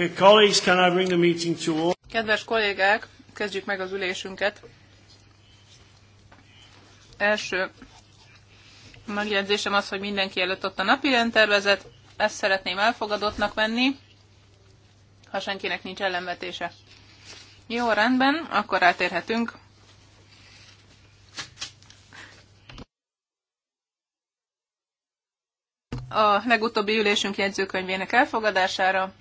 Okay, colleagues, can I bring the meeting to all? Kedves kollégák, kezdjük meg az ülésünket. Első megjegyzésem az, hogy mindenki előtt ott a napi rendtervezet. Ezt szeretném elfogadottnak venni, ha senkinek nincs ellenvetése. Jó, rendben, akkor rátérhetünk a legutóbbi ülésünk jegyzőkönyvének elfogadására.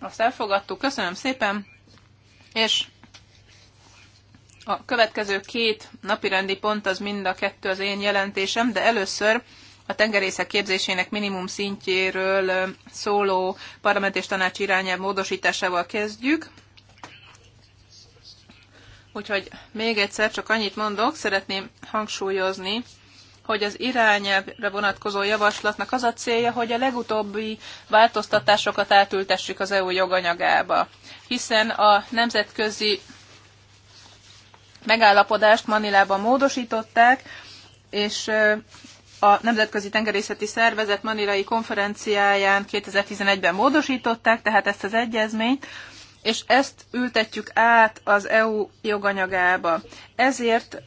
Azt elfogadtuk, köszönöm szépen, és a következő két napi rendi pont az mind a kettő az én jelentésem, de először a tengerészek képzésének minimum szintjéről szóló parlament és tanács irányelv módosításával kezdjük. Úgyhogy még egyszer csak annyit mondok, szeretném hangsúlyozni, hogy az irányelvre vonatkozó javaslatnak az a célja, hogy a legutóbbi változtatásokat átültessük az EU joganyagába, hiszen a nemzetközi megállapodást Manilában módosították, és a Nemzetközi Tengerészeti Szervezet manilai konferenciáján 2011-ben módosították, tehát ezt az egyezményt, és ezt ültetjük át az EU joganyagába. Ezért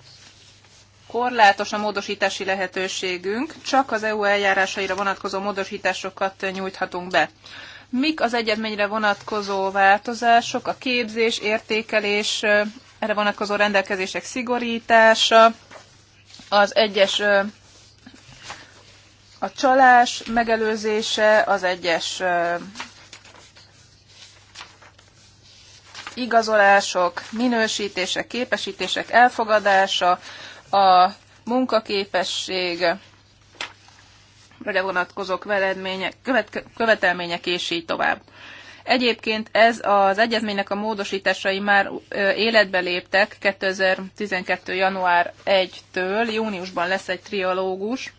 korlátos a módosítási lehetőségünk, csak az EU eljárásaira vonatkozó módosításokat nyújthatunk be. Mik az egyezményre vonatkozó változások, a képzés, értékelés, erre vonatkozó rendelkezések szigorítása, az egyes a csalás megelőzése, az egyes igazolások, minősítések, képesítések elfogadása, a munkaképesség, vonatkozó követelmények és így tovább. Egyébként ez az egyezménynek a módosításai már életbe léptek 2012. január 1-től, júniusban lesz egy triológus,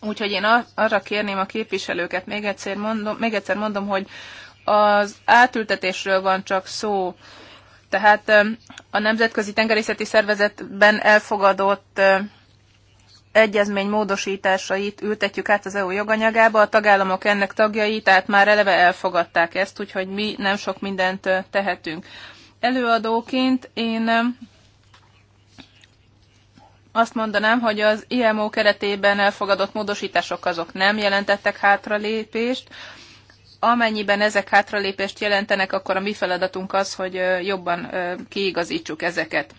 Úgyhogy én arra kérném a képviselőket, még egyszer mondom, még egyszer mondom hogy az átültetésről van csak szó, tehát a Nemzetközi Tengerészeti Szervezetben elfogadott egyezmény módosításait ültetjük át az EU joganyagába, a tagállamok ennek tagjai, tehát már eleve elfogadták ezt, úgyhogy mi nem sok mindent tehetünk. Előadóként én azt mondanám, hogy az IMO keretében elfogadott módosítások azok nem jelentettek hátralépést, amennyiben ezek hátralépést jelentenek, akkor a mi feladatunk az, hogy jobban kiigazítsuk ezeket.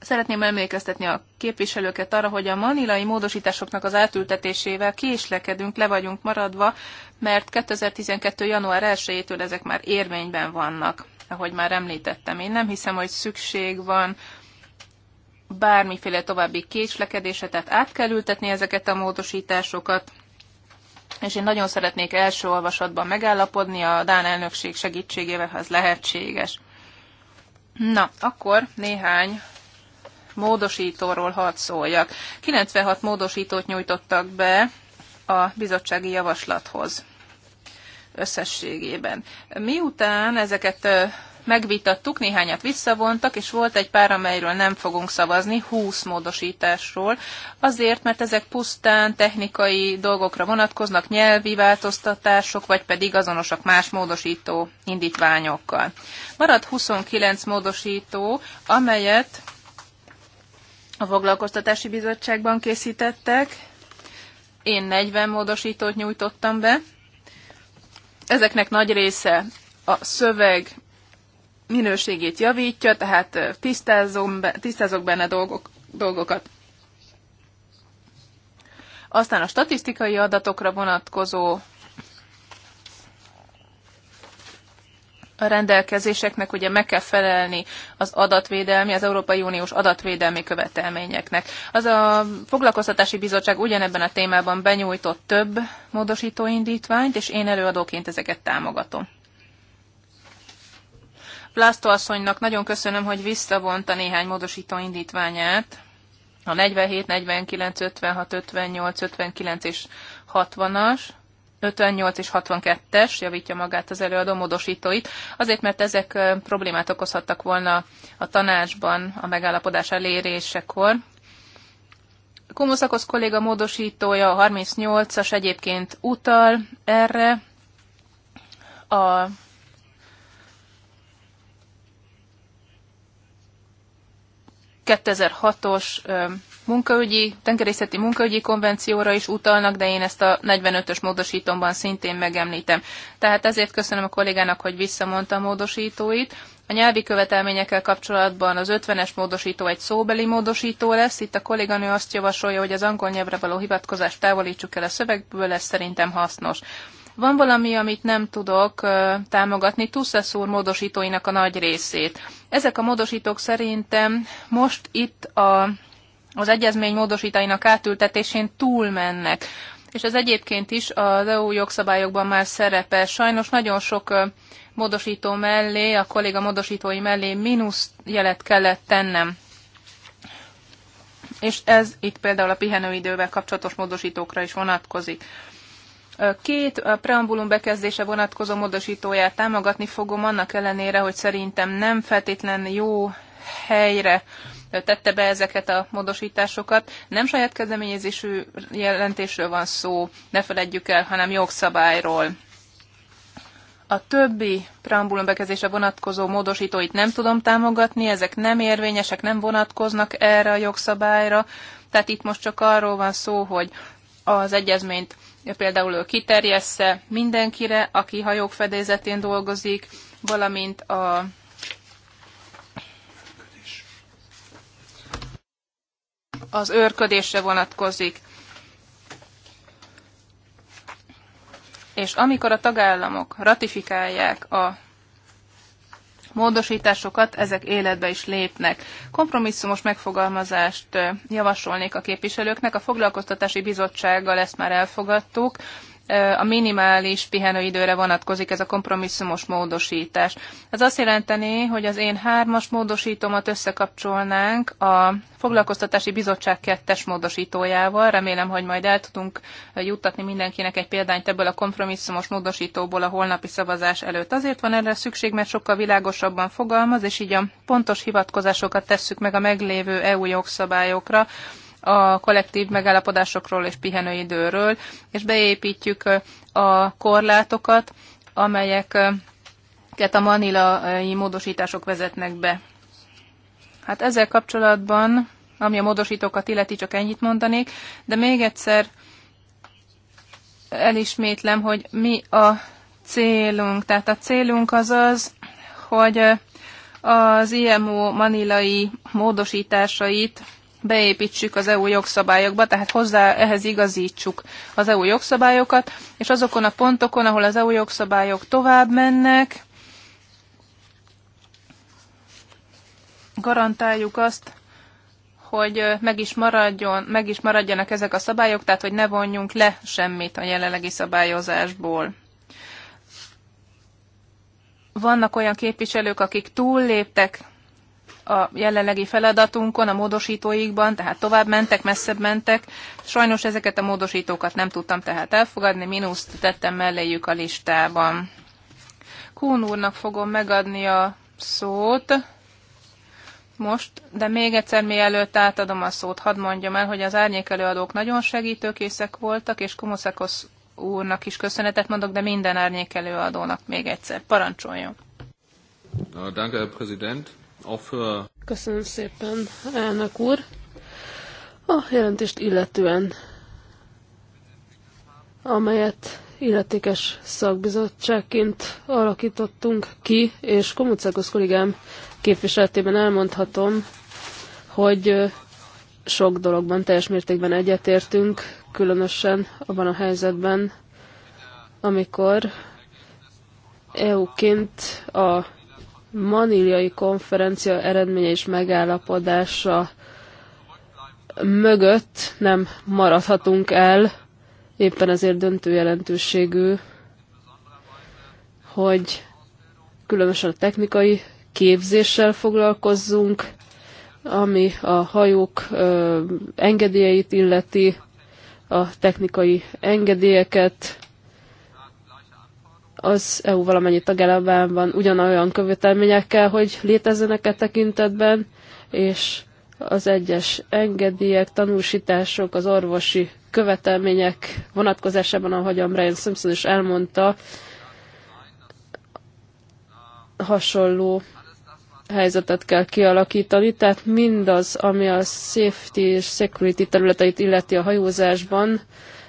Szeretném emlékeztetni a képviselőket arra, hogy a manilai módosításoknak az átültetésével késlekedünk, le vagyunk maradva, mert 2012. január 1-től ezek már érvényben vannak, ahogy már említettem. Én nem hiszem, hogy szükség van bármiféle további késlekedése, tehát át kell ültetni ezeket a módosításokat, és én nagyon szeretnék első olvasatban megállapodni a Dán elnökség segítségével, ha ez lehetséges. Na, akkor néhány módosítóról hadd szóljak. 96 módosítót nyújtottak be a bizottsági javaslathoz összességében. Miután ezeket megvitattuk, néhányat visszavontak, és volt egy pár, amelyről nem fogunk szavazni, 20 módosításról, azért, mert ezek pusztán technikai dolgokra vonatkoznak, nyelvi változtatások, vagy pedig azonosak más módosító indítványokkal. Marad 29 módosító, amelyet a foglalkoztatási bizottságban készítettek, én 40 módosítót nyújtottam be. Ezeknek nagy része a szöveg minőségét javítja, tehát tisztázom, tisztázok benne dolgok, dolgokat. Aztán a statisztikai adatokra vonatkozó a rendelkezéseknek ugye meg kell felelni az adatvédelmi, az Európai Uniós adatvédelmi követelményeknek. Az a Foglalkoztatási Bizottság ugyanebben a témában benyújtott több módosítóindítványt, indítványt, és én előadóként ezeket támogatom. Plasztó asszonynak nagyon köszönöm, hogy visszavonta néhány módosító indítványát. A 47, 49, 56, 58, 59 és 60-as. 58 és 62-es, javítja magát az előadó módosítóit, azért mert ezek problémát okozhattak volna a tanácsban a megállapodás elérésekor. Kumuszakosz kolléga módosítója, a 38-as egyébként utal erre, a 2006-os munkaügyi, tengerészeti munkaügyi konvencióra is utalnak, de én ezt a 45-ös módosítomban szintén megemlítem. Tehát ezért köszönöm a kollégának, hogy visszamondta a módosítóit. A nyelvi követelményekkel kapcsolatban az 50-es módosító egy szóbeli módosító lesz. Itt a kolléganő azt javasolja, hogy az angol nyelvre való hivatkozást távolítsuk el a szövegből, ez szerintem hasznos. Van valami, amit nem tudok támogatni, Tusszesz úr módosítóinak a nagy részét. Ezek a módosítók szerintem most itt a, az egyezmény módosítainak átültetésén túlmennek. És ez egyébként is az EU jogszabályokban már szerepel. Sajnos nagyon sok módosító mellé, a kolléga módosítói mellé mínusz jelet kellett tennem. És ez itt például a pihenőidővel kapcsolatos módosítókra is vonatkozik. Két preambulum bekezdése vonatkozó módosítóját támogatni fogom, annak ellenére, hogy szerintem nem feltétlen jó helyre tette be ezeket a módosításokat. Nem saját kezdeményezésű jelentésről van szó, ne feledjük el, hanem jogszabályról. A többi preambulum bekezdése vonatkozó módosítóit nem tudom támogatni, ezek nem érvényesek, nem vonatkoznak erre a jogszabályra, tehát itt most csak arról van szó, hogy az egyezményt például ő kiterjessze mindenkire, aki hajók fedélzetén dolgozik, valamint a az őrködésre vonatkozik. És amikor a tagállamok ratifikálják a módosításokat, ezek életbe is lépnek. Kompromisszumos megfogalmazást javasolnék a képviselőknek. A foglalkoztatási bizottsággal ezt már elfogadtuk a minimális pihenőidőre vonatkozik ez a kompromisszumos módosítás. Ez azt jelenteni, hogy az én hármas módosítómat összekapcsolnánk a foglalkoztatási bizottság kettes módosítójával. Remélem, hogy majd el tudunk juttatni mindenkinek egy példányt ebből a kompromisszumos módosítóból a holnapi szavazás előtt. Azért van erre szükség, mert sokkal világosabban fogalmaz, és így a pontos hivatkozásokat tesszük meg a meglévő EU jogszabályokra, a kollektív megállapodásokról és pihenőidőről, és beépítjük a korlátokat, amelyeket a manilai módosítások vezetnek be. Hát ezzel kapcsolatban, ami a módosítókat illeti, csak ennyit mondanék, de még egyszer elismétlem, hogy mi a célunk. Tehát a célunk az az, hogy az IMO manilai módosításait beépítsük az EU jogszabályokba, tehát hozzá ehhez igazítsuk az EU jogszabályokat, és azokon a pontokon, ahol az EU jogszabályok tovább mennek, garantáljuk azt, hogy meg is, maradjon, meg is maradjanak ezek a szabályok, tehát hogy ne vonjunk le semmit a jelenlegi szabályozásból. Vannak olyan képviselők, akik túlléptek a jelenlegi feladatunkon, a módosítóikban, tehát tovább mentek, messzebb mentek. Sajnos ezeket a módosítókat nem tudtam tehát elfogadni, mínuszt tettem melléjük a listában. Kún úrnak fogom megadni a szót most, de még egyszer mielőtt átadom a szót, hadd mondjam el, hogy az árnyékelőadók nagyon segítőkészek voltak, és Kumuszekos úrnak is köszönetet mondok, de minden árnyékelőadónak még egyszer. Parancsoljon! Danke, Herr Präsident. Uh, Köszönöm szépen, elnök úr. A jelentést illetően, amelyet illetékes szakbizottságként alakítottunk ki, és Komucákos kollégám képviseletében elmondhatom, hogy sok dologban teljes mértékben egyetértünk, különösen abban a helyzetben, amikor EU-ként a maniliai konferencia eredménye és megállapodása mögött nem maradhatunk el, éppen ezért döntő jelentőségű, hogy különösen a technikai képzéssel foglalkozzunk, ami a hajók ö, engedélyeit illeti, a technikai engedélyeket, az EU valamennyi tagállamában ugyanolyan követelményekkel, hogy létezzenek e tekintetben, és az egyes engedélyek, tanúsítások, az orvosi követelmények vonatkozásában, ahogyan Brian Simpson is elmondta, hasonló helyzetet kell kialakítani, tehát mindaz, ami a safety és security területeit illeti a hajózásban,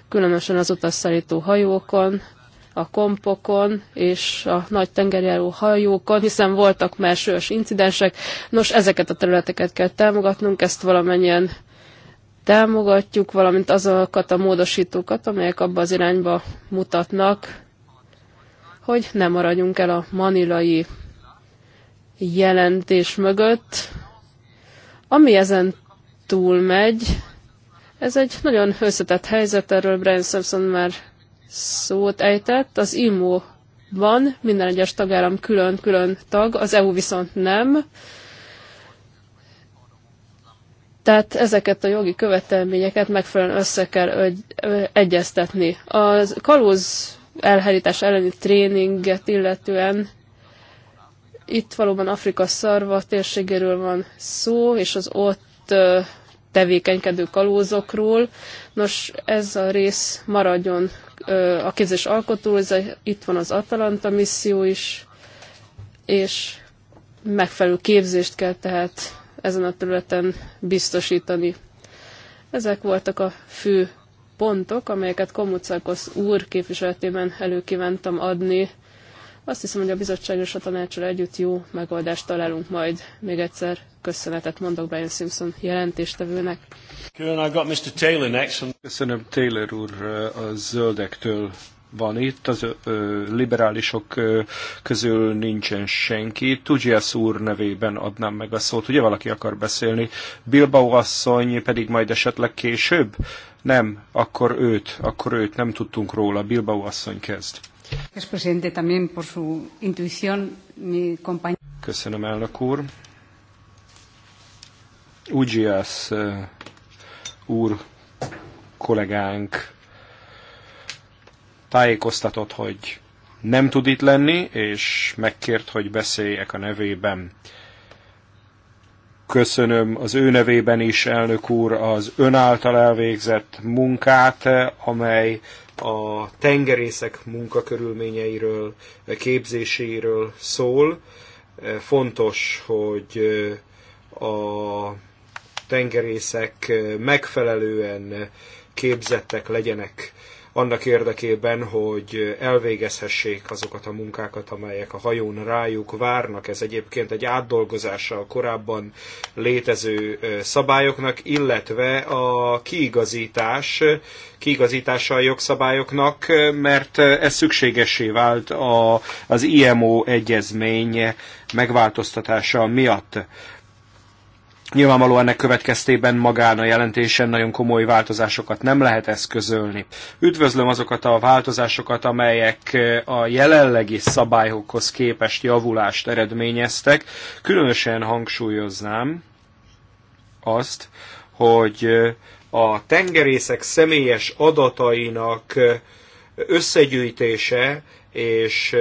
különösen az utasszállító hajókon, a kompokon és a nagy tengerjáró hajókon, hiszen voltak már sős incidensek. Nos, ezeket a területeket kell támogatnunk, ezt valamennyien támogatjuk, valamint azokat a módosítókat, amelyek abba az irányba mutatnak, hogy ne maradjunk el a manilai jelentés mögött. Ami ezen túl megy, ez egy nagyon összetett helyzet, erről Brian Simpson már szót ejtett, az IMO van, minden egyes tagállam külön-külön tag, az EU viszont nem. Tehát ezeket a jogi követelményeket megfelelően össze kell ö, ö, egyeztetni. A kalóz elhárítás elleni tréninget illetően itt valóban Afrika szarva térségéről van szó, és az ott tevékenykedő kalózokról. Nos, ez a rész maradjon a képzés a, itt van az Atalanta misszió is, és megfelelő képzést kell tehát ezen a területen biztosítani. Ezek voltak a fő pontok, amelyeket Komucakosz úr képviseletében előkívántam adni azt hiszem, hogy a bizottság és a tanácsra együtt jó megoldást találunk majd. Még egyszer köszönetet mondok Brian Simpson jelentéstevőnek. Köszönöm, Taylor úr a zöldektől van itt, az ö, liberálisok ö, közül nincsen senki. Tudjász úr nevében adnám meg a szót, ugye valaki akar beszélni. Bilbao asszony pedig majd esetleg később? Nem, akkor őt, akkor őt nem tudtunk róla. Bilbao asszony kezd. Köszönöm, elnök úr. Ugyas eh, úr kollégánk tájékoztatott, hogy nem tud itt lenni, és megkért, hogy beszéljek a nevében. Köszönöm az ő nevében is, elnök úr, az ön által elvégzett munkát, amely a tengerészek munkakörülményeiről, képzéséről szól. Fontos, hogy a tengerészek megfelelően képzettek legyenek annak érdekében, hogy elvégezhessék azokat a munkákat, amelyek a hajón rájuk várnak. Ez egyébként egy átdolgozása a korábban létező szabályoknak, illetve a kiigazítás, kiigazítása a jogszabályoknak, mert ez szükségessé vált a, az IMO egyezmény megváltoztatása miatt. Nyilvánvalóan ennek következtében magán a jelentésen nagyon komoly változásokat nem lehet eszközölni. Üdvözlöm azokat a változásokat, amelyek a jelenlegi szabályokhoz képest javulást eredményeztek. Különösen hangsúlyoznám azt, hogy a tengerészek személyes adatainak összegyűjtése és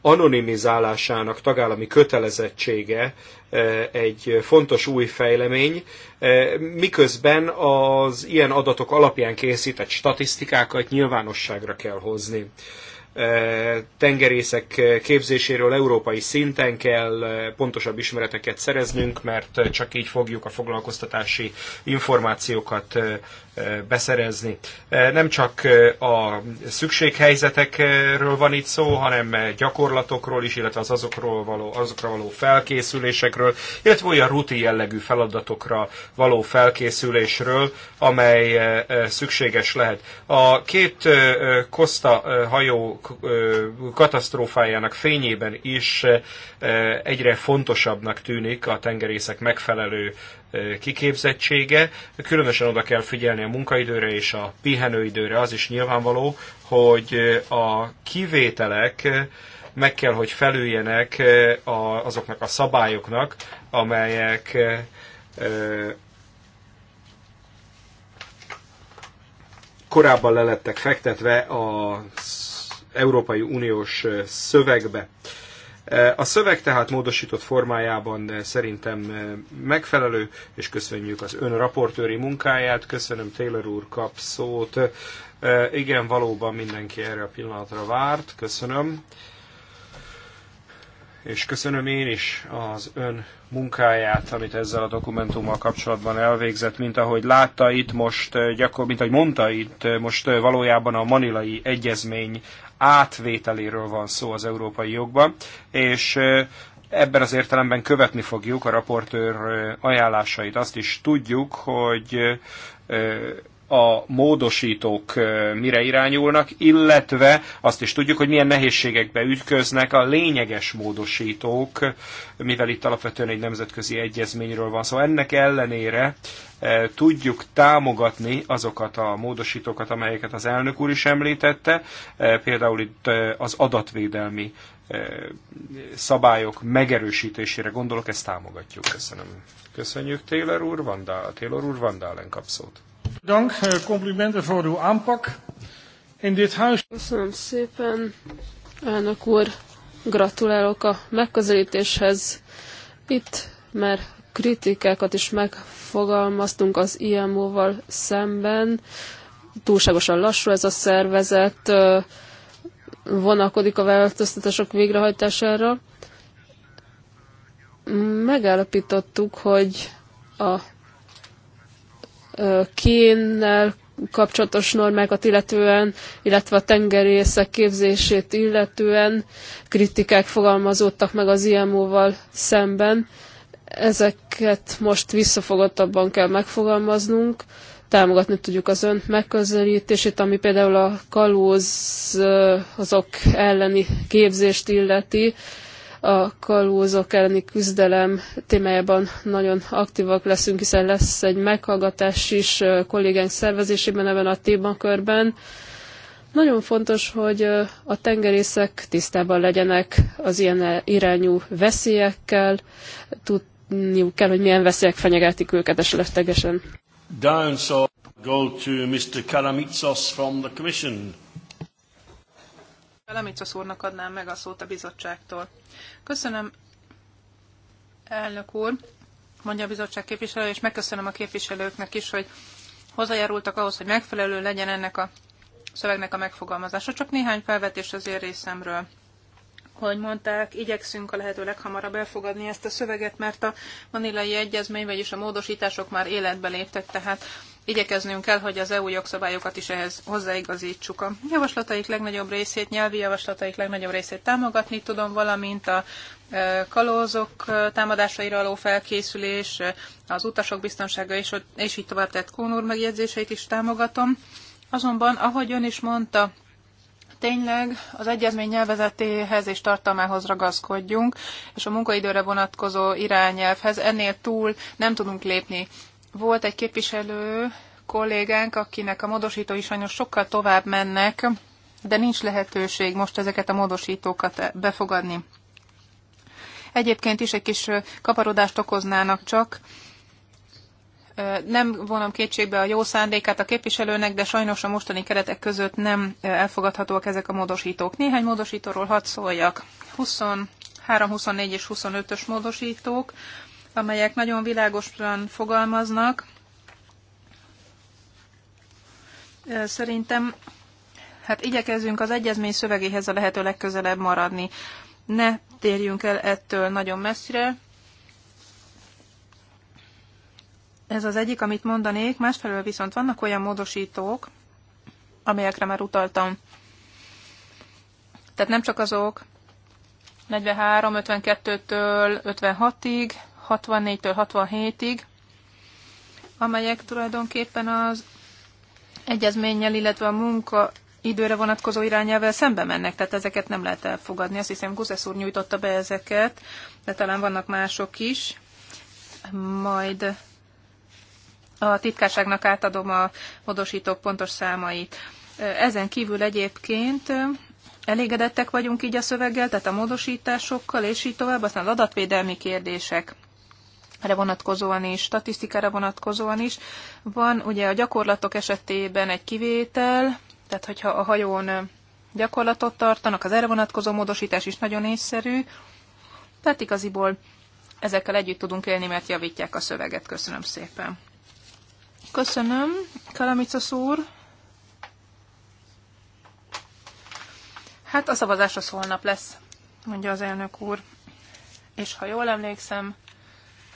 anonimizálásának tagállami kötelezettsége egy fontos új fejlemény, miközben az ilyen adatok alapján készített statisztikákat nyilvánosságra kell hozni. Tengerészek képzéséről európai szinten kell pontosabb ismereteket szereznünk, mert csak így fogjuk a foglalkoztatási információkat beszerezni. Nem csak a szükséghelyzetekről van itt szó, hanem gyakorlatokról is, illetve az azokról való, azokra való felkészülésekről, illetve olyan ruti jellegű feladatokra való felkészülésről, amely szükséges lehet. A két Costa hajó katasztrófájának fényében is egyre fontosabbnak tűnik a tengerészek megfelelő kiképzettsége. Különösen oda kell figyelni a munkaidőre és a pihenőidőre. Az is nyilvánvaló, hogy a kivételek meg kell, hogy felüljenek azoknak a szabályoknak, amelyek korábban lelettek fektetve az Európai Uniós szövegbe. A szöveg tehát módosított formájában szerintem e, megfelelő, és köszönjük az ön raportőri munkáját, köszönöm Taylor úr kap szót. E, igen, valóban mindenki erre a pillanatra várt, köszönöm. És köszönöm én is az ön munkáját, amit ezzel a dokumentummal kapcsolatban elvégzett, mint ahogy látta itt most, e, gyakor, mint ahogy mondta itt, most valójában a manilai egyezmény átvételéről van szó az európai jogban, és ebben az értelemben követni fogjuk a raportőr ajánlásait. Azt is tudjuk, hogy a módosítók mire irányulnak, illetve azt is tudjuk, hogy milyen nehézségekbe ütköznek a lényeges módosítók, mivel itt alapvetően egy nemzetközi egyezményről van szó. Szóval ennek ellenére tudjuk támogatni azokat a módosítókat, amelyeket az elnök úr is említette, például itt az adatvédelmi szabályok megerősítésére gondolok, ezt támogatjuk. Köszönöm. Köszönjük, Taylor úr, Vandál, Taylor úr, Vandálen kapszót. Dank, eh, complimenten voor uw aanpak. In dit huis... Köszönöm szépen, elnök úr. Gratulálok a megközelítéshez. Itt már kritikákat is megfogalmaztunk az IMO-val szemben. Túlságosan lassú ez a szervezet, vonakodik a változtatások végrehajtására. Megállapítottuk, hogy a kénnel kapcsolatos normákat illetően, illetve a tengerészek képzését illetően kritikák fogalmazódtak meg az IMO-val szemben. Ezeket most visszafogottabban kell megfogalmaznunk. Támogatni tudjuk az ön megközelítését, ami például a kalóz azok elleni képzést illeti, a kalózok elleni küzdelem témájában nagyon aktívak leszünk, hiszen lesz egy meghallgatás is kollégánk szervezésében ebben a témakörben. Nagyon fontos, hogy a tengerészek tisztában legyenek az ilyen irányú veszélyekkel, tudniuk kell, hogy milyen veszélyek fenyegetik őket esetlegesen. Down, so go to Mr. Karamitsos from the Commission. Lemicos úrnak adnám meg a szót a bizottságtól. Köszönöm, elnök úr, mondja a bizottság képviselő, és megköszönöm a képviselőknek is, hogy hozzájárultak ahhoz, hogy megfelelő legyen ennek a szövegnek a megfogalmazása. Csak néhány felvetés az én részemről. Hogy mondták, igyekszünk a lehető leghamarabb elfogadni ezt a szöveget, mert a manilai egyezmény, vagyis a módosítások már életbe léptek, tehát igyekeznünk kell, hogy az EU jogszabályokat is ehhez hozzáigazítsuk. A javaslataik legnagyobb részét, nyelvi javaslataik legnagyobb részét támogatni tudom, valamint a e, kalózok e, támadásaira való felkészülés, e, az utasok biztonsága és, és így tovább tett Kónúr megjegyzéseit is támogatom. Azonban, ahogy ön is mondta, tényleg az egyezmény nyelvezetéhez és tartalmához ragaszkodjunk, és a munkaidőre vonatkozó irányelvhez ennél túl nem tudunk lépni. Volt egy képviselő kollégánk, akinek a módosítói sajnos sokkal tovább mennek, de nincs lehetőség most ezeket a módosítókat befogadni. Egyébként is egy kis kaparodást okoznának csak. Nem vonom kétségbe a jó szándékát a képviselőnek, de sajnos a mostani keretek között nem elfogadhatóak ezek a módosítók. Néhány módosítóról hadd szóljak. 23, 24 és 25-ös módosítók amelyek nagyon világosan fogalmaznak. Szerintem hát igyekezzünk az egyezmény szövegéhez a lehető legközelebb maradni. Ne térjünk el ettől nagyon messzire. Ez az egyik, amit mondanék, másfelől viszont vannak olyan módosítók, amelyekre már utaltam. Tehát nem csak azok 43, 52-től 56-ig, 64-től 67-ig, amelyek tulajdonképpen az egyezménnyel, illetve a munka időre vonatkozó irányával szembe mennek, tehát ezeket nem lehet elfogadni. Azt hiszem Guzesz úr nyújtotta be ezeket, de talán vannak mások is. Majd a titkárságnak átadom a módosítók pontos számait. Ezen kívül egyébként elégedettek vagyunk így a szöveggel, tehát a módosításokkal, és így tovább, aztán az adatvédelmi kérdések erre vonatkozóan is, statisztikára vonatkozóan is. Van ugye a gyakorlatok esetében egy kivétel, tehát hogyha a hajón gyakorlatot tartanak, az erre vonatkozó módosítás is nagyon észszerű, tehát igaziból ezekkel együtt tudunk élni, mert javítják a szöveget. Köszönöm szépen. Köszönöm, Kalamica úr. Hát a szavazás az holnap lesz, mondja az elnök úr. És ha jól emlékszem,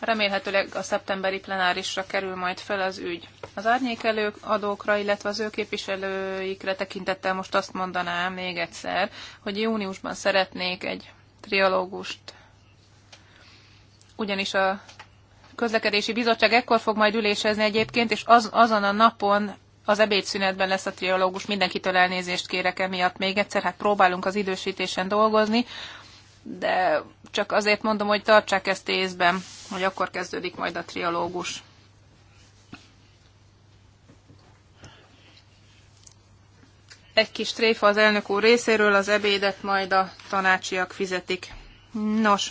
Remélhetőleg a szeptemberi plenárisra kerül majd fel az ügy. Az árnyékelők adókra, illetve az ő képviselőikre tekintettel most azt mondanám még egyszer, hogy júniusban szeretnék egy triológust, ugyanis a közlekedési bizottság ekkor fog majd ülésezni egyébként, és az, azon a napon az ebédszünetben lesz a triológus, mindenkitől elnézést kérek emiatt még egyszer, hát próbálunk az idősítésen dolgozni, de csak azért mondom, hogy tartsák ezt észben, hogy akkor kezdődik majd a trialógus. Egy kis tréfa az elnök úr részéről, az ebédet majd a tanácsiak fizetik. Nos,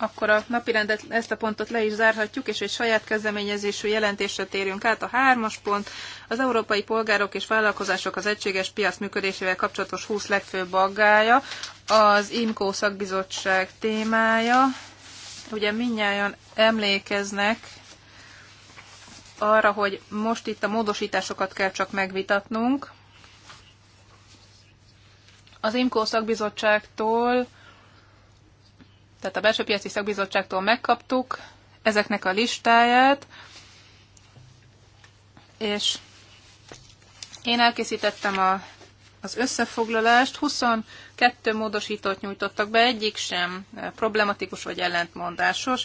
akkor a napi rendet ezt a pontot le is zárhatjuk, és egy saját kezdeményezésű jelentésre térjünk át. A hármas pont az európai polgárok és vállalkozások az egységes piac működésével kapcsolatos 20 legfőbb aggája az IMKO szakbizottság témája. Ugye minnyáján emlékeznek arra, hogy most itt a módosításokat kell csak megvitatnunk. Az IMKO szakbizottságtól, tehát a belső piaci szakbizottságtól megkaptuk ezeknek a listáját, és én elkészítettem a az összefoglalást. 22 módosítót nyújtottak be, egyik sem problematikus vagy ellentmondásos,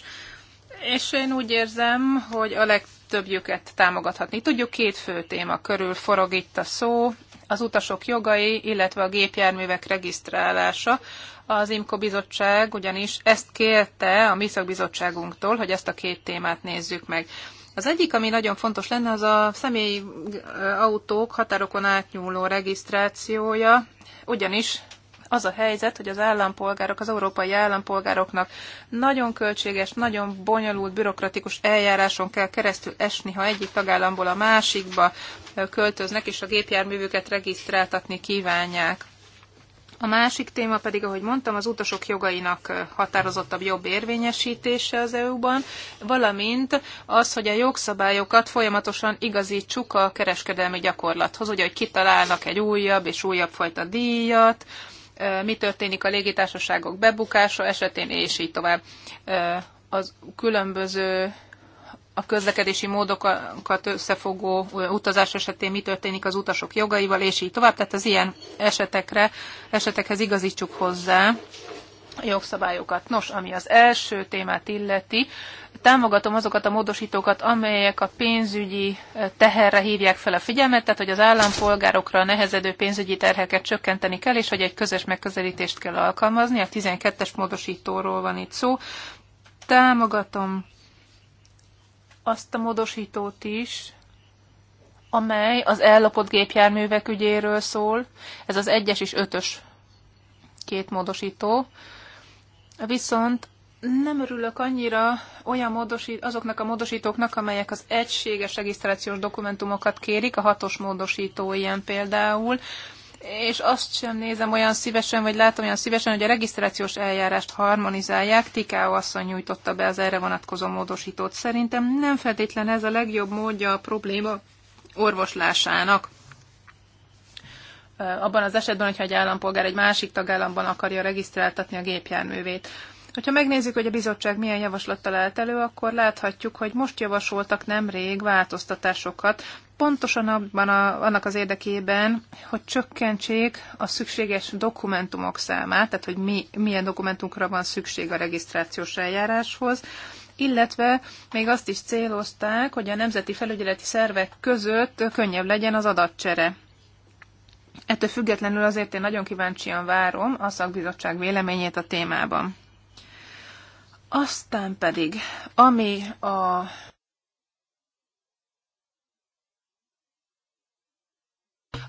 és én úgy érzem, hogy a legtöbbjüket támogathatni. Tudjuk, két fő téma körül forog itt a szó, az utasok jogai, illetve a gépjárművek regisztrálása. Az IMKO bizottság ugyanis ezt kérte a mi szakbizottságunktól, hogy ezt a két témát nézzük meg. Az egyik, ami nagyon fontos lenne, az a személyi autók határokon átnyúló regisztrációja, ugyanis az a helyzet, hogy az állampolgárok, az európai állampolgároknak nagyon költséges, nagyon bonyolult, bürokratikus eljáráson kell keresztül esni, ha egyik tagállamból a másikba költöznek, és a gépjárművüket regisztráltatni kívánják. A másik téma pedig, ahogy mondtam, az utasok jogainak határozottabb jobb érvényesítése az EU-ban, valamint az, hogy a jogszabályokat folyamatosan igazítsuk a kereskedelmi gyakorlathoz, ugye, hogy kitalálnak egy újabb és újabb fajta díjat, mi történik a légitársaságok bebukása esetén, és így tovább. Az különböző a közlekedési módokat összefogó utazás esetén mi történik az utasok jogaival, és így tovább. Tehát az ilyen esetekre, esetekhez igazítsuk hozzá a jogszabályokat. Nos, ami az első témát illeti, támogatom azokat a módosítókat, amelyek a pénzügyi eh, teherre hívják fel a figyelmet, tehát hogy az állampolgárokra nehezedő pénzügyi terheket csökkenteni kell, és hogy egy közös megközelítést kell alkalmazni. A 12-es módosítóról van itt szó. Támogatom azt a módosítót is, amely az ellopott gépjárművek ügyéről szól. Ez az egyes és ötös két módosító. Viszont nem örülök annyira olyan módosít, azoknak a módosítóknak, amelyek az egységes regisztrációs dokumentumokat kérik, a hatos módosító ilyen például, és azt sem nézem olyan szívesen, vagy látom olyan szívesen, hogy a regisztrációs eljárást harmonizálják. Tikáó asszony nyújtotta be az erre vonatkozó módosítót. Szerintem nem feltétlen ez a legjobb módja a probléma orvoslásának. Abban az esetben, hogyha egy állampolgár egy másik tagállamban akarja regisztráltatni a gépjárművét. Hogyha megnézzük, hogy a bizottság milyen javaslattal állt elő, akkor láthatjuk, hogy most javasoltak nemrég változtatásokat, pontosan abban a, annak az érdekében, hogy csökkentsék a szükséges dokumentumok számát, tehát hogy mi, milyen dokumentumokra van szükség a regisztrációs eljáráshoz, illetve még azt is célozták, hogy a nemzeti felügyeleti szervek között könnyebb legyen az adatcsere. Ettől függetlenül azért én nagyon kíváncsian várom a szakbizottság véleményét a témában. Aztán pedig, ami a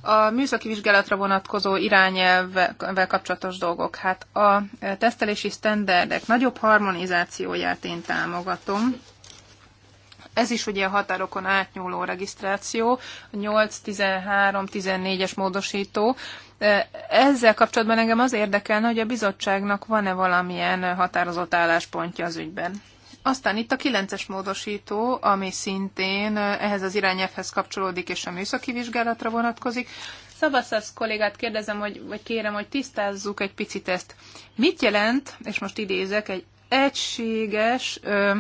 A műszaki vizsgálatra vonatkozó irányelvvel kapcsolatos dolgok. Hát a tesztelési sztenderdek nagyobb harmonizációját én támogatom. Ez is ugye a határokon átnyúló regisztráció, 8, 13, 14-es módosító. Ezzel kapcsolatban engem az érdekelne, hogy a bizottságnak van-e valamilyen határozott álláspontja az ügyben. Aztán itt a kilences módosító, ami szintén ehhez az irányelvhez kapcsolódik és a műszaki vizsgálatra vonatkozik. Szabaszász kollégát kérdezem, hogy, vagy kérem, hogy tisztázzuk egy picit ezt. Mit jelent, és most idézek, egy egységes ö,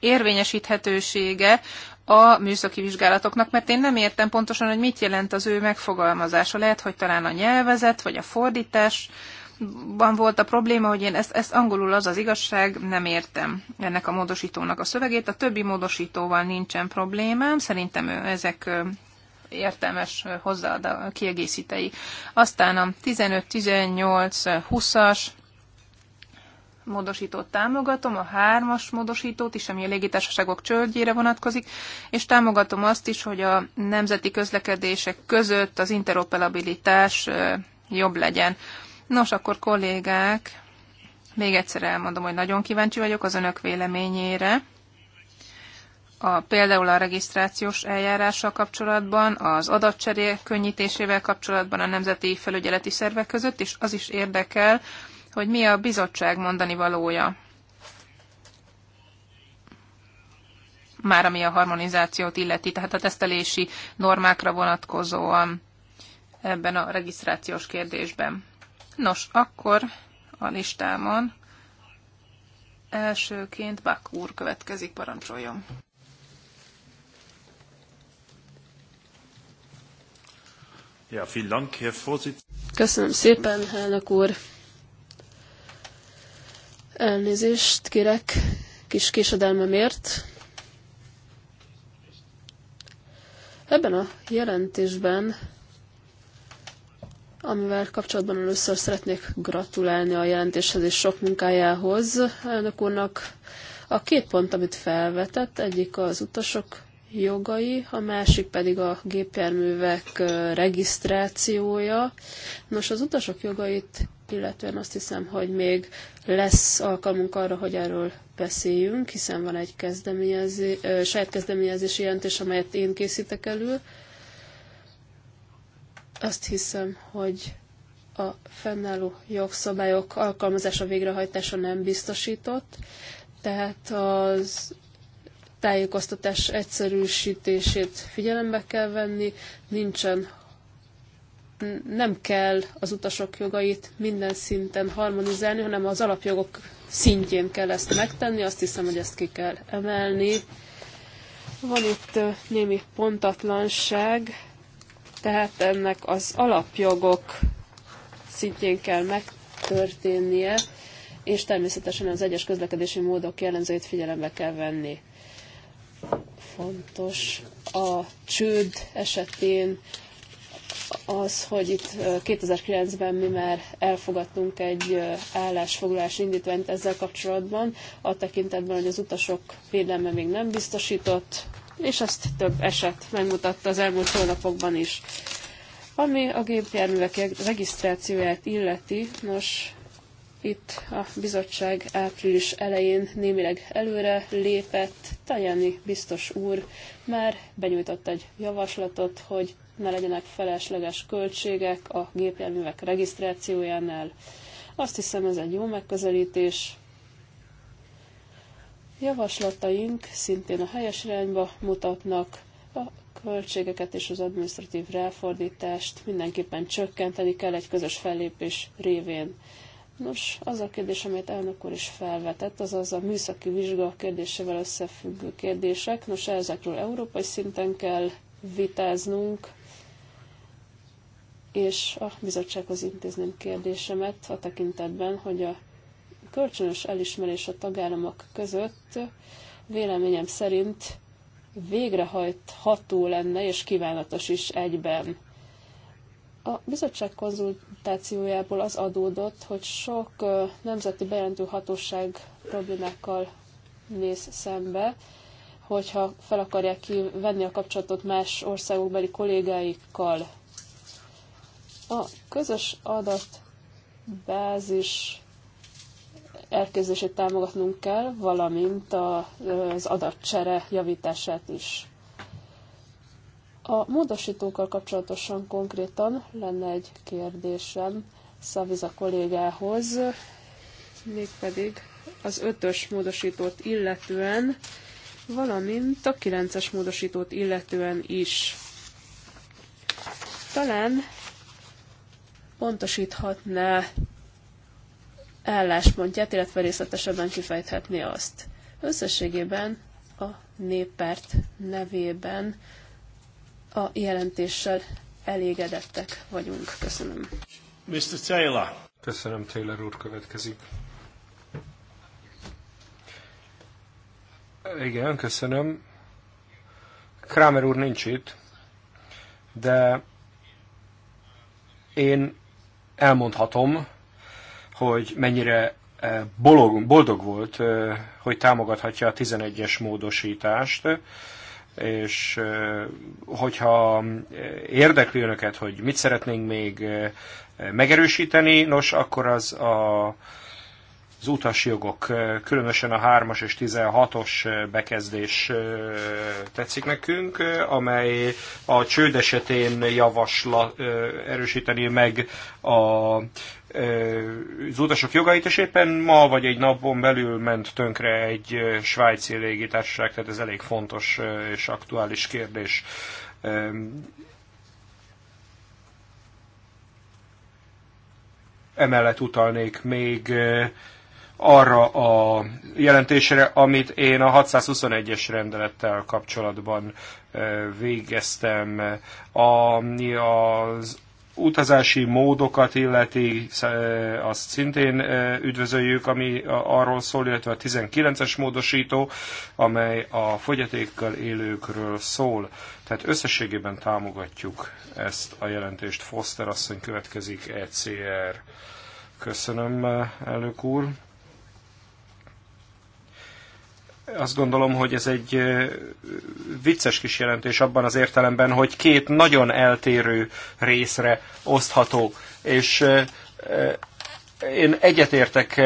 érvényesíthetősége a műszaki vizsgálatoknak, mert én nem értem pontosan, hogy mit jelent az ő megfogalmazása. Lehet, hogy talán a nyelvezet, vagy a fordítás, van volt a probléma, hogy én ezt, ezt angolul az az igazság, nem értem ennek a módosítónak a szövegét. A többi módosítóval nincsen problémám, szerintem ezek értelmes hozzáad a kiegészítei. Aztán a 15, 18, 20-as, módosítót támogatom, a hármas módosítót is, ami a légitársaságok csődjére vonatkozik, és támogatom azt is, hogy a nemzeti közlekedések között az interoperabilitás jobb legyen. Nos, akkor kollégák, még egyszer elmondom, hogy nagyon kíváncsi vagyok az önök véleményére. A, például a regisztrációs eljárással kapcsolatban, az adatcseré könnyítésével kapcsolatban a nemzeti felügyeleti szervek között, és az is érdekel, hogy mi a bizottság mondani valója. Már ami a harmonizációt illeti, tehát a tesztelési normákra vonatkozóan ebben a regisztrációs kérdésben. Nos, akkor a listámon elsőként Bak úr következik, parancsoljon. Köszönöm szépen, elnök úr! Elnézést kérek kis késedelmemért. Ebben a jelentésben, amivel kapcsolatban először szeretnék gratulálni a jelentéshez és sok munkájához, elnök úrnak a két pont, amit felvetett, egyik az utasok jogai, a másik pedig a gépjárművek regisztrációja. Nos, az utasok jogait illetően azt hiszem, hogy még lesz alkalmunk arra, hogy erről beszéljünk, hiszen van egy kezdeményezés, saját kezdeményezési jelentés, amelyet én készítek elő. Azt hiszem, hogy a fennálló jogszabályok alkalmazása végrehajtása nem biztosított, tehát az tájékoztatás egyszerűsítését figyelembe kell venni, nincsen nem kell az utasok jogait minden szinten harmonizálni, hanem az alapjogok szintjén kell ezt megtenni, azt hiszem, hogy ezt ki kell emelni. Van itt némi pontatlanság, tehát ennek az alapjogok szintjén kell megtörténnie, és természetesen az egyes közlekedési módok jellemzőit figyelembe kell venni. Fontos a csőd esetén az, hogy itt 2009-ben mi már elfogadtunk egy állásfoglalás indítványt ezzel kapcsolatban, a tekintetben, hogy az utasok védelme még nem biztosított, és ezt több eset megmutatta az elmúlt hónapokban is. Ami a gépjárművek regisztrációját illeti, nos, itt a bizottság április elején némileg előre lépett, Tajani biztos úr már benyújtott egy javaslatot, hogy ne legyenek felesleges költségek a gépjárművek regisztrációjánál. Azt hiszem ez egy jó megközelítés. Javaslataink szintén a helyes irányba mutatnak, a költségeket és az administratív ráfordítást mindenképpen csökkenteni kell egy közös fellépés révén. Nos, az a kérdés, amelyet elnök úr is felvetett, az az a műszaki vizsga kérdésével összefüggő kérdések. Nos, ezekről európai szinten kell vitáznunk, és a bizottsághoz intézném kérdésemet a tekintetben, hogy a kölcsönös elismerés a tagállamok között véleményem szerint végrehajtható lenne, és kívánatos is egyben. A bizottság konzultációjából az adódott, hogy sok nemzeti bejelentő hatóság problémákkal néz szembe, hogyha fel akarják venni a kapcsolatot más országokbeli kollégáikkal. A közös adatbázis elkezdését támogatnunk kell, valamint az adatcsere javítását is. A módosítókkal kapcsolatosan konkrétan lenne egy kérdésem Szaviza kollégához, mégpedig az ötös módosítót illetően, valamint a kilences módosítót illetően is. Talán pontosíthatná álláspontját, illetve részletesebben kifejthetné azt. Összességében a néppárt nevében a jelentéssel elégedettek vagyunk. Köszönöm. Mr. Taylor. Köszönöm, Taylor úr következik. Igen, köszönöm. Kramer úr nincs itt, de én elmondhatom, hogy mennyire eh, boldog, boldog volt, eh, hogy támogathatja a 11-es módosítást és hogyha érdekli önöket, hogy mit szeretnénk még megerősíteni, nos, akkor az a az utasjogok, különösen a 3-as és 16-os bekezdés tetszik nekünk, amely a csőd esetén javasla erősíteni meg a, az utasok jogait, és éppen ma vagy egy napon belül ment tönkre egy svájci légitársaság, tehát ez elég fontos és aktuális kérdés. emellett utalnék még arra a jelentésre, amit én a 621-es rendelettel kapcsolatban végeztem. Ami az utazási módokat illeti, azt szintén üdvözöljük, ami arról szól, illetve a 19-es módosító, amely a fogyatékkal élőkről szól. Tehát összességében támogatjuk ezt a jelentést. Foster asszony következik, ECR. Köszönöm, elnök úr azt gondolom, hogy ez egy vicces kis jelentés abban az értelemben, hogy két nagyon eltérő részre osztható. És én egyetértek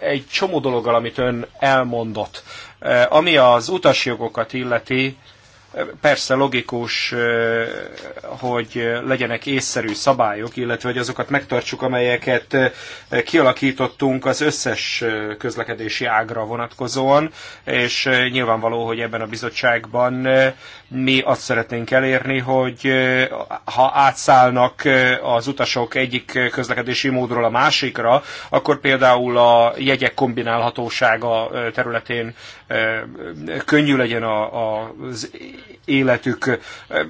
egy csomó dologgal, amit ön elmondott. Ami az utasjogokat illeti, Persze logikus, hogy legyenek észszerű szabályok, illetve hogy azokat megtartsuk, amelyeket kialakítottunk az összes közlekedési ágra vonatkozóan, és nyilvánvaló, hogy ebben a bizottságban mi azt szeretnénk elérni, hogy ha átszállnak az utasok egyik közlekedési módról a másikra, akkor például a jegyek kombinálhatósága területén könnyű legyen az életük.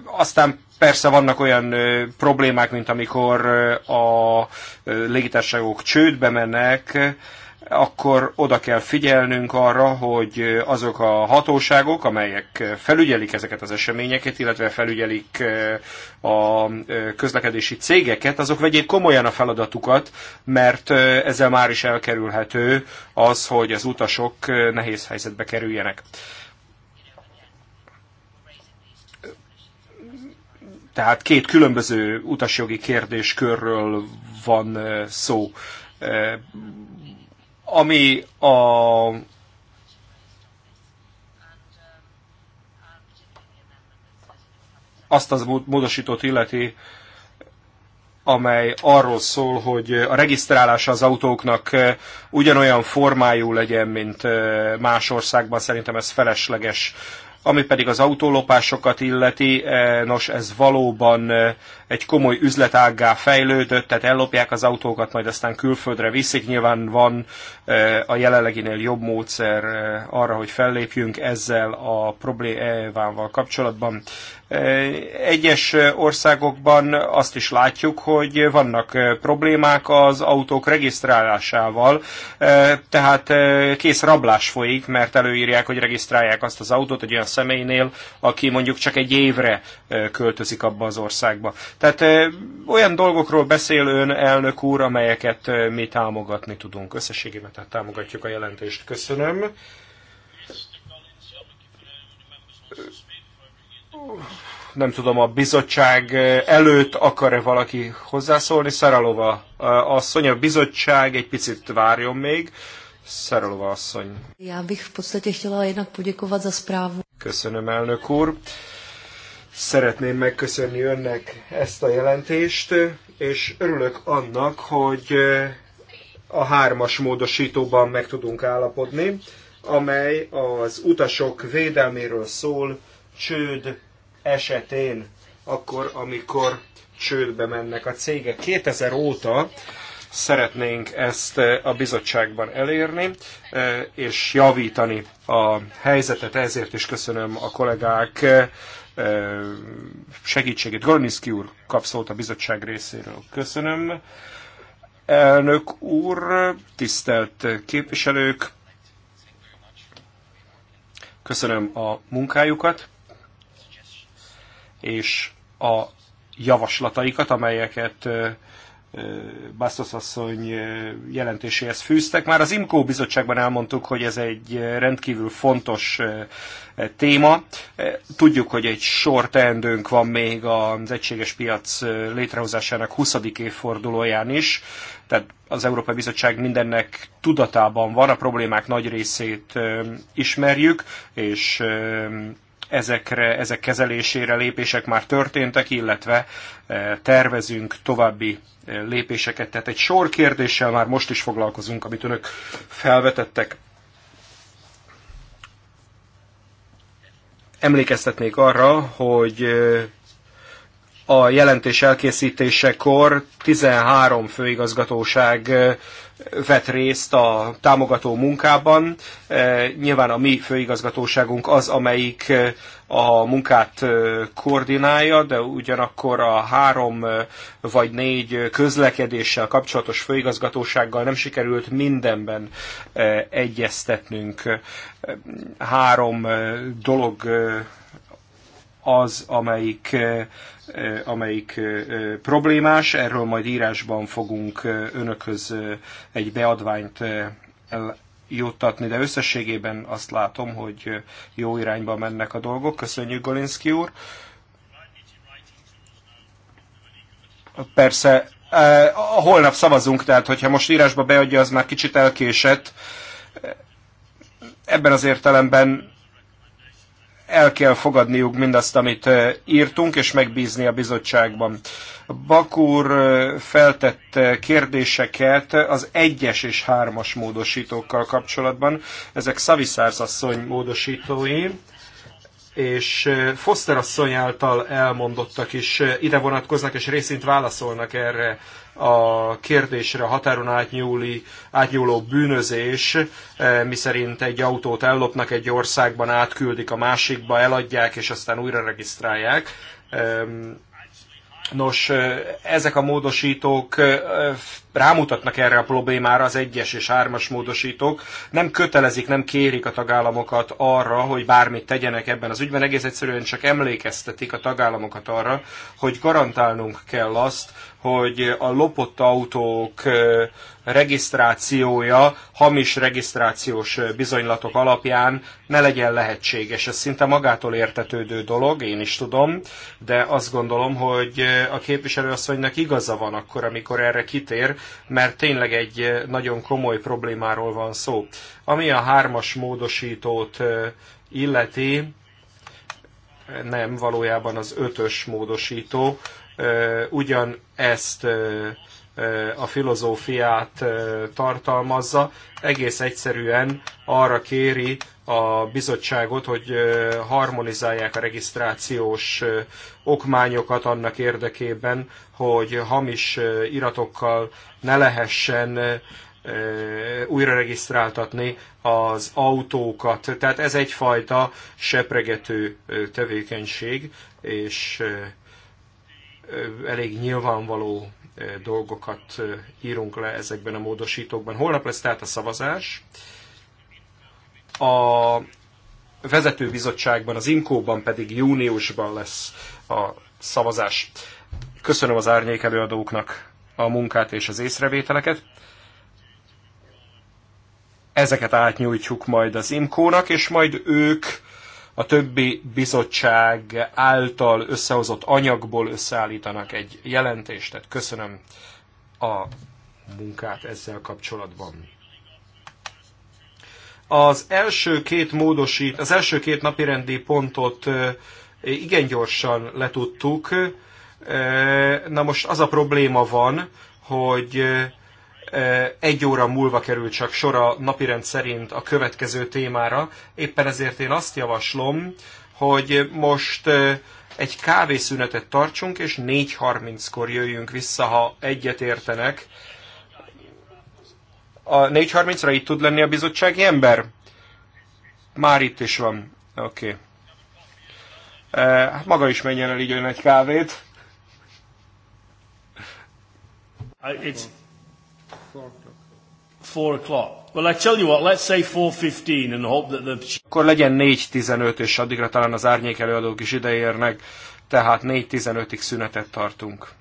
Aztán persze vannak olyan problémák, mint amikor a légitársaságok csődbe mennek, akkor oda kell figyelnünk arra, hogy azok a hatóságok, amelyek felügyelik ezeket az eseményeket, illetve felügyelik a közlekedési cégeket, azok vegyék komolyan a feladatukat, mert ezzel már is elkerülhető az, hogy az utasok nehéz helyzetbe kerüljenek. Tehát két különböző utasjogi kérdéskörről van szó. Ami a azt az módosítót illeti, amely arról szól, hogy a regisztrálása az autóknak ugyanolyan formájú legyen, mint más országban. Szerintem ez felesleges. Ami pedig az autólopásokat illeti, eh, nos ez valóban eh, egy komoly üzletággá fejlődött, tehát ellopják az autókat, majd aztán külföldre viszik. Nyilván van eh, a jelenleginél jobb módszer arra, hogy fellépjünk ezzel a problémával kapcsolatban. Egyes országokban azt is látjuk, hogy vannak problémák az autók regisztrálásával, tehát kész rablás folyik, mert előírják, hogy regisztrálják azt az autót, hogy olyan személynél, aki mondjuk csak egy évre költözik abba az országba. Tehát olyan dolgokról beszél ön, elnök úr, amelyeket mi támogatni tudunk. Összességében tehát támogatjuk a jelentést. Köszönöm. nem tudom, a bizottság előtt akar-e valaki hozzászólni? Szeralova asszony, a bizottság egy picit várjon még. Szeralova asszony. Já bych v podstatě chtěla jednak poděkovat za zprávu. Köszönöm, elnök úr. Szeretném megköszönni önnek ezt a jelentést, és örülök annak, hogy a hármas módosítóban meg tudunk állapodni, amely az utasok védelméről szól csőd esetén, akkor, amikor csődbe mennek a cégek. 2000 óta szeretnénk ezt eh, a bizottságban elérni, eh, és javítani a helyzetet, ezért is köszönöm a kollégák eh, segítségét. Gorniszki úr kap szót a bizottság részéről. Köszönöm. Elnök úr, tisztelt képviselők, köszönöm a munkájukat, és a javaslataikat, amelyeket Bastos asszony jelentéséhez fűztek. Már az IMCO bizottságban elmondtuk, hogy ez egy rendkívül fontos téma. Tudjuk, hogy egy sor teendőnk van még az egységes piac létrehozásának 20. évfordulóján is, tehát az Európai Bizottság mindennek tudatában van, a problémák nagy részét ismerjük, és ezekre, ezek kezelésére lépések már történtek, illetve eh, tervezünk további eh, lépéseket. Tehát egy sor kérdéssel már most is foglalkozunk, amit önök felvetettek. Emlékeztetnék arra, hogy eh, a jelentés elkészítésekor 13 főigazgatóság vett részt a támogató munkában. Nyilván a mi főigazgatóságunk az, amelyik a munkát koordinálja, de ugyanakkor a három vagy négy közlekedéssel kapcsolatos főigazgatósággal nem sikerült mindenben egyeztetnünk. Három dolog az, amelyik, amelyik problémás. Erről majd írásban fogunk önökhöz egy beadványt juttatni, de összességében azt látom, hogy jó irányba mennek a dolgok. Köszönjük, Golinski úr. Persze, holnap szavazunk, tehát hogyha most írásba beadja, az már kicsit elkésett. Ebben az értelemben el kell fogadniuk mindazt, amit írtunk, és megbízni a bizottságban. Bakúr feltett kérdéseket az egyes és hármas módosítókkal kapcsolatban. Ezek Szaviszárz asszony módosítói, és Foster asszony által elmondottak is ide vonatkoznak, és részint válaszolnak erre a kérdésre határon átnyúli, átnyúló bűnözés, eh, miszerint egy autót ellopnak egy országban, átküldik a másikba, eladják, és aztán újra regisztrálják. Nos, eh, ezek a módosítók eh, rámutatnak erre a problémára az egyes és hármas módosítók, nem kötelezik, nem kérik a tagállamokat arra, hogy bármit tegyenek ebben az ügyben, egész egyszerűen csak emlékeztetik a tagállamokat arra, hogy garantálnunk kell azt, hogy a lopott autók regisztrációja hamis regisztrációs bizonylatok alapján ne legyen lehetséges. Ez szinte magától értetődő dolog, én is tudom, de azt gondolom, hogy a képviselőasszonynak igaza van akkor, amikor erre kitér, mert tényleg egy eh, nagyon komoly problémáról van szó. Ami a hármas módosítót eh, illeti, eh, nem valójában az ötös módosító, ugyan ezt a filozófiát tartalmazza. Egész egyszerűen arra kéri a bizottságot, hogy harmonizálják a regisztrációs okmányokat annak érdekében, hogy hamis iratokkal ne lehessen újra regisztráltatni az autókat. Tehát ez egyfajta sepregető tevékenység, és elég nyilvánvaló dolgokat írunk le ezekben a módosítókban. Holnap lesz tehát a szavazás. A vezetőbizottságban, az IMKO-ban pedig júniusban lesz a szavazás. Köszönöm az árnyék előadóknak a munkát és az észrevételeket. Ezeket átnyújtjuk majd az Imkónak, és majd ők a többi bizottság által összehozott anyagból összeállítanak egy jelentést. Tehát köszönöm a munkát ezzel kapcsolatban. Az első két módosít, az első két napirendi pontot igen gyorsan letudtuk. Na most az a probléma van, hogy egy óra múlva kerül csak sor a napirend szerint a következő témára. Éppen ezért én azt javaslom, hogy most egy kávészünetet tartsunk, és 4.30-kor jöjjünk vissza, ha egyet értenek. A 4.30-ra itt tud lenni a bizottsági ember? Már itt is van. Oké. Okay. Hát maga is menjen el így egy kávét. It's Four o'clock. Well, I tell you what, let's say 4.15 and hope that the... Akkor legyen 4.15, és addigra talán az árnyék előadók is ideérnek, tehát 4.15-ig szünetet tartunk.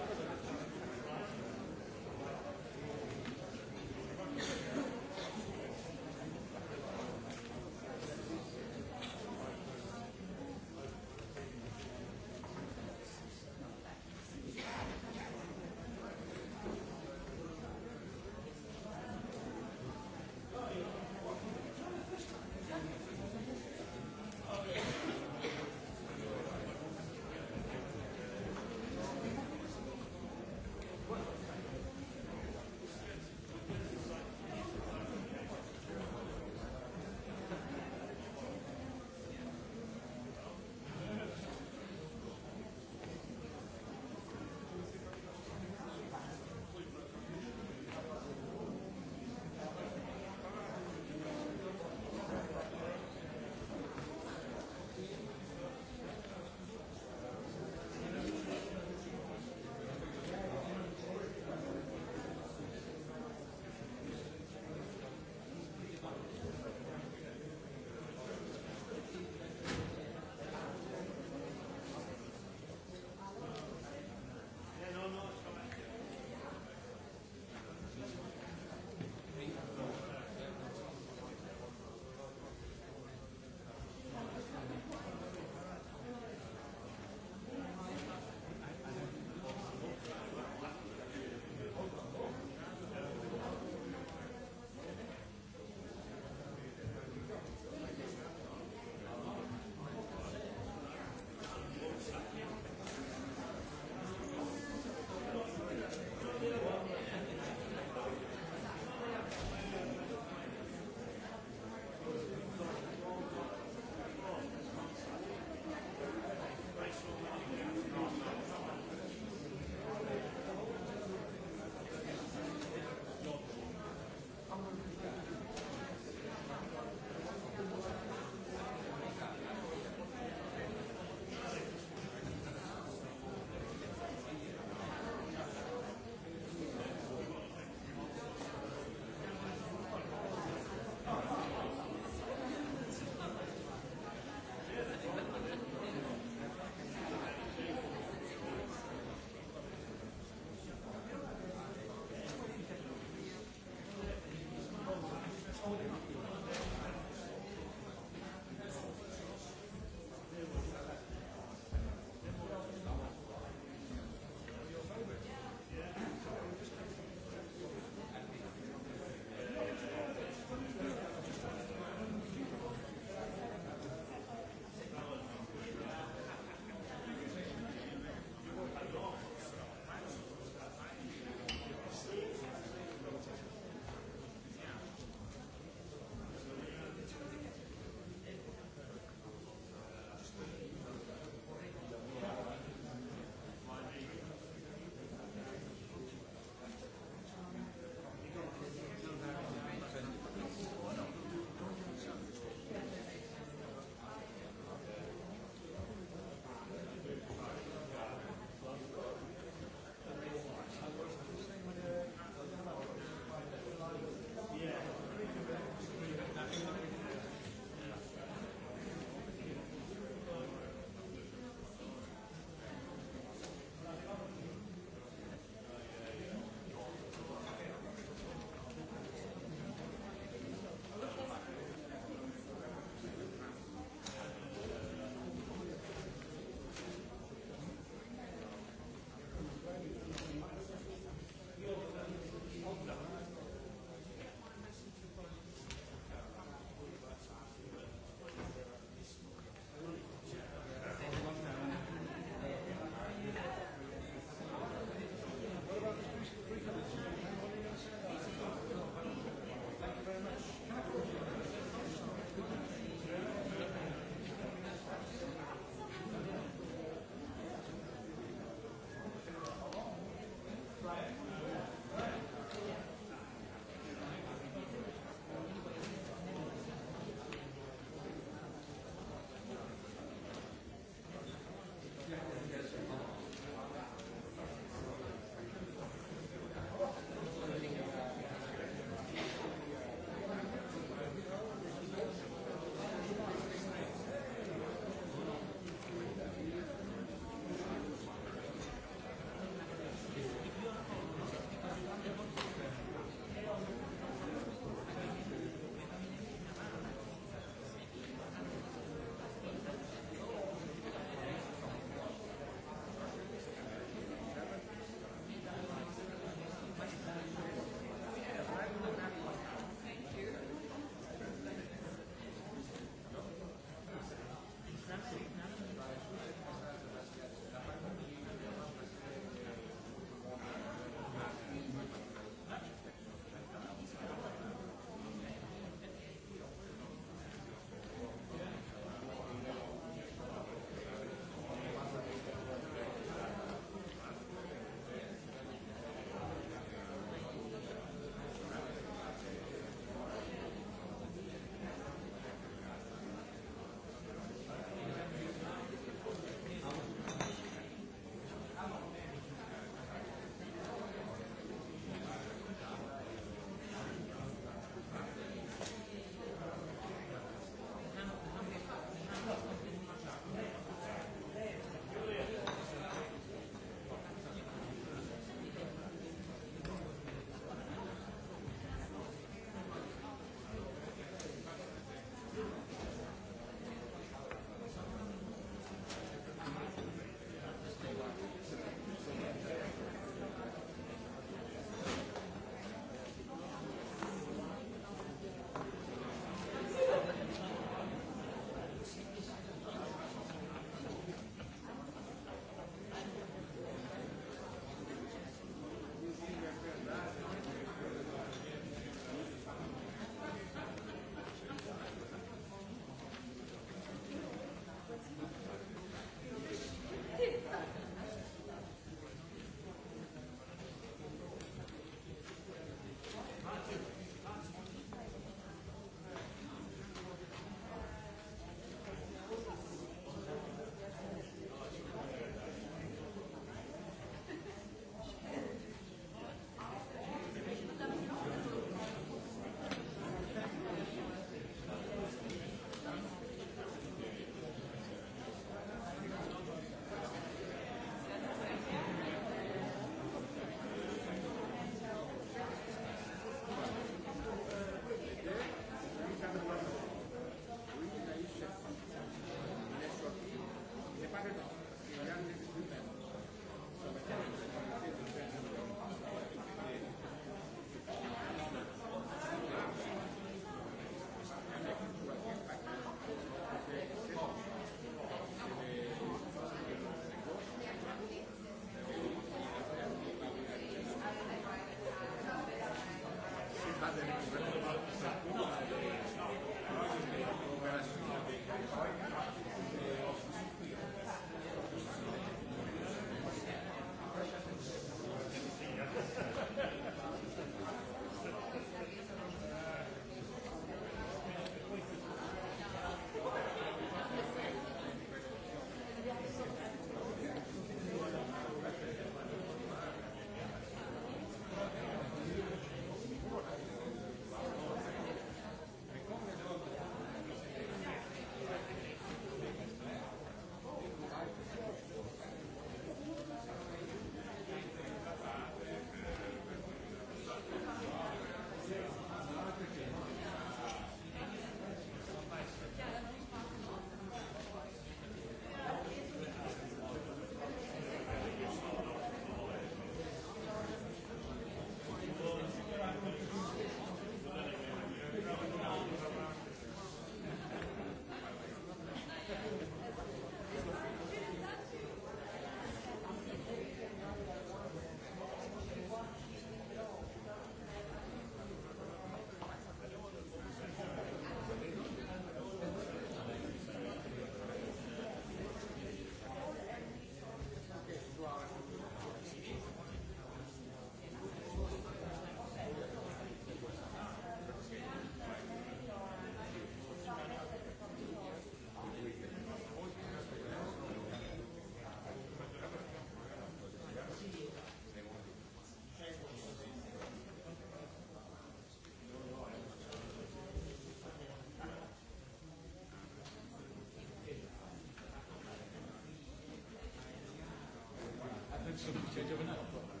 Köszönöm, szóval hogy nem akarnak.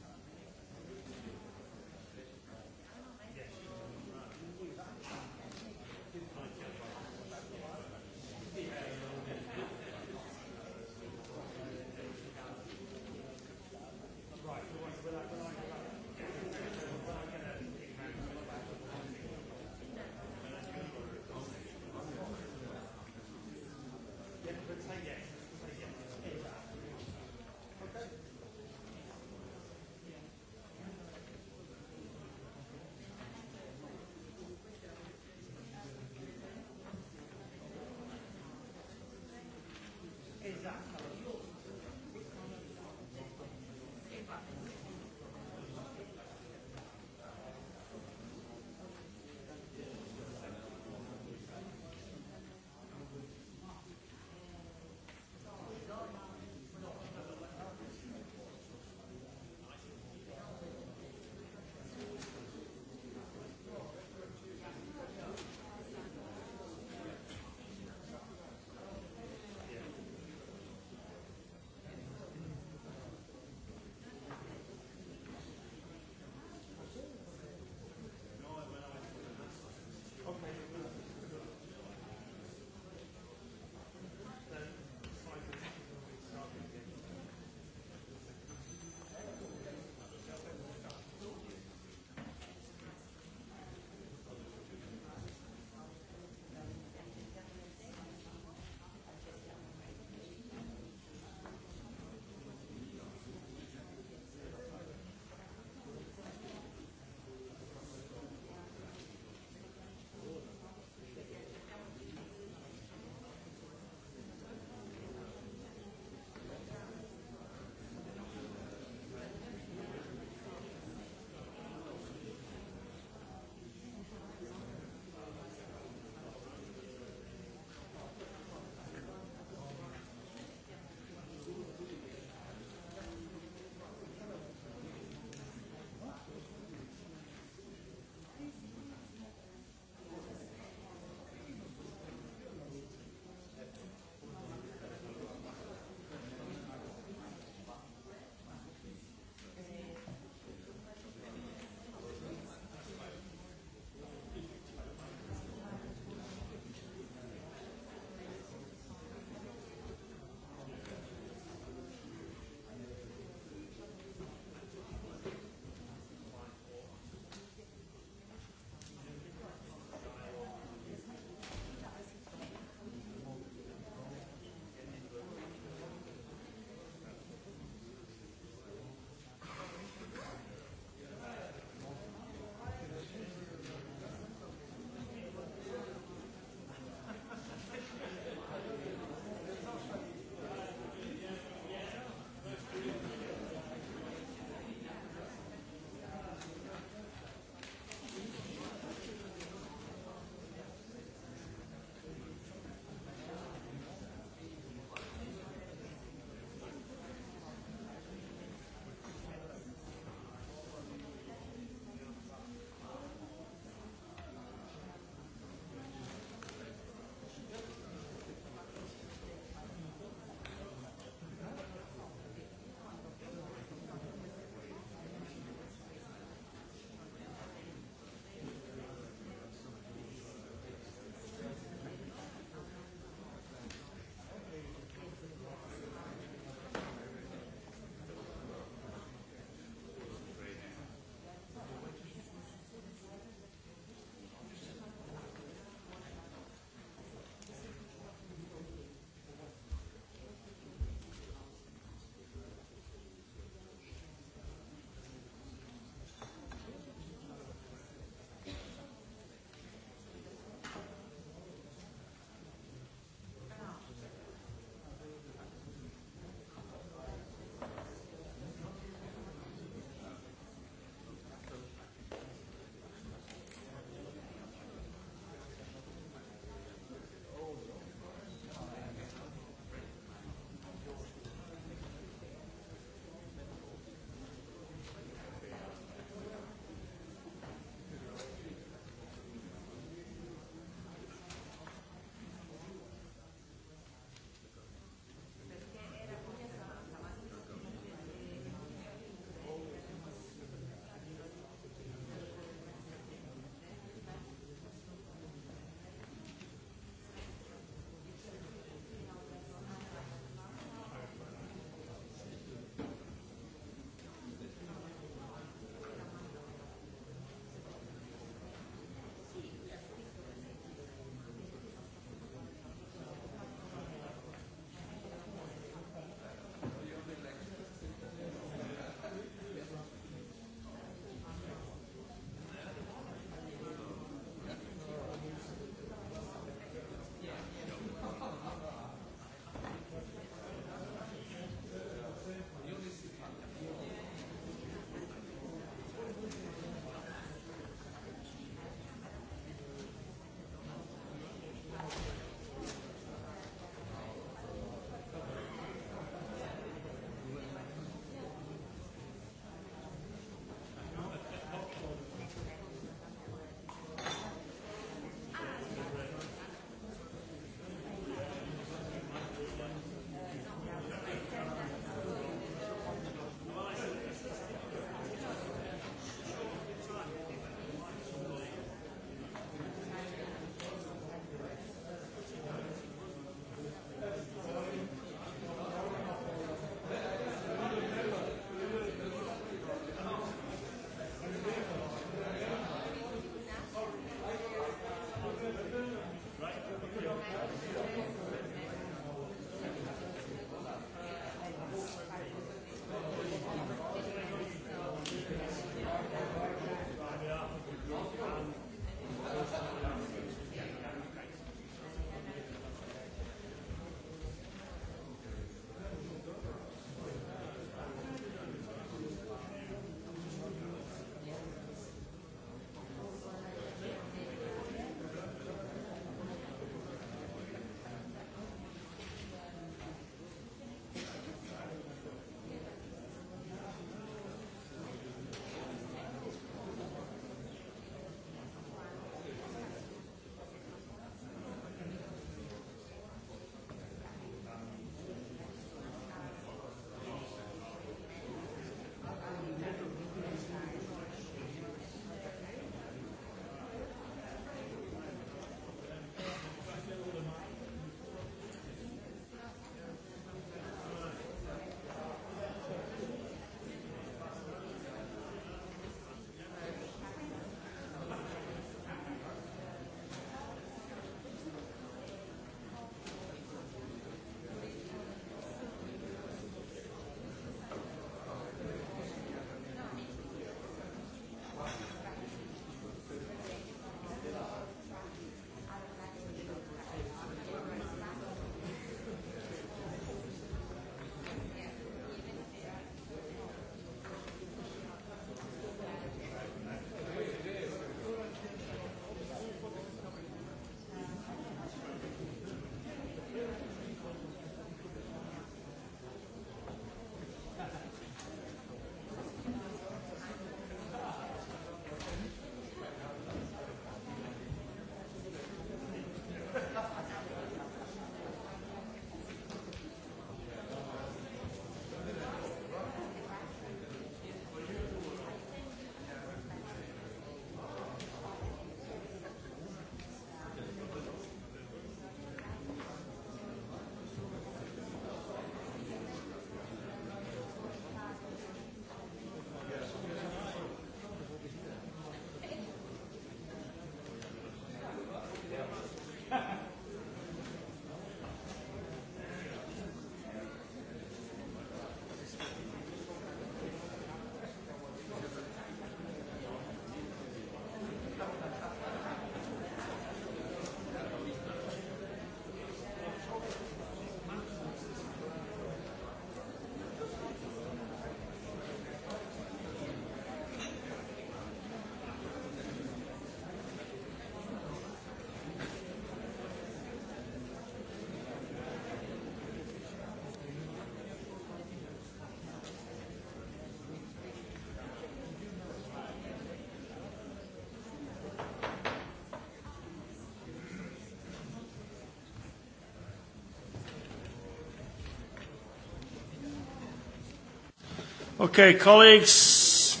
Okay, colleagues,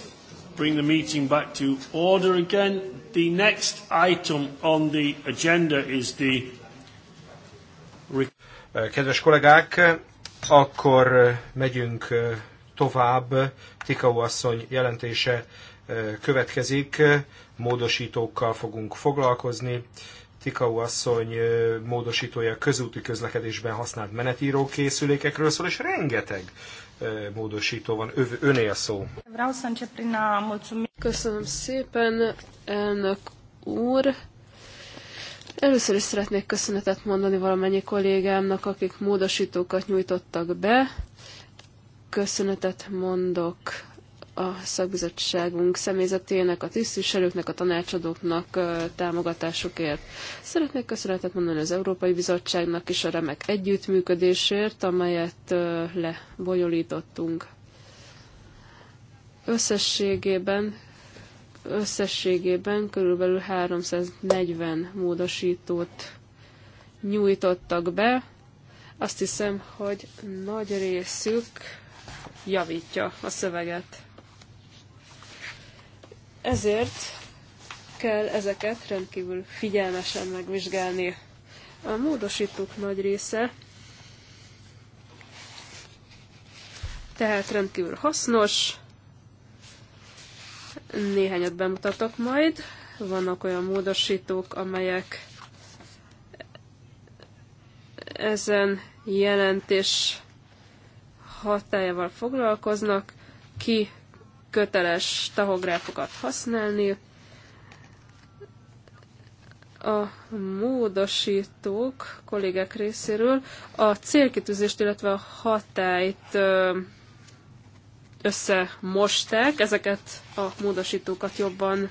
bring the meeting back to order again. The next item on the agenda is the... Eh, kedves kollégák, akkor eh, megyünk eh, tovább. Tikau asszony jelentése következik. Módosítókkal fogunk foglalkozni. Tikau asszony módosítója közúti közlekedésben használt menetírókészülékekről szól, és rengeteg módosító van. Öv, öné a szó. Köszönöm szépen, elnök úr. Először is szeretnék köszönetet mondani valamennyi kollégámnak, akik módosítókat nyújtottak be. Köszönetet mondok a szakbizottságunk személyzetének, a tisztviselőknek, a tanácsadóknak támogatásukért. Szeretnék köszönetet mondani az Európai Bizottságnak is a remek együttműködésért, amelyet lebonyolítottunk. Összességében összességében körülbelül 340 módosítót nyújtottak be. Azt hiszem, hogy nagy részük javítja a szöveget. Ezért kell ezeket rendkívül figyelmesen megvizsgálni. A módosítók nagy része tehát rendkívül hasznos. Néhányat bemutatok majd. Vannak olyan módosítók, amelyek ezen jelentés hatájával foglalkoznak, ki köteles tahográfokat használni. A módosítók kollégek részéről a célkitűzést, illetve a hatályt összemosták, ezeket a módosítókat jobban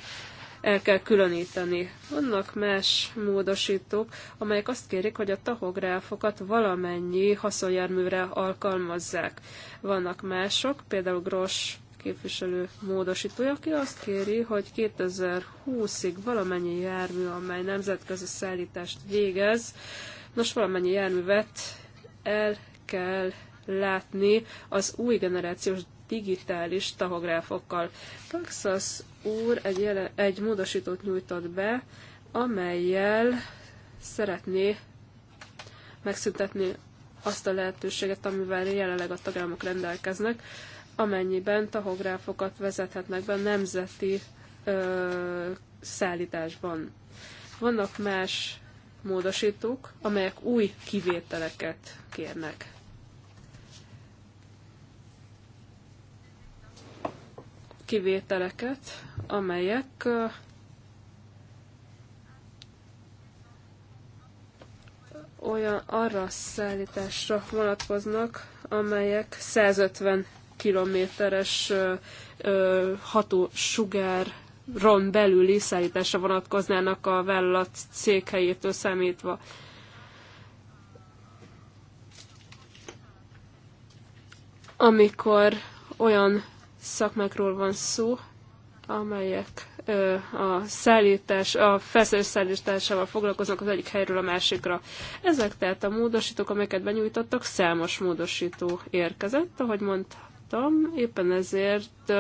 el kell különíteni. Vannak más módosítók, amelyek azt kérik, hogy a tahográfokat valamennyi haszonjárműre alkalmazzák. Vannak mások, például Gross képviselő módosítója, aki azt kéri, hogy 2020-ig valamennyi jármű, amely nemzetközi szállítást végez, nos valamennyi járművet el kell látni az új generációs digitális tahográfokkal. Texas úr egy, jele, egy módosítót nyújtott be, amelyel szeretné megszüntetni azt a lehetőséget, amivel jelenleg a tagállamok rendelkeznek, amennyiben tahográfokat vezethetnek be nemzeti ö, szállításban. Vannak más módosítók, amelyek új kivételeket kérnek. Kivételeket, amelyek olyan arra szállításra vonatkoznak, amelyek 150 kilométeres hatósugár ron belüli szállításra vonatkoznának a vállalat székhelyétől számítva. Amikor olyan szakmákról van szó, amelyek ö, a szállítás, a felszerelés szállításával foglalkoznak az egyik helyről a másikra. Ezek tehát a módosítók, amelyeket benyújtottak, számos módosító érkezett, ahogy mondta láttam. Éppen ezért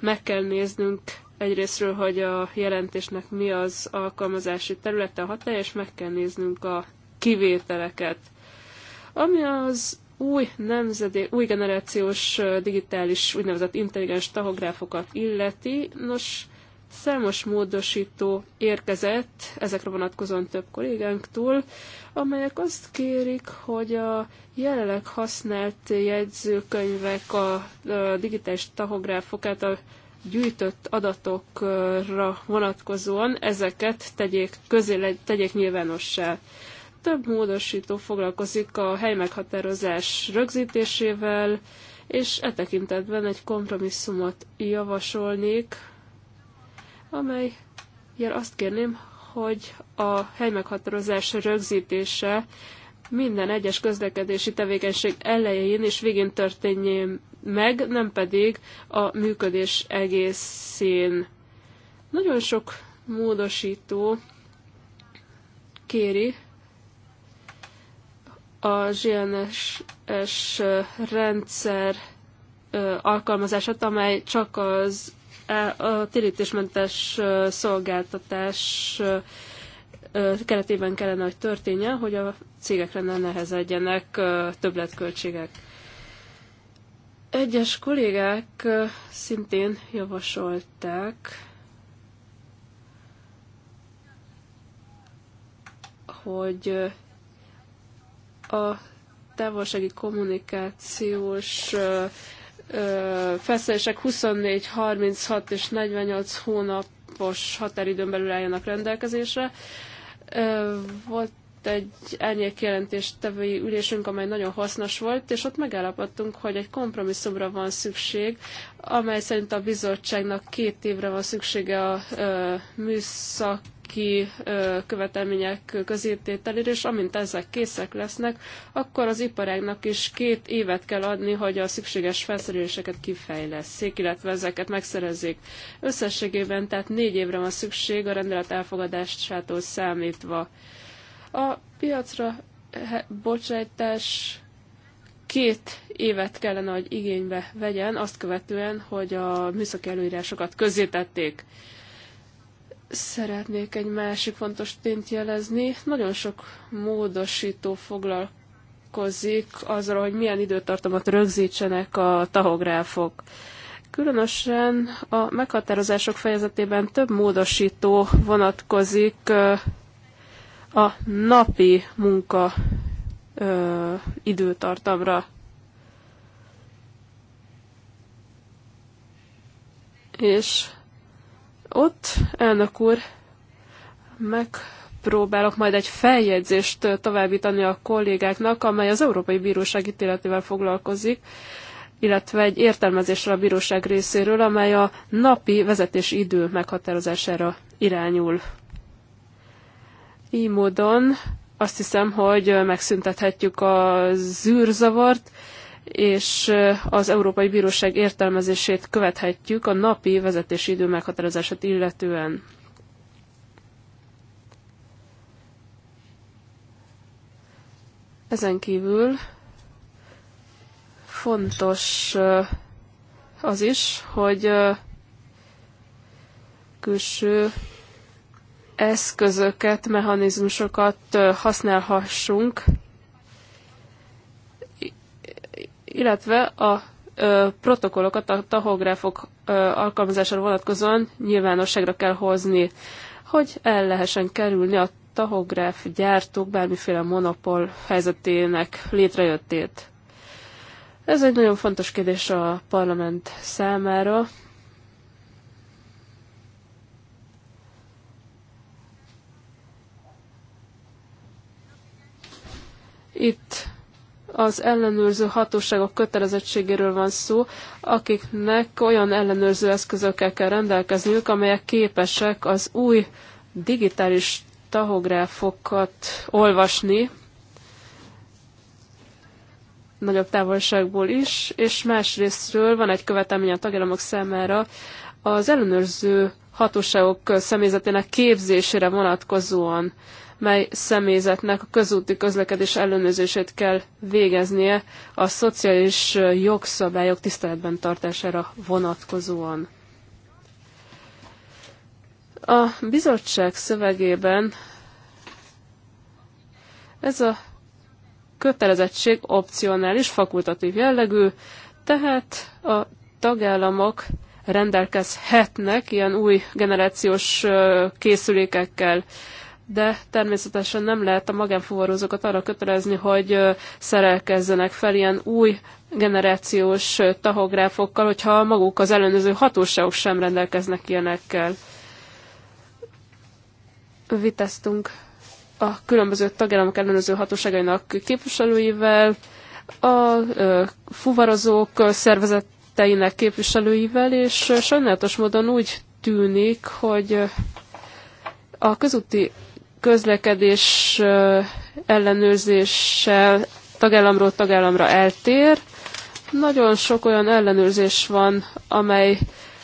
meg kell néznünk egyrésztről, hogy a jelentésnek mi az alkalmazási területe, a hatály, és meg kell néznünk a kivételeket. Ami az új nemzedé, új generációs digitális úgynevezett intelligens tahográfokat illeti, nos, Számos módosító érkezett, ezekre vonatkozóan több kollégánktól, amelyek azt kérik, hogy a jelenleg használt jegyzőkönyvek a digitális tahográfok által gyűjtött adatokra vonatkozóan ezeket tegyék, közé, tegyék nyilvánossá. Több módosító foglalkozik a helymeghatározás rögzítésével, és e tekintetben egy kompromisszumot javasolnék, amely jel azt kérném, hogy a helymeghatározás rögzítése minden egyes közlekedési tevékenység elején és végén történjen meg, nem pedig a működés egészén. Nagyon sok módosító kéri a GNSS rendszer alkalmazását, amely csak az a térítésmentes szolgáltatás keretében kellene, hogy történjen, hogy a cégekre ne nehezedjenek többletköltségek. Egyes kollégák szintén javasolták, hogy a távolsági kommunikációs felszerelések 24, 36 és 48 hónapos határidőn belül álljanak rendelkezésre. volt egy elnyék jelentéstevői ülésünk, amely nagyon hasznos volt, és ott megállapodtunk, hogy egy kompromisszumra van szükség, amely szerint a bizottságnak két évre van szüksége a műszak ki követelmények közértételére, és amint ezek készek lesznek, akkor az iparágnak is két évet kell adni, hogy a szükséges felszereléseket kifejleszék, illetve ezeket megszerezzék. Összességében tehát négy évre van szükség a rendelet elfogadásától számítva. A piacra eh, bocsájtás két évet kellene, hogy igénybe vegyen, azt követően, hogy a műszaki előírásokat közé tették. Szeretnék egy másik fontos tényt jelezni. Nagyon sok módosító foglalkozik azzal, hogy milyen időtartamot rögzítsenek a tahográfok. Különösen a meghatározások fejezetében több módosító vonatkozik a napi munka időtartamra. És ott, elnök úr, megpróbálok majd egy feljegyzést továbbítani a kollégáknak, amely az Európai Bíróság ítéletével foglalkozik, illetve egy értelmezésre a bíróság részéről, amely a napi vezetési idő meghatározására irányul. Így módon azt hiszem, hogy megszüntethetjük a zűrzavart, és az Európai Bíróság értelmezését követhetjük a napi vezetési idő meghatározását illetően. Ezen kívül fontos az is, hogy külső eszközöket, mechanizmusokat használhassunk illetve a ö, protokollokat a tahográfok ö, alkalmazására vonatkozóan nyilvánosságra kell hozni, hogy el lehessen kerülni a tahográf gyártók bármiféle monopól helyzetének létrejöttét. Ez egy nagyon fontos kérdés a parlament számára. Itt az ellenőrző hatóságok kötelezettségéről van szó, akiknek olyan ellenőrző eszközökkel kell rendelkezniük, amelyek képesek az új digitális tahográfokat olvasni, nagyobb távolságból is, és másrésztről van egy követelmény a tagállamok számára az ellenőrző hatóságok személyzetének képzésére vonatkozóan mely személyzetnek a közúti közlekedés ellenőrzését kell végeznie a szociális jogszabályok tiszteletben tartására vonatkozóan. A bizottság szövegében ez a kötelezettség opcionális, fakultatív jellegű, tehát a tagállamok rendelkezhetnek ilyen új generációs készülékekkel de természetesen nem lehet a magánfuvarozókat arra kötelezni, hogy szerelkezzenek fel ilyen új generációs tahográfokkal, hogyha maguk az ellenőző hatóságok sem rendelkeznek ilyenekkel. Viteztünk a különböző tagállamok ellenőző hatóságainak képviselőivel, a fuvarozók szervezeteinek képviselőivel, és sajnálatos módon úgy tűnik, hogy a közúti közlekedés ellenőrzéssel tagállamról tagállamra eltér. Nagyon sok olyan ellenőrzés van, amely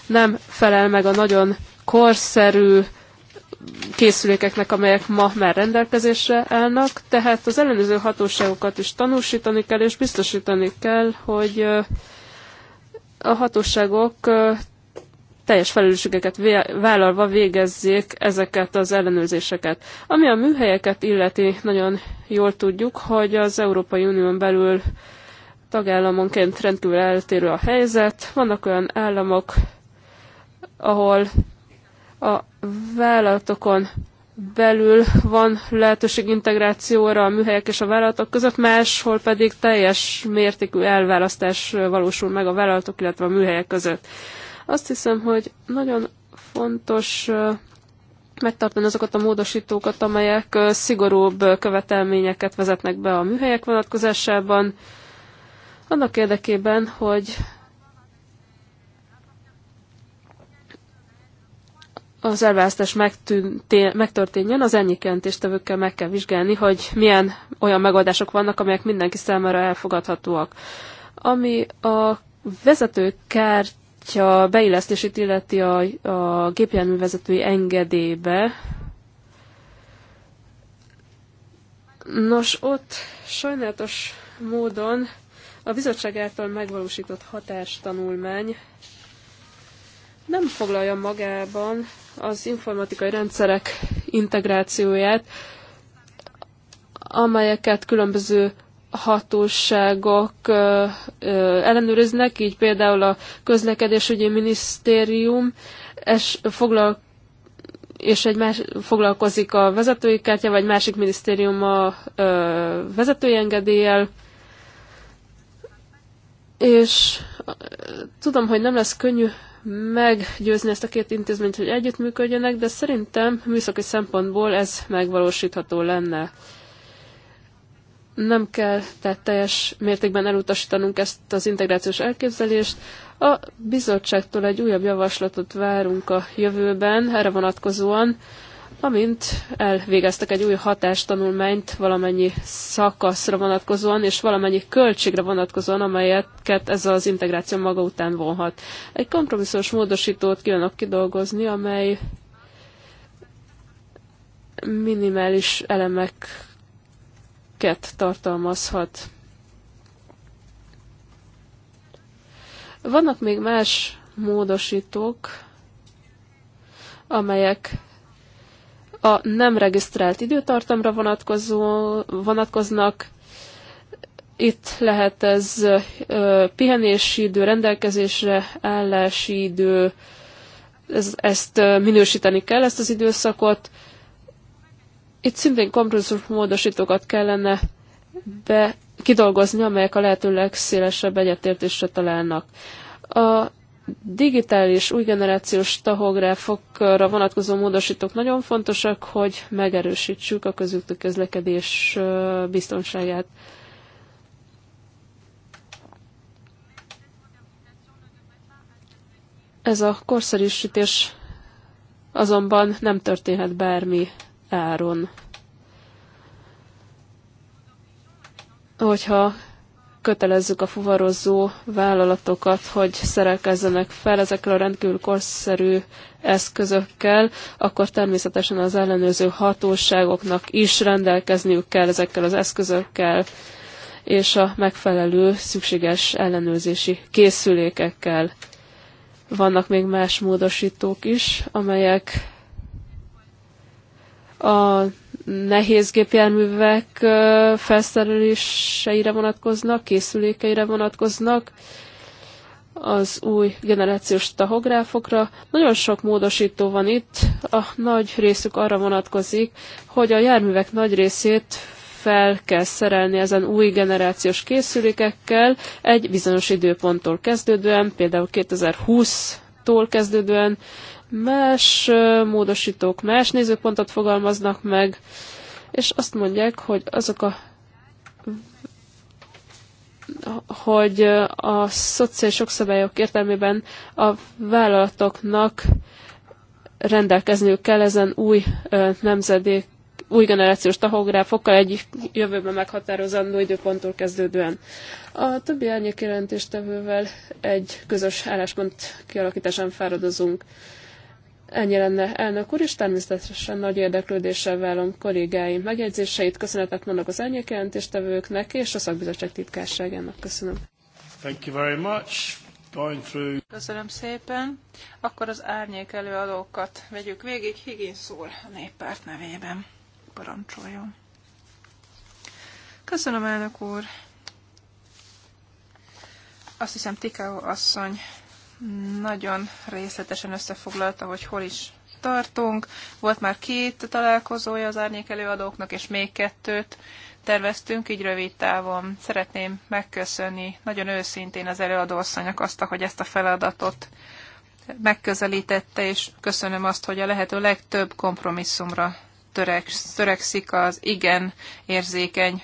nem felel meg a nagyon korszerű készülékeknek, amelyek ma már rendelkezésre állnak, tehát az ellenőrző hatóságokat is tanúsítani kell, és biztosítani kell, hogy a hatóságok teljes felelősségeket vállalva végezzék ezeket az ellenőrzéseket. Ami a műhelyeket illeti, nagyon jól tudjuk, hogy az Európai Unión belül tagállamonként rendkívül eltérő a helyzet. Vannak olyan államok, ahol a vállalatokon belül van lehetőség integrációra a műhelyek és a vállalatok között, máshol pedig teljes mértékű elválasztás valósul meg a vállalatok, illetve a műhelyek között. Azt hiszem, hogy nagyon fontos megtartani azokat a módosítókat, amelyek szigorúbb követelményeket vezetnek be a műhelyek vonatkozásában, annak érdekében, hogy az elválasztás megtörténjen, az ennyi kentéstevőkkel meg kell vizsgálni, hogy milyen olyan megoldások vannak, amelyek mindenki számára elfogadhatóak. Ami a vezetőkárt a beillesztését illeti a, a gépjárművezetői engedélybe, nos ott sajnálatos módon a bizottság által megvalósított hatástanulmány nem foglalja magában az informatikai rendszerek integrációját, amelyeket különböző hatóságok ellenőriznek, így például a közlekedésügyi minisztérium és foglal és egy más, foglalkozik a vezetői kártya, vagy másik minisztérium a ö, vezetői engedéllyel. És tudom, hogy nem lesz könnyű meggyőzni ezt a két intézményt, hogy együttműködjenek, de szerintem műszaki szempontból ez megvalósítható lenne nem kell tehát teljes mértékben elutasítanunk ezt az integrációs elképzelést. A bizottságtól egy újabb javaslatot várunk a jövőben erre vonatkozóan, amint elvégeztek egy új hatástanulmányt valamennyi szakaszra vonatkozóan, és valamennyi költségre vonatkozóan, amelyeket ez az integráció maga után vonhat. Egy kompromisszós módosítót kívánok kidolgozni, amely minimális elemek miket tartalmazhat. Vannak még más módosítók, amelyek a nem regisztrált időtartamra vonatkozó, vonatkoznak. Itt lehet ez ö, pihenési idő, rendelkezésre állási idő, ez, ezt minősíteni kell, ezt az időszakot. Itt szintén kompromisszum módosítókat kellene be kidolgozni, amelyek a lehető legszélesebb egyetértésre találnak. A digitális új generációs tahográfokra vonatkozó módosítók nagyon fontosak, hogy megerősítsük a közöttük közlekedés biztonságát. Ez a korszerűsítés azonban nem történhet bármi áron. Hogyha kötelezzük a fuvarozó vállalatokat, hogy szerelkezzenek fel ezekkel a rendkívül korszerű eszközökkel, akkor természetesen az ellenőrző hatóságoknak is rendelkezniük kell ezekkel az eszközökkel, és a megfelelő szükséges ellenőrzési készülékekkel. Vannak még más módosítók is, amelyek a nehéz gépjárművek felszereléseire vonatkoznak, készülékeire vonatkoznak, az új generációs tahográfokra. Nagyon sok módosító van itt, a nagy részük arra vonatkozik, hogy a járművek nagy részét fel kell szerelni ezen új generációs készülékekkel egy bizonyos időponttól kezdődően, például 2020-tól kezdődően, Más módosítók más nézőpontot fogalmaznak meg, és azt mondják, hogy azok a hogy a szociális jogszabályok értelmében a vállalatoknak rendelkezniük kell ezen új nemzedék, új generációs tahográfokkal egy jövőben meghatározandó időponttól kezdődően. A többi árnyék jelentéstevővel egy közös álláspont kialakításán fáradozunk. Ennyi lenne elnök úr, és természetesen nagy érdeklődéssel vállom kollégáim megjegyzéseit. Köszönetet mondok az jelentéstevőknek és a szakbizottság titkárságának. Köszönöm. Thank you very much. Going through. Köszönöm szépen. Akkor az árnyék előadókat vegyük végig. Higgins szól a néppárt nevében. Parancsoljon. Köszönöm, elnök úr. Azt hiszem, Tikao asszony nagyon részletesen összefoglalta, hogy hol is tartunk. Volt már két találkozója az árnyék előadóknak, és még kettőt terveztünk így rövid távon. Szeretném megköszönni nagyon őszintén az előadóasszonynak azt, hogy ezt a feladatot megközelítette, és köszönöm azt, hogy a lehető legtöbb kompromisszumra törekszik az igen érzékeny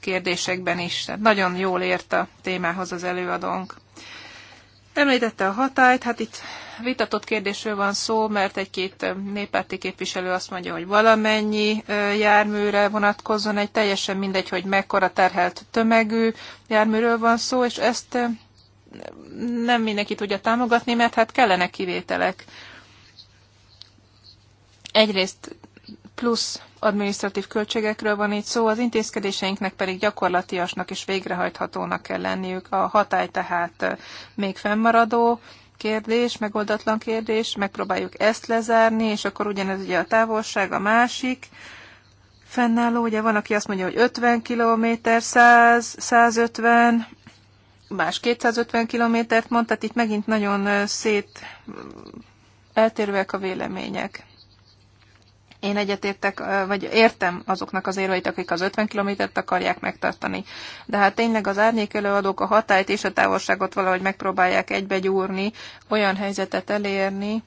kérdésekben is. Tehát nagyon jól ért a témához az előadónk. Említette a hatályt, hát itt vitatott kérdésről van szó, mert egy-két néppárti képviselő azt mondja, hogy valamennyi járműre vonatkozzon, egy teljesen mindegy, hogy mekkora terhelt tömegű járműről van szó, és ezt nem mindenki tudja támogatni, mert hát kellene kivételek. Egyrészt plusz administratív költségekről van itt szó, az intézkedéseinknek pedig gyakorlatiasnak és végrehajthatónak kell lenniük. A hatály tehát még fennmaradó, kérdés, megoldatlan kérdés, megpróbáljuk ezt lezárni, és akkor ugyanez ugye a távolság, a másik fennálló, ugye van, aki azt mondja, hogy 50 km, 100, 150, más 250 kilométert mond, tehát itt megint nagyon szét eltérőek a vélemények. Én egyetértek, vagy értem azoknak az érveit, akik az 50 kilométert akarják megtartani. De hát tényleg az árnyék előadók a hatályt és a távolságot valahogy megpróbálják egybegyúrni, olyan helyzetet elérni,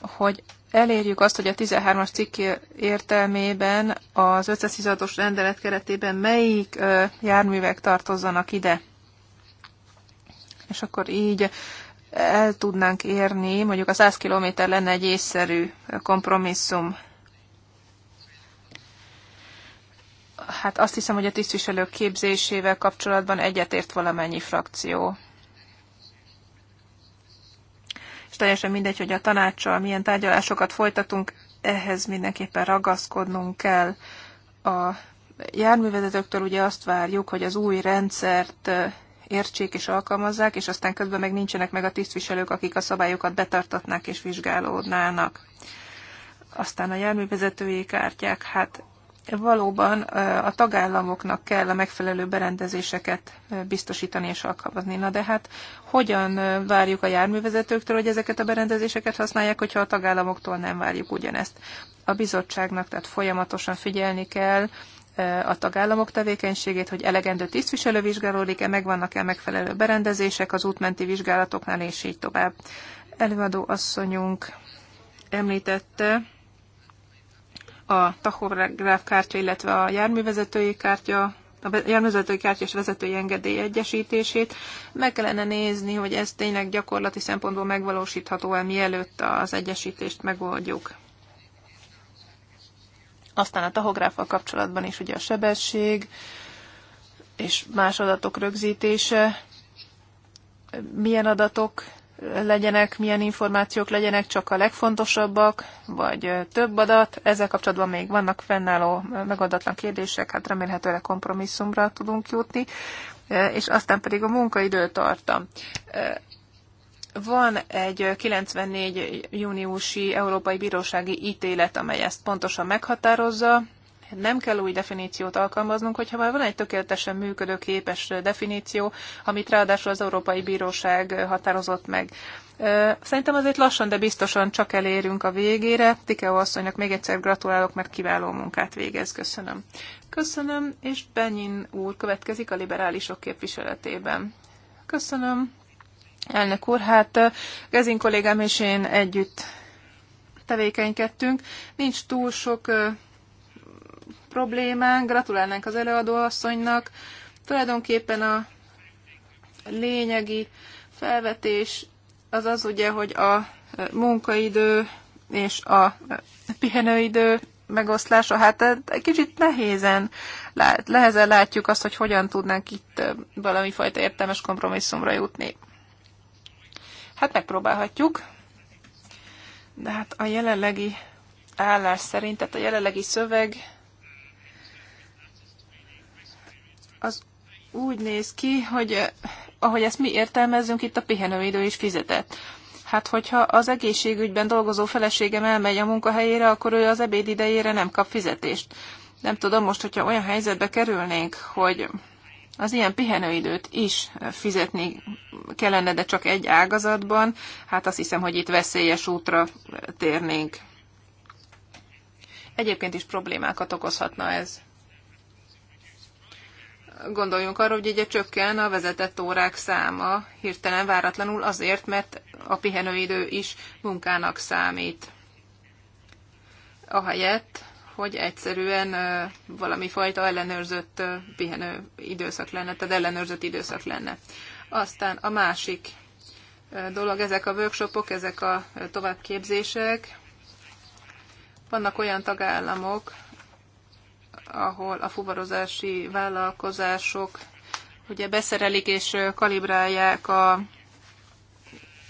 hogy elérjük azt, hogy a 13-as cikk értelmében az 516-os rendelet keretében melyik járművek tartozzanak ide. És akkor így el tudnánk érni, mondjuk a 100 km lenne egy észszerű kompromisszum hát azt hiszem, hogy a tisztviselők képzésével kapcsolatban egyetért valamennyi frakció. És teljesen mindegy, hogy a tanácssal milyen tárgyalásokat folytatunk, ehhez mindenképpen ragaszkodnunk kell. A járművezetőktől ugye azt várjuk, hogy az új rendszert értsék és alkalmazzák, és aztán közben meg nincsenek meg a tisztviselők, akik a szabályokat betartatnák és vizsgálódnának. Aztán a járművezetői kártyák, hát valóban a tagállamoknak kell a megfelelő berendezéseket biztosítani és alkalmazni. Na de hát hogyan várjuk a járművezetőktől, hogy ezeket a berendezéseket használják, hogyha a tagállamoktól nem várjuk ugyanezt? A bizottságnak tehát folyamatosan figyelni kell, a tagállamok tevékenységét, hogy elegendő tisztviselő vizsgálódik-e, megvannak-e megfelelő berendezések az útmenti vizsgálatoknál, és így tovább. Előadó asszonyunk említette a tachográf kártya, illetve a járművezetői kártya a járművezetői kártya és vezetői engedély egyesítését. Meg kellene nézni, hogy ez tényleg gyakorlati szempontból megvalósítható-e, mielőtt az egyesítést megoldjuk. Aztán a tahográffal kapcsolatban is ugye a sebesség és más adatok rögzítése, milyen adatok legyenek, milyen információk legyenek, csak a legfontosabbak, vagy több adat. Ezzel kapcsolatban még vannak fennálló megadatlan kérdések, hát remélhetőleg kompromisszumra tudunk jutni. És aztán pedig a munkaidő tartam. Van egy 94 júniusi Európai Bírósági ítélet, amely ezt pontosan meghatározza, nem kell új definíciót alkalmaznunk, hogyha már van egy tökéletesen működő képes definíció, amit ráadásul az Európai Bíróság határozott meg. Szerintem azért lassan, de biztosan csak elérünk a végére. Tikeó asszonynak még egyszer gratulálok, mert kiváló munkát végez. Köszönöm. Köszönöm, és Benyin úr következik a liberálisok képviseletében. Köszönöm. Elnök úr, hát Gezin kollégám és én együtt tevékenykedtünk. Nincs túl sok problémánk, gratulálnánk az előadóasszonynak. Tulajdonképpen a lényegi felvetés az az ugye, hogy a munkaidő és a pihenőidő megoszlása, hát egy kicsit nehézen, lát, lehezen látjuk azt, hogy hogyan tudnánk itt valami fajta értelmes kompromisszumra jutni. Hát megpróbálhatjuk, de hát a jelenlegi állás szerint, tehát a jelenlegi szöveg az úgy néz ki, hogy eh, ahogy ezt mi értelmezzünk, itt a pihenőidő is fizetett. Hát, hogyha az egészségügyben dolgozó feleségem elmegy a munkahelyére, akkor ő az ebéd idejére nem kap fizetést. Nem tudom most, hogyha olyan helyzetbe kerülnénk, hogy az ilyen pihenőidőt is fizetni kellene, de csak egy ágazatban, hát azt hiszem, hogy itt veszélyes útra térnénk. Egyébként is problémákat okozhatna ez. Gondoljunk arra, hogy ugye csökken a vezetett órák száma hirtelen váratlanul azért, mert a pihenőidő is munkának számít. Ahelyett, hogy egyszerűen valami fajta ellenőrzött pihenő időszak lenne, tehát ellenőrzött időszak lenne. Aztán a másik dolog, ezek a workshopok, ezek a továbbképzések. Vannak olyan tagállamok, ahol a fuvarozási vállalkozások ugye beszerelik és kalibrálják a,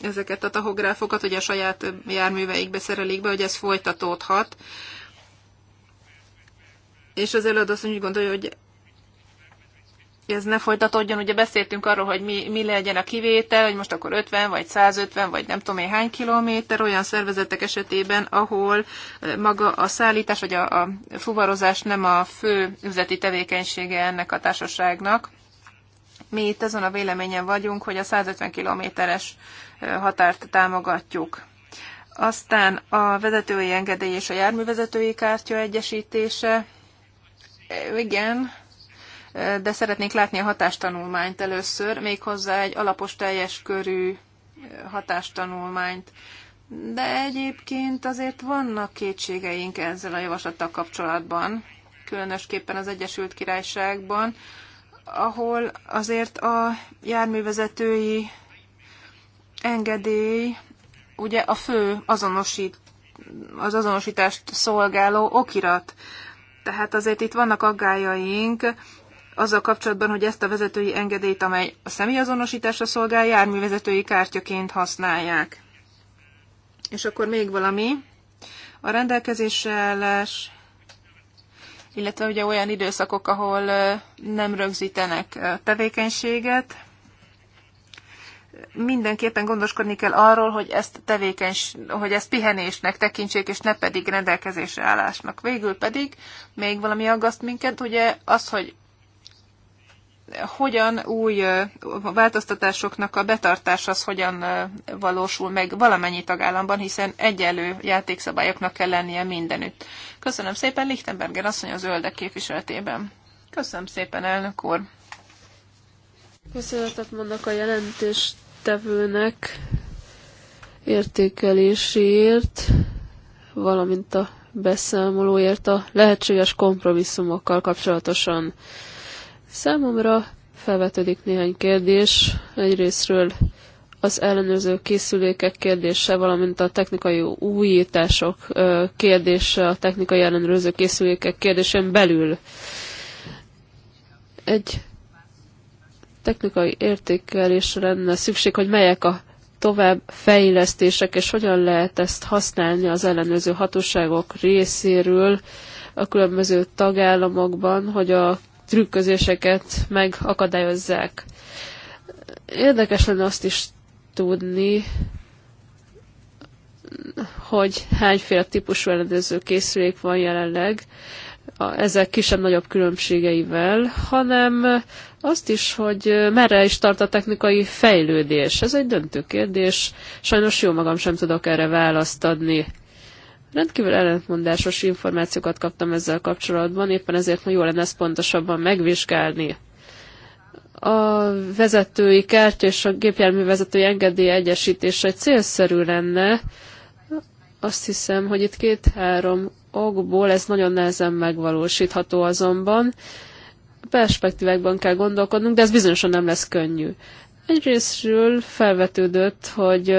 ezeket a tahográfokat, hogy a saját járműveik beszerelik be, hogy ez folytatódhat. És az előadó azt úgy gondolja, hogy hogy ez ne folytatódjon. Ugye beszéltünk arról, hogy mi, mi legyen a kivétel, hogy most akkor 50 vagy 150 vagy nem tudom én hány kilométer olyan szervezetek esetében, ahol maga a szállítás vagy a, a fuvarozás nem a fő üzleti tevékenysége ennek a társaságnak. Mi itt azon a véleményen vagyunk, hogy a 150 kilométeres határt támogatjuk. Aztán a vezetői engedély és a járművezetői kártya egyesítése. Igen, de szeretnénk látni a hatástanulmányt először, méghozzá egy alapos teljes körű hatástanulmányt. De egyébként azért vannak kétségeink ezzel a javaslattal kapcsolatban, különösképpen az Egyesült Királyságban, ahol azért a járművezetői engedély ugye a fő azonosít, az azonosítást szolgáló okirat. Tehát azért itt vannak aggájaink, azzal kapcsolatban, hogy ezt a vezetői engedélyt, amely a személyazonosításra szolgál, járművezetői kártyaként használják. És akkor még valami. A rendelkezésre állás, illetve ugye olyan időszakok, ahol nem rögzítenek tevékenységet, mindenképpen gondoskodni kell arról, hogy ezt, tevékenys, hogy ezt pihenésnek tekintsék, és ne pedig rendelkezésre állásnak. Végül pedig még valami aggaszt minket, ugye az, hogy hogyan új változtatásoknak a betartás az hogyan valósul meg valamennyi tagállamban, hiszen egyelő játékszabályoknak kell lennie mindenütt. Köszönöm szépen, Lichtenberger asszony az öldek képviseletében. Köszönöm szépen, elnök úr. Köszönetet mondok a jelentéstevőnek értékelésért, valamint a beszámolóért a lehetséges kompromisszumokkal kapcsolatosan. Számomra felvetődik néhány kérdés. Egyrésztről az ellenőrző készülékek kérdése, valamint a technikai újítások kérdése, a technikai ellenőrző készülékek kérdésén belül. Egy technikai értékelésre lenne szükség, hogy melyek a tovább fejlesztések, és hogyan lehet ezt használni az ellenőrző hatóságok részéről a különböző tagállamokban, hogy a trükközéseket megakadályozzák. Érdekes lenne azt is tudni, hogy hányféle típusú rendező készülék van jelenleg, ezek kisebb-nagyobb különbségeivel, hanem azt is, hogy merre is tart a technikai fejlődés. Ez egy döntő kérdés. Sajnos jó magam sem tudok erre választ adni. Rendkívül ellentmondásos információkat kaptam ezzel kapcsolatban, éppen ezért ma jó lenne ezt pontosabban megvizsgálni. A vezetői kert és a gépjármű vezetői engedély egyesítése célszerű lenne. Azt hiszem, hogy itt két-három okból ez nagyon nehezen megvalósítható azonban. Perspektívákban kell gondolkodnunk, de ez bizonyosan nem lesz könnyű. Egyrésztről felvetődött, hogy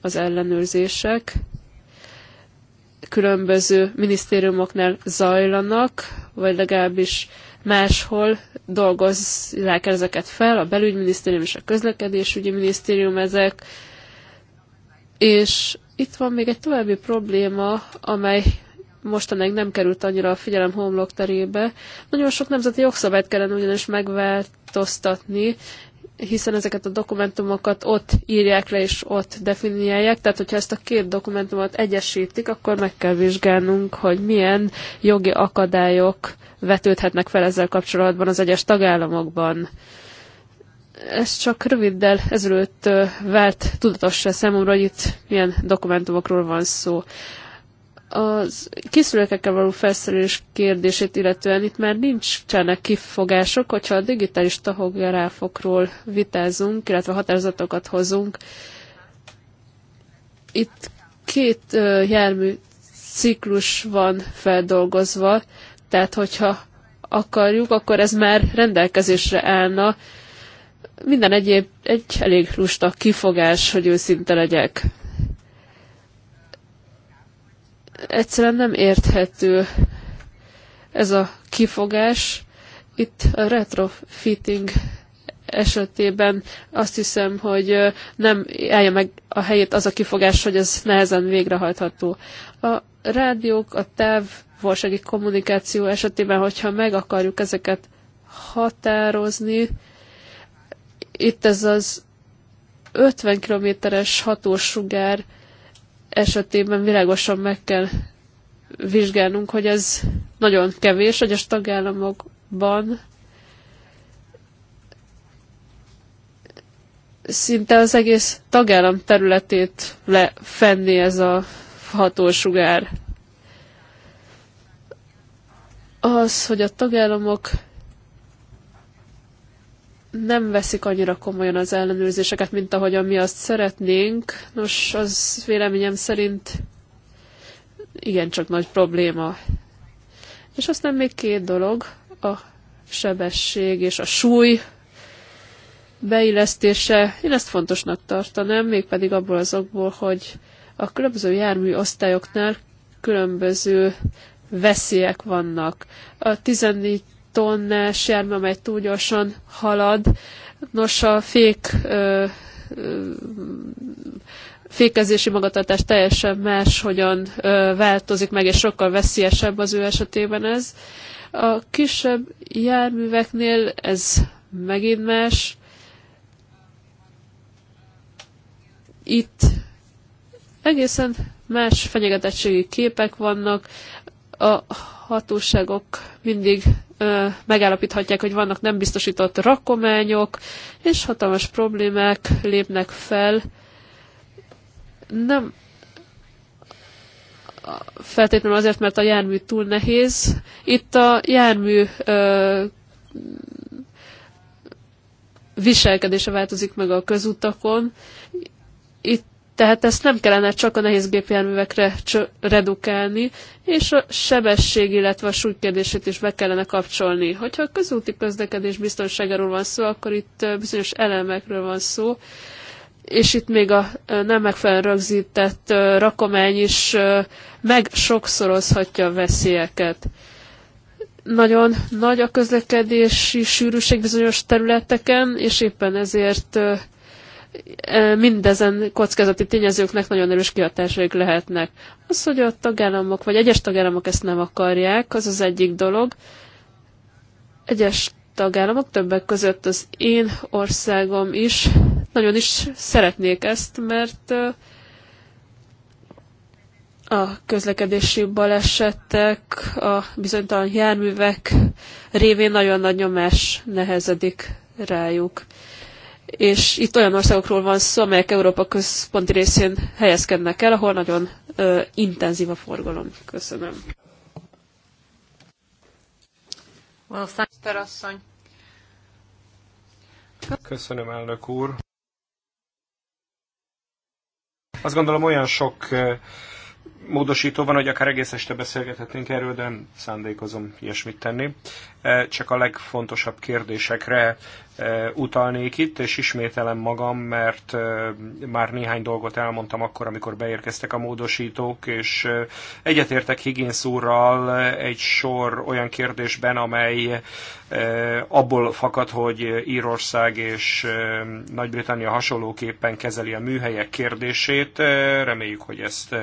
az ellenőrzések különböző minisztériumoknál zajlanak, vagy legalábbis máshol dolgozzák ezeket fel, a belügyminisztérium és a közlekedésügyi minisztérium ezek. És itt van még egy további probléma, amely mostanáig nem került annyira a figyelem homlok terébe. Nagyon sok nemzeti jogszabályt kellene ugyanis megváltoztatni, hiszen ezeket a dokumentumokat ott írják le és ott definiálják, tehát hogyha ezt a két dokumentumot egyesítik, akkor meg kell vizsgálnunk, hogy milyen jogi akadályok vetődhetnek fel ezzel kapcsolatban az egyes tagállamokban. Ez csak röviddel ezelőtt vált tudatossá számomra, hogy itt milyen dokumentumokról van szó. Az készülékekkel való felszerelés kérdését illetően itt már nincsenek kifogások, hogyha a digitális tahográfokról vitázunk, illetve határozatokat hozunk. Itt két jármű ciklus van feldolgozva, tehát hogyha akarjuk, akkor ez már rendelkezésre állna. Minden egyéb egy elég lusta kifogás, hogy őszinte legyek egyszerűen nem érthető ez a kifogás. Itt a retrofitting esetében azt hiszem, hogy nem állja meg a helyét az a kifogás, hogy ez nehezen végrehajtható. A rádiók, a távolsági kommunikáció esetében, hogyha meg akarjuk ezeket határozni, itt ez az 50 kilométeres hatósugár esetében világosan meg kell vizsgálnunk, hogy ez nagyon kevés egyes tagállamokban. Szinte az egész tagállam területét lefenni ez a hatósugár. Az, hogy a tagállamok nem veszik annyira komolyan az ellenőrzéseket, mint ahogyan mi azt szeretnénk. Nos, az véleményem szerint igencsak nagy probléma. És aztán még két dolog, a sebesség és a súly beillesztése. Én ezt fontosnak tartanám, mégpedig abból azokból, hogy a különböző jármű osztályoknál különböző veszélyek vannak. A 14 tonnás serme, amely túl gyorsan halad. Nos, a fék ö, ö, fékezési magatartás teljesen más, hogyan ö, változik meg, és sokkal veszélyesebb az ő esetében ez. A kisebb járműveknél ez megint más. Itt egészen más fenyegetettségi képek vannak, a hatóságok mindig megállapíthatják, hogy vannak nem biztosított rakományok, és hatalmas problémák lépnek fel. Nem feltétlenül azért, mert a jármű túl nehéz. Itt a jármű ö, viselkedése változik meg a közutakon. Itt tehát ezt nem kellene csak a nehéz gépjárművekre redukálni, és a sebesség, illetve a súlykérdését is be kellene kapcsolni. Hogyha a közúti közlekedés biztonságáról van szó, akkor itt bizonyos elemekről van szó, és itt még a nem megfelelően rögzített rakomány is meg sokszorozhatja a veszélyeket. Nagyon nagy a közlekedési sűrűség bizonyos területeken, és éppen ezért mindezen kockázati tényezőknek nagyon erős kihatásaik lehetnek. Az, hogy a tagállamok, vagy egyes tagállamok ezt nem akarják, az az egyik dolog. Egyes tagállamok, többek között az én országom is, nagyon is szeretnék ezt, mert a közlekedési balesetek, a bizonytalan járművek révén nagyon nagy nyomás nehezedik rájuk és itt olyan országokról van szó, amelyek Európa központi részén helyezkednek el, ahol nagyon ö, intenzív a forgalom. Köszönöm. Köszönöm, elnök úr. Azt gondolom olyan sok módosító van, hogy akár egész este beszélgethetnénk erről, de nem szándékozom ilyesmit tenni. Csak a legfontosabb kérdésekre Eh, utalnék itt, és ismételem magam, mert eh, már néhány dolgot elmondtam akkor, amikor beérkeztek a módosítók, és eh, egyetértek Higgins úrral egy sor olyan kérdésben, amely abból fakad, hogy Írország és Nagy-Britannia hasonlóképpen kezeli a műhelyek kérdését. Reméljük, hogy ezt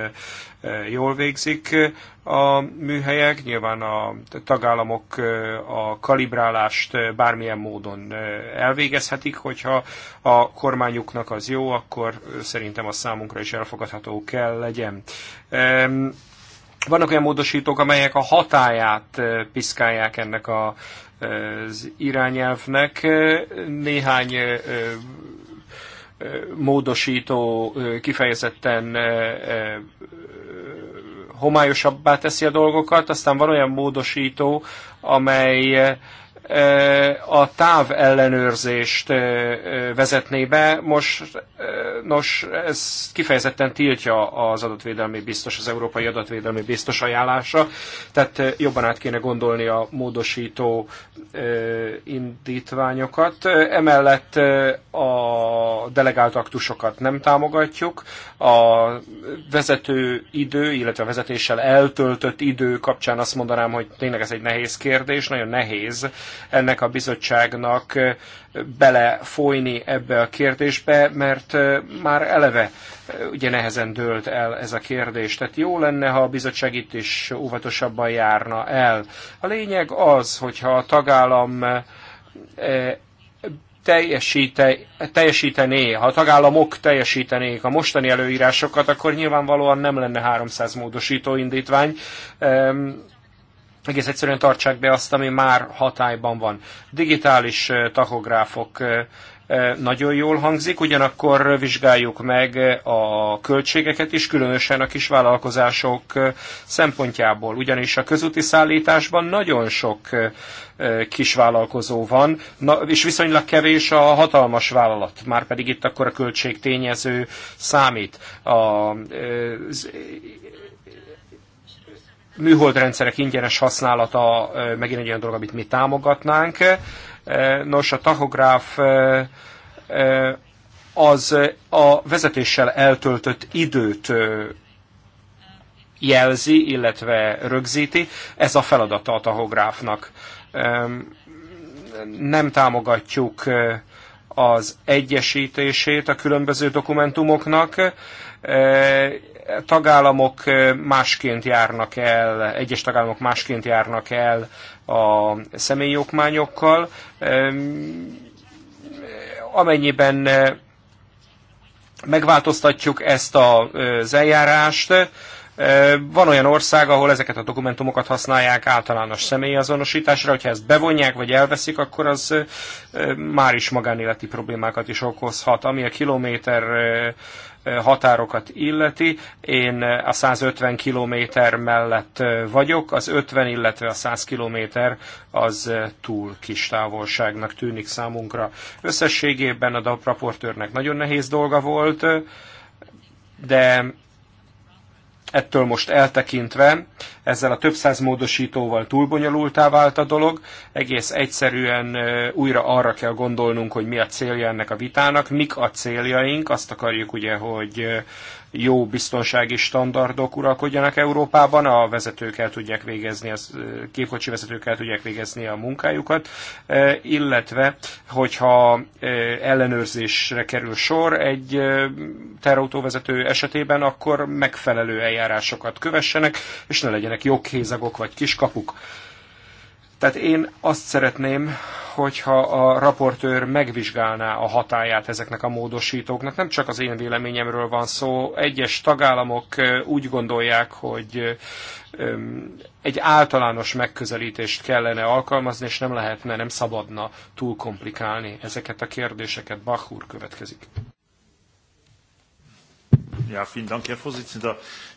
jól végzik a műhelyek. Nyilván a tagállamok a kalibrálást bármilyen módon elvégezhetik, hogyha a kormányuknak az jó, akkor szerintem a számunkra is elfogadható kell legyen. Vannak olyan módosítók, amelyek a hatáját piszkálják ennek a az irányelvnek. Néhány módosító kifejezetten homályosabbá teszi a dolgokat, aztán van olyan módosító, amely a táv ellenőrzést vezetné be. Most, nos, ez kifejezetten tiltja az adatvédelmi biztos, az Európai Adatvédelmi Biztos ajánlása, tehát jobban át kéne gondolni a módosító indítványokat. Emellett a delegált aktusokat nem támogatjuk, a vezető idő, illetve a vezetéssel eltöltött idő kapcsán azt mondanám, hogy tényleg ez egy nehéz kérdés, nagyon nehéz ennek a bizottságnak belefolyni ebbe a kérdésbe, mert már eleve ugye nehezen dőlt el ez a kérdés. Tehát jó lenne, ha a bizottság itt is óvatosabban járna el. A lényeg az, hogyha a tagállam teljesíte, teljesítené, ha a tagállamok teljesítenék a mostani előírásokat, akkor nyilvánvalóan nem lenne 300 módosító indítvány egész egyszerűen tartsák be azt, ami már hatályban van. Digitális tachográfok nagyon jól hangzik, ugyanakkor vizsgáljuk meg a költségeket is, különösen a kisvállalkozások szempontjából. Ugyanis a közúti szállításban nagyon sok kisvállalkozó van, és viszonylag kevés a hatalmas vállalat, már pedig itt akkor a költség tényező számít. A, műholdrendszerek ingyenes használata megint egy olyan dolog, amit mi támogatnánk. Nos, a tachográf az a vezetéssel eltöltött időt jelzi, illetve rögzíti. Ez a feladata a tachográfnak Nem támogatjuk az egyesítését a különböző dokumentumoknak, tagállamok másként járnak el, egyes tagállamok másként járnak el a személyi okmányokkal. Amennyiben megváltoztatjuk ezt az eljárást, van olyan ország, ahol ezeket a dokumentumokat használják általános személyazonosításra, hogyha ezt bevonják vagy elveszik, akkor az már is magánéleti problémákat is okozhat. Ami a kilométer határokat illeti. Én a 150 kilométer mellett vagyok, az 50, illetve a 100 kilométer az túl kis távolságnak tűnik számunkra. Összességében a DAP raportőrnek nagyon nehéz dolga volt, de Ettől most eltekintve ezzel a több száz módosítóval túlbonyolultá vált a dolog, egész egyszerűen újra arra kell gondolnunk, hogy mi a célja ennek a vitának, mik a céljaink, azt akarjuk ugye, hogy jó biztonsági standardok uralkodjanak Európában, a vezetők el tudják végezni, a gépkocsi vezetők el tudják végezni a munkájukat, illetve hogyha ellenőrzésre kerül sor egy terautóvezető esetében, akkor megfelelő eljárásokat kövessenek, és ne legyenek joghézagok vagy kiskapuk. Tehát én azt szeretném, hogyha a raportőr megvizsgálná a hatáját ezeknek a módosítóknak. Nem csak az én véleményemről van szó, egyes tagállamok úgy gondolják, hogy egy általános megközelítést kellene alkalmazni, és nem lehetne, nem szabadna túl komplikálni ezeket a kérdéseket. Bach úr következik. Ja, vielen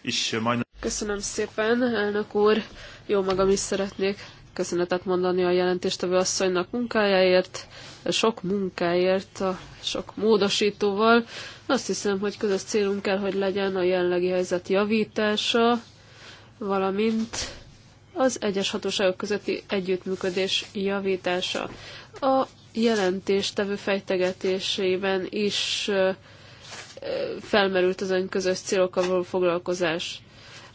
äh, Köszönöm szépen, elnök úr. Jó magam is szeretnék köszönetet mondani a jelentéstevő asszonynak munkájáért, sok munkáért, a sok módosítóval. Azt hiszem, hogy közös célunk kell, hogy legyen a jelenlegi helyzet javítása, valamint az egyes hatóságok közötti együttműködés javítása. A jelentéstevő fejtegetésében is felmerült az ön közös célokkal való foglalkozás.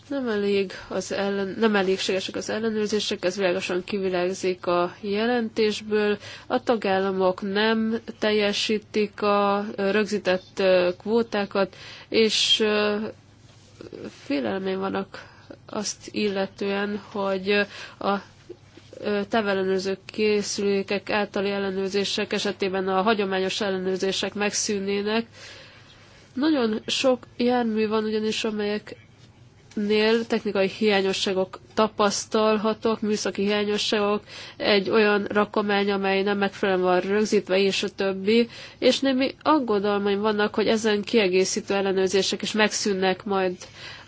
Nem elég az ellen, nem elégségesek az ellenőrzések, ez világosan kivilágzik a jelentésből. A tagállamok nem teljesítik a rögzített kvótákat, és félelmén vannak azt illetően, hogy a távellenőrző készülékek általi ellenőrzések esetében a hagyományos ellenőrzések megszűnnének. Nagyon sok jármű van ugyanis, amelyek nél technikai hiányosságok tapasztalhatók, műszaki hiányosságok, egy olyan rakomány, amely nem megfelelően van rögzítve, és a többi, és némi aggodalmaim vannak, hogy ezen kiegészítő ellenőrzések is megszűnnek majd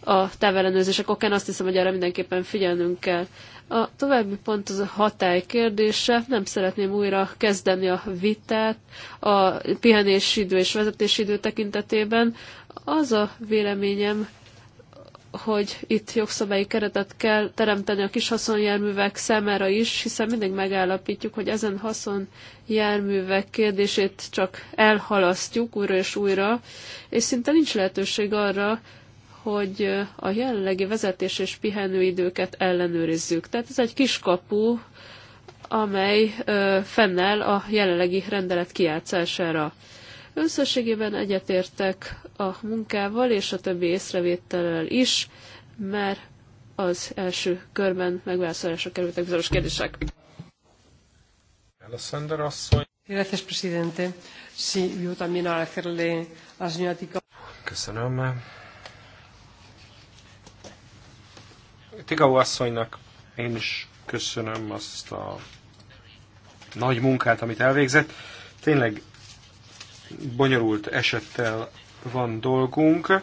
a távellenőrzések okán, azt hiszem, hogy erre mindenképpen figyelnünk kell. A további pont az a hatály kérdése. Nem szeretném újra kezdeni a vitát a pihenési idő és vezetési idő tekintetében. Az a véleményem, hogy itt jogszabályi keretet kell teremteni a kis haszonjárművek számára is, hiszen mindig megállapítjuk, hogy ezen haszonjárművek kérdését csak elhalasztjuk újra és újra, és szinte nincs lehetőség arra, hogy a jelenlegi vezetés és pihenőidőket ellenőrizzük. Tehát ez egy kis kapu, amely ö, fennáll a jelenlegi rendelet kiátszására. Összességében egyetértek a munkával és a többi észrevétellel is, mert az első körben megválaszolásra kerültek bizonyos kérdések. Alessandra asszony. Gracias, presidente. Sí, yo también agradecerle a señora Ticao. Köszönöm. Tigau asszonynak én is köszönöm azt a nagy munkát, amit elvégzett. Tényleg bonyolult esettel van dolgunk.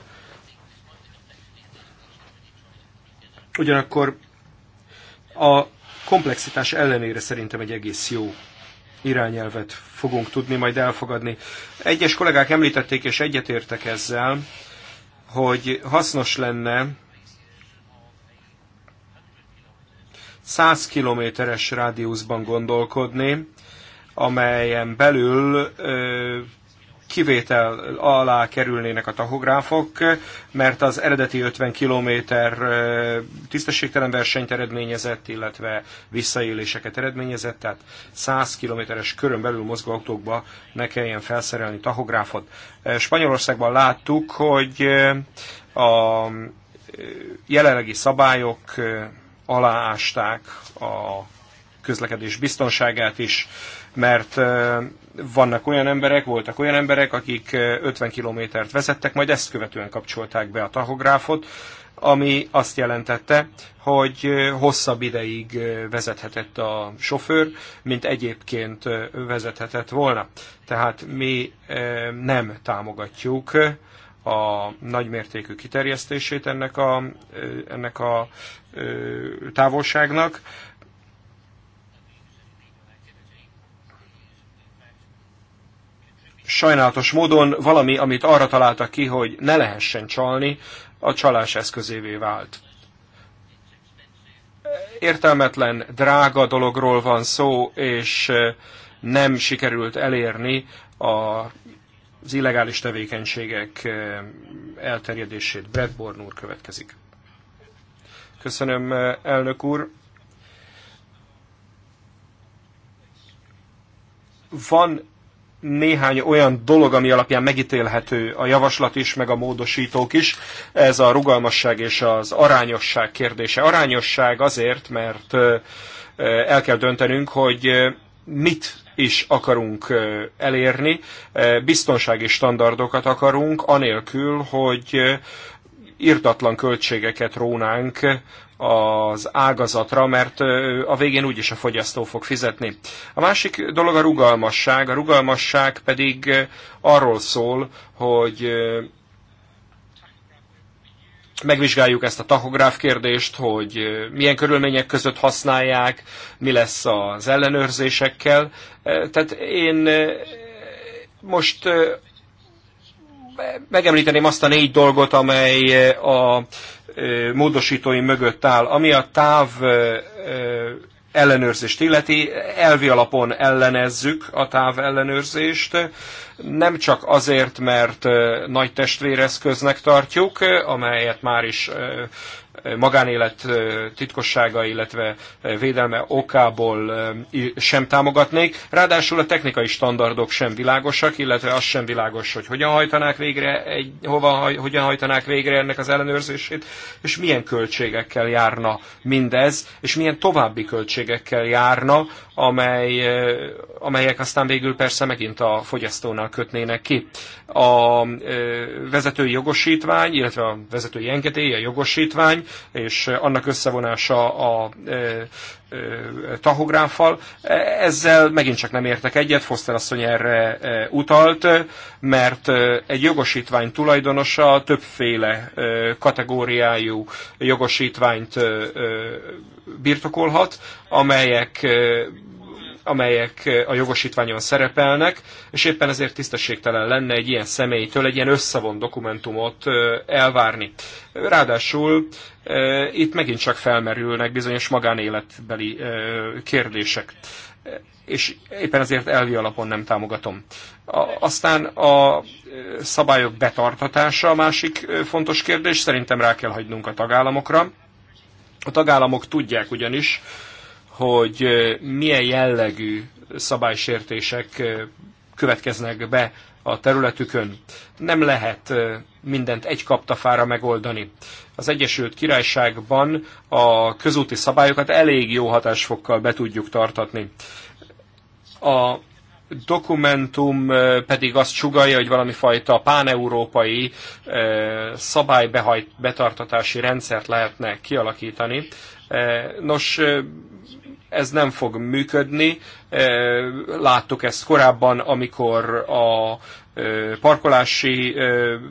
Ugyanakkor a komplexitás ellenére szerintem egy egész jó irányelvet fogunk tudni majd elfogadni. Egyes kollégák említették, és egyetértek ezzel, hogy hasznos lenne 100 kilométeres rádiuszban gondolkodni, amelyen belül kivétel alá kerülnének a tahográfok, mert az eredeti 50 km tisztességtelen versenyt eredményezett, illetve visszaéléseket eredményezett, tehát 100 kilométeres körön belül mozgó autókba ne kelljen felszerelni tahográfot. Spanyolországban láttuk, hogy a jelenlegi szabályok aláásták a közlekedés biztonságát is, mert vannak olyan emberek, voltak olyan emberek, akik 50 kilométert vezettek, majd ezt követően kapcsolták be a tahográfot, ami azt jelentette, hogy hosszabb ideig vezethetett a sofőr, mint egyébként vezethetett volna. Tehát mi nem támogatjuk a nagymértékű kiterjesztését ennek a, ennek a távolságnak. sajnálatos módon valami, amit arra találtak ki, hogy ne lehessen csalni, a csalás eszközévé vált. Értelmetlen, drága dologról van szó, és nem sikerült elérni a az illegális tevékenységek elterjedését. Born úr következik. Köszönöm, elnök úr. Van néhány olyan dolog, ami alapján megítélhető a javaslat is, meg a módosítók is. Ez a rugalmasság és az arányosság kérdése. Arányosság azért, mert el kell döntenünk, hogy mit is akarunk elérni, biztonsági standardokat akarunk, anélkül, hogy irdatlan költségeket rónánk az ágazatra, mert a végén úgyis a fogyasztó fog fizetni. A másik dolog a rugalmasság. A rugalmasság pedig arról szól, hogy megvizsgáljuk ezt a tachográf kérdést, hogy milyen körülmények között használják, mi lesz az ellenőrzésekkel. Tehát én most megemlíteném azt a négy dolgot, amely a módosítói mögött áll. Ami a táv ellenőrzést illeti, elvi alapon ellenezzük a táv ellenőrzést, nem csak azért, mert nagy testvéreszköznek tartjuk, amelyet már is magánélet titkossága, illetve védelme okából sem támogatnék. Ráadásul a technikai standardok sem világosak, illetve az sem világos, hogy hogyan hajtanák végre, egy, hova, hogyan hajtanák végre ennek az ellenőrzését, és milyen költségekkel járna mindez, és milyen további költségekkel járna, amely, amelyek aztán végül persze megint a fogyasztónál kötnének ki. A vezetői jogosítvány, illetve a vezetői engedély, a jogosítvány, és annak összevonása a e, e, tahográffal. E, ezzel megint csak nem értek egyet, Foster asszony erre utalt, mert egy jogosítvány tulajdonosa többféle kategóriájú jogosítványt birtokolhat, amelyek amelyek a jogosítványon szerepelnek, és éppen ezért tisztességtelen lenne egy ilyen személytől egy ilyen összevon dokumentumot elvárni. Ráadásul itt megint csak felmerülnek bizonyos magánéletbeli kérdések és éppen ezért elvi alapon nem támogatom. A, aztán a szabályok betartatása a másik fontos kérdés, szerintem rá kell hagynunk a tagállamokra. A tagállamok tudják ugyanis, hogy milyen jellegű szabálysértések következnek be a területükön. Nem lehet mindent egy kaptafára megoldani. Az Egyesült Királyságban a közúti szabályokat elég jó hatásfokkal be tudjuk tartatni. A dokumentum pedig azt sugalja, hogy valami fajta páneurópai szabálybetartatási betartatási rendszert lehetne kialakítani. Nos, ez nem fog működni. Láttuk ezt korábban, amikor a parkolási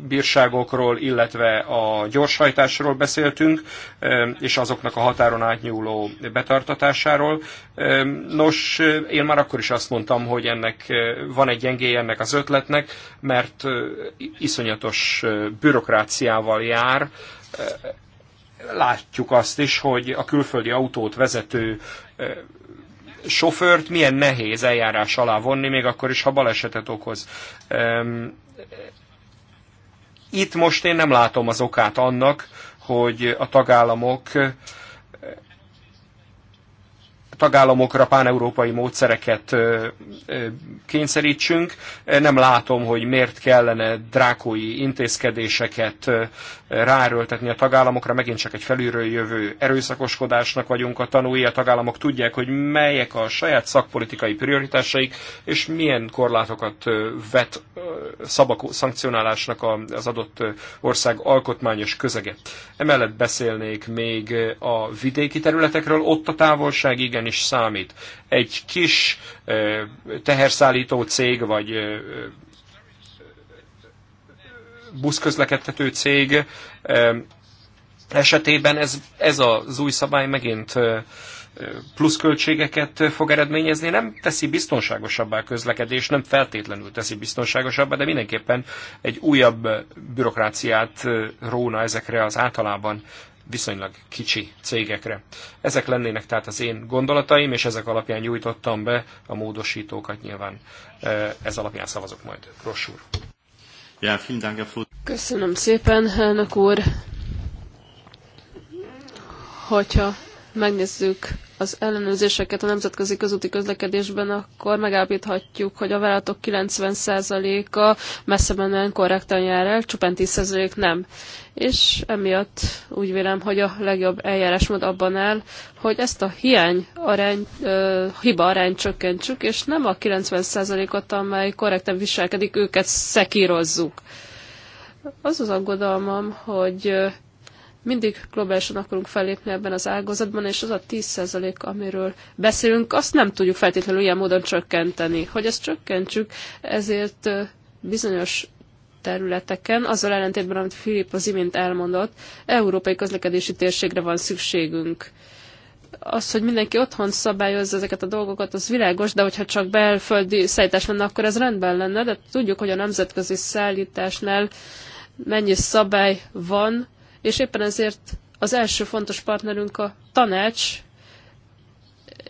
bírságokról, illetve a gyorshajtásról beszéltünk, és azoknak a határon átnyúló betartatásáról. Nos, én már akkor is azt mondtam, hogy ennek van egy gyengéje ennek az ötletnek, mert iszonyatos bürokráciával jár, látjuk azt is, hogy a külföldi autót vezető sofőrt milyen nehéz eljárás alá vonni, még akkor is, ha balesetet okoz. Itt most én nem látom az okát annak, hogy a tagállamok tagállamokra páneurópai módszereket kényszerítsünk. Nem látom, hogy miért kellene drákói intézkedéseket ráerőltetni a tagállamokra, megint csak egy felülről jövő erőszakoskodásnak vagyunk a tanúi, a tagállamok tudják, hogy melyek a saját szakpolitikai prioritásaik, és milyen korlátokat vet szabak szankcionálásnak az adott ország alkotmányos közege. Emellett beszélnék még a vidéki területekről, ott a távolság igen is számít. Egy kis teherszállító cég, vagy buszközlekedtető cég esetében ez, ez az új szabály megint pluszköltségeket fog eredményezni, nem teszi biztonságosabbá a közlekedés, nem feltétlenül teszi biztonságosabbá, de mindenképpen egy újabb bürokráciát róna ezekre az általában viszonylag kicsi cégekre. Ezek lennének tehát az én gondolataim, és ezek alapján nyújtottam be a módosítókat nyilván. Eh, ez alapján szavazok majd. Rossúr. Köszönöm szépen, elnök úr. Hogyha megnézzük az ellenőrzéseket a nemzetközi közúti közlekedésben, akkor megállapíthatjuk, hogy a vállalatok 90%-a messze menően korrektan jár el, csupán 10% nem. És emiatt úgy vélem, hogy a legjobb eljárásmód abban áll, hogy ezt a hiány arány, uh, hiba arányt csökkentsük, és nem a 90%-ot, amely korrektan viselkedik, őket szekírozzuk. Az az aggodalmam, hogy mindig globálisan akarunk fellépni ebben az ágazatban, és az a 10% amiről beszélünk, azt nem tudjuk feltétlenül ilyen módon csökkenteni. Hogy ezt csökkentsük, ezért bizonyos területeken, azzal ellentétben, amit Filip az imént elmondott, európai közlekedési térségre van szükségünk. Az, hogy mindenki otthon szabályozza ezeket a dolgokat, az világos, de hogyha csak belföldi szállítás lenne, akkor ez rendben lenne, de tudjuk, hogy a nemzetközi szállításnál mennyi szabály van, és éppen ezért az első fontos partnerünk a tanács,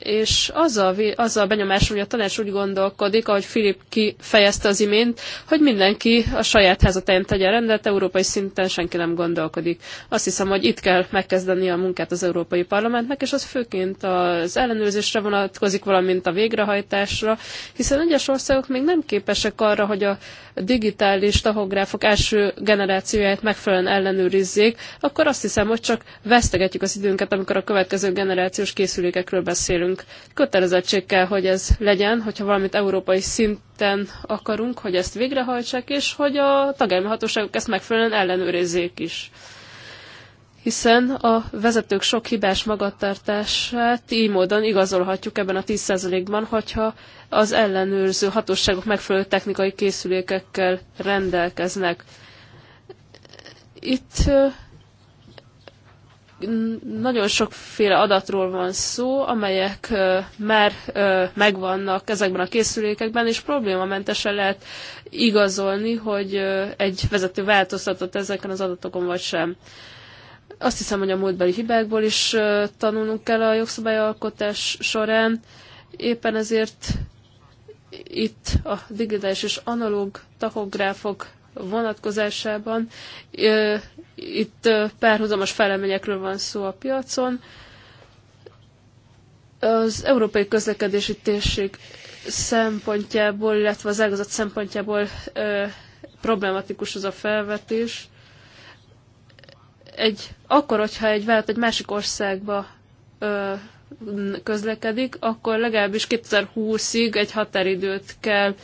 és az a, az a benyomás, hogy a tanács úgy gondolkodik, ahogy Filip kifejezte az imént, hogy mindenki a saját házatáján tegye rendet, európai szinten senki nem gondolkodik. Azt hiszem, hogy itt kell megkezdeni a munkát az Európai Parlamentnek, és az főként az ellenőrzésre vonatkozik, valamint a végrehajtásra, hiszen egyes országok még nem képesek arra, hogy a digitális tahográfok első generációját megfelelően ellenőrizzék, akkor azt hiszem, hogy csak vesztegetjük az időnket, amikor a következő generációs készülékekről beszélünk nekünk Kötelezettség kell, hogy ez legyen, hogyha valamit európai szinten akarunk, hogy ezt végrehajtsák, és hogy a tagállami hatóságok ezt megfelelően ellenőrizzék is hiszen a vezetők sok hibás magatartását így módon igazolhatjuk ebben a 10%-ban, hogyha az ellenőrző hatóságok megfelelő technikai készülékekkel rendelkeznek. Itt nagyon sokféle adatról van szó, amelyek már megvannak ezekben a készülékekben, és problémamentesen lehet igazolni, hogy egy vezető változtatott ezeken az adatokon vagy sem. Azt hiszem, hogy a múltbeli hibákból is tanulnunk kell a jogszabályalkotás során. Éppen ezért itt a digitális és analóg tachográfok vonatkozásában. Itt párhuzamos fejleményekről van szó a piacon. Az európai közlekedési térség szempontjából, illetve az ágazat szempontjából problematikus az a felvetés. Egy, akkor, hogyha egy vállalat egy másik országba közlekedik, akkor legalábbis 2020-ig egy határidőt kell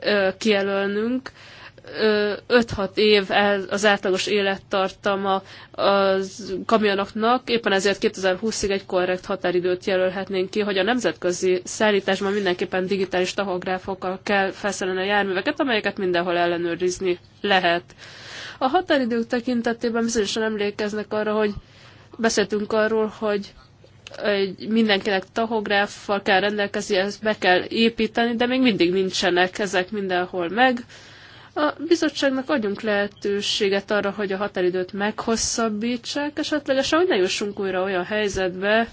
ö, kijelölnünk. Ö, 5-6 év az átlagos élettartama a kamionoknak, éppen ezért 2020-ig egy korrekt határidőt jelölhetnénk ki, hogy a nemzetközi szállításban mindenképpen digitális tahográfokkal kell felszerelni a járműveket, amelyeket mindenhol ellenőrizni lehet. A határidők tekintetében bizonyosan emlékeznek arra, hogy beszéltünk arról, hogy mindenkinek tahográffal kell rendelkezni, ezt be kell építeni, de még mindig nincsenek ezek mindenhol meg a bizottságnak adjunk lehetőséget arra, hogy a határidőt meghosszabbítsák, esetlegesen, hogy ne jussunk újra olyan helyzetbe,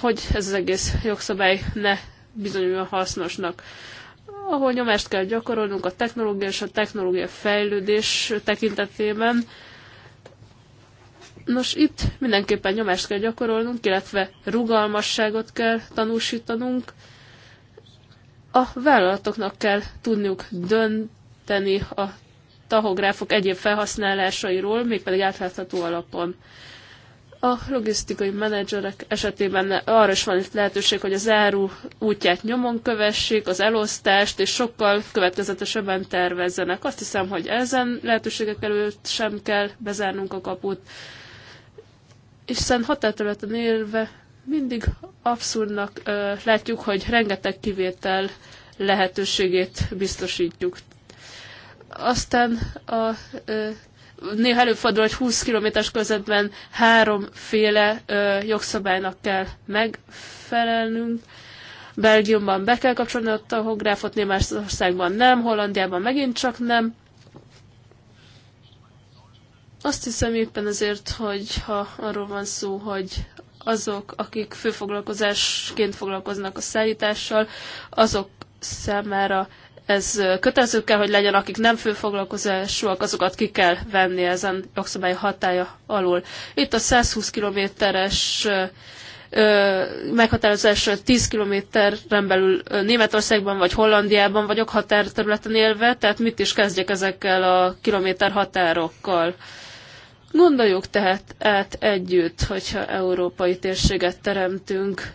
hogy ez az egész jogszabály ne bizonyuljon hasznosnak. Ahol nyomást kell gyakorolnunk a technológia és a technológia fejlődés tekintetében, Nos, itt mindenképpen nyomást kell gyakorolnunk, illetve rugalmasságot kell tanúsítanunk, a vállalatoknak kell tudniuk dönteni a tahográfok egyéb felhasználásairól, mégpedig átlátható alapon. A logisztikai menedzserek esetében arra is van itt lehetőség, hogy az áru útját nyomon kövessék, az elosztást, és sokkal következetesebben tervezzenek. Azt hiszem, hogy ezen lehetőségek előtt sem kell bezárnunk a kaput, hiszen határterületen élve mindig abszurdnak látjuk, hogy rengeteg kivétel lehetőségét biztosítjuk. Aztán a néha előfordul, hogy 20 kilométeres közöttben háromféle jogszabálynak kell megfelelnünk. Belgiumban be kell kapcsolni a tahográfot, Németországban nem, Hollandiában megint csak nem. Azt hiszem éppen azért, hogy ha arról van szó, hogy azok, akik főfoglalkozásként foglalkoznak a szállítással, azok számára ez kötelező kell, hogy legyen, akik nem főfoglalkozásúak, azokat ki kell venni ezen jogszabály hatája alól. Itt a 120 kilométeres meghatározás 10 kilométeren belül Németországban vagy Hollandiában vagyok határterületen élve, tehát mit is kezdjek ezekkel a kilométer határokkal. Gondoljuk tehát át együtt, hogyha európai térséget teremtünk,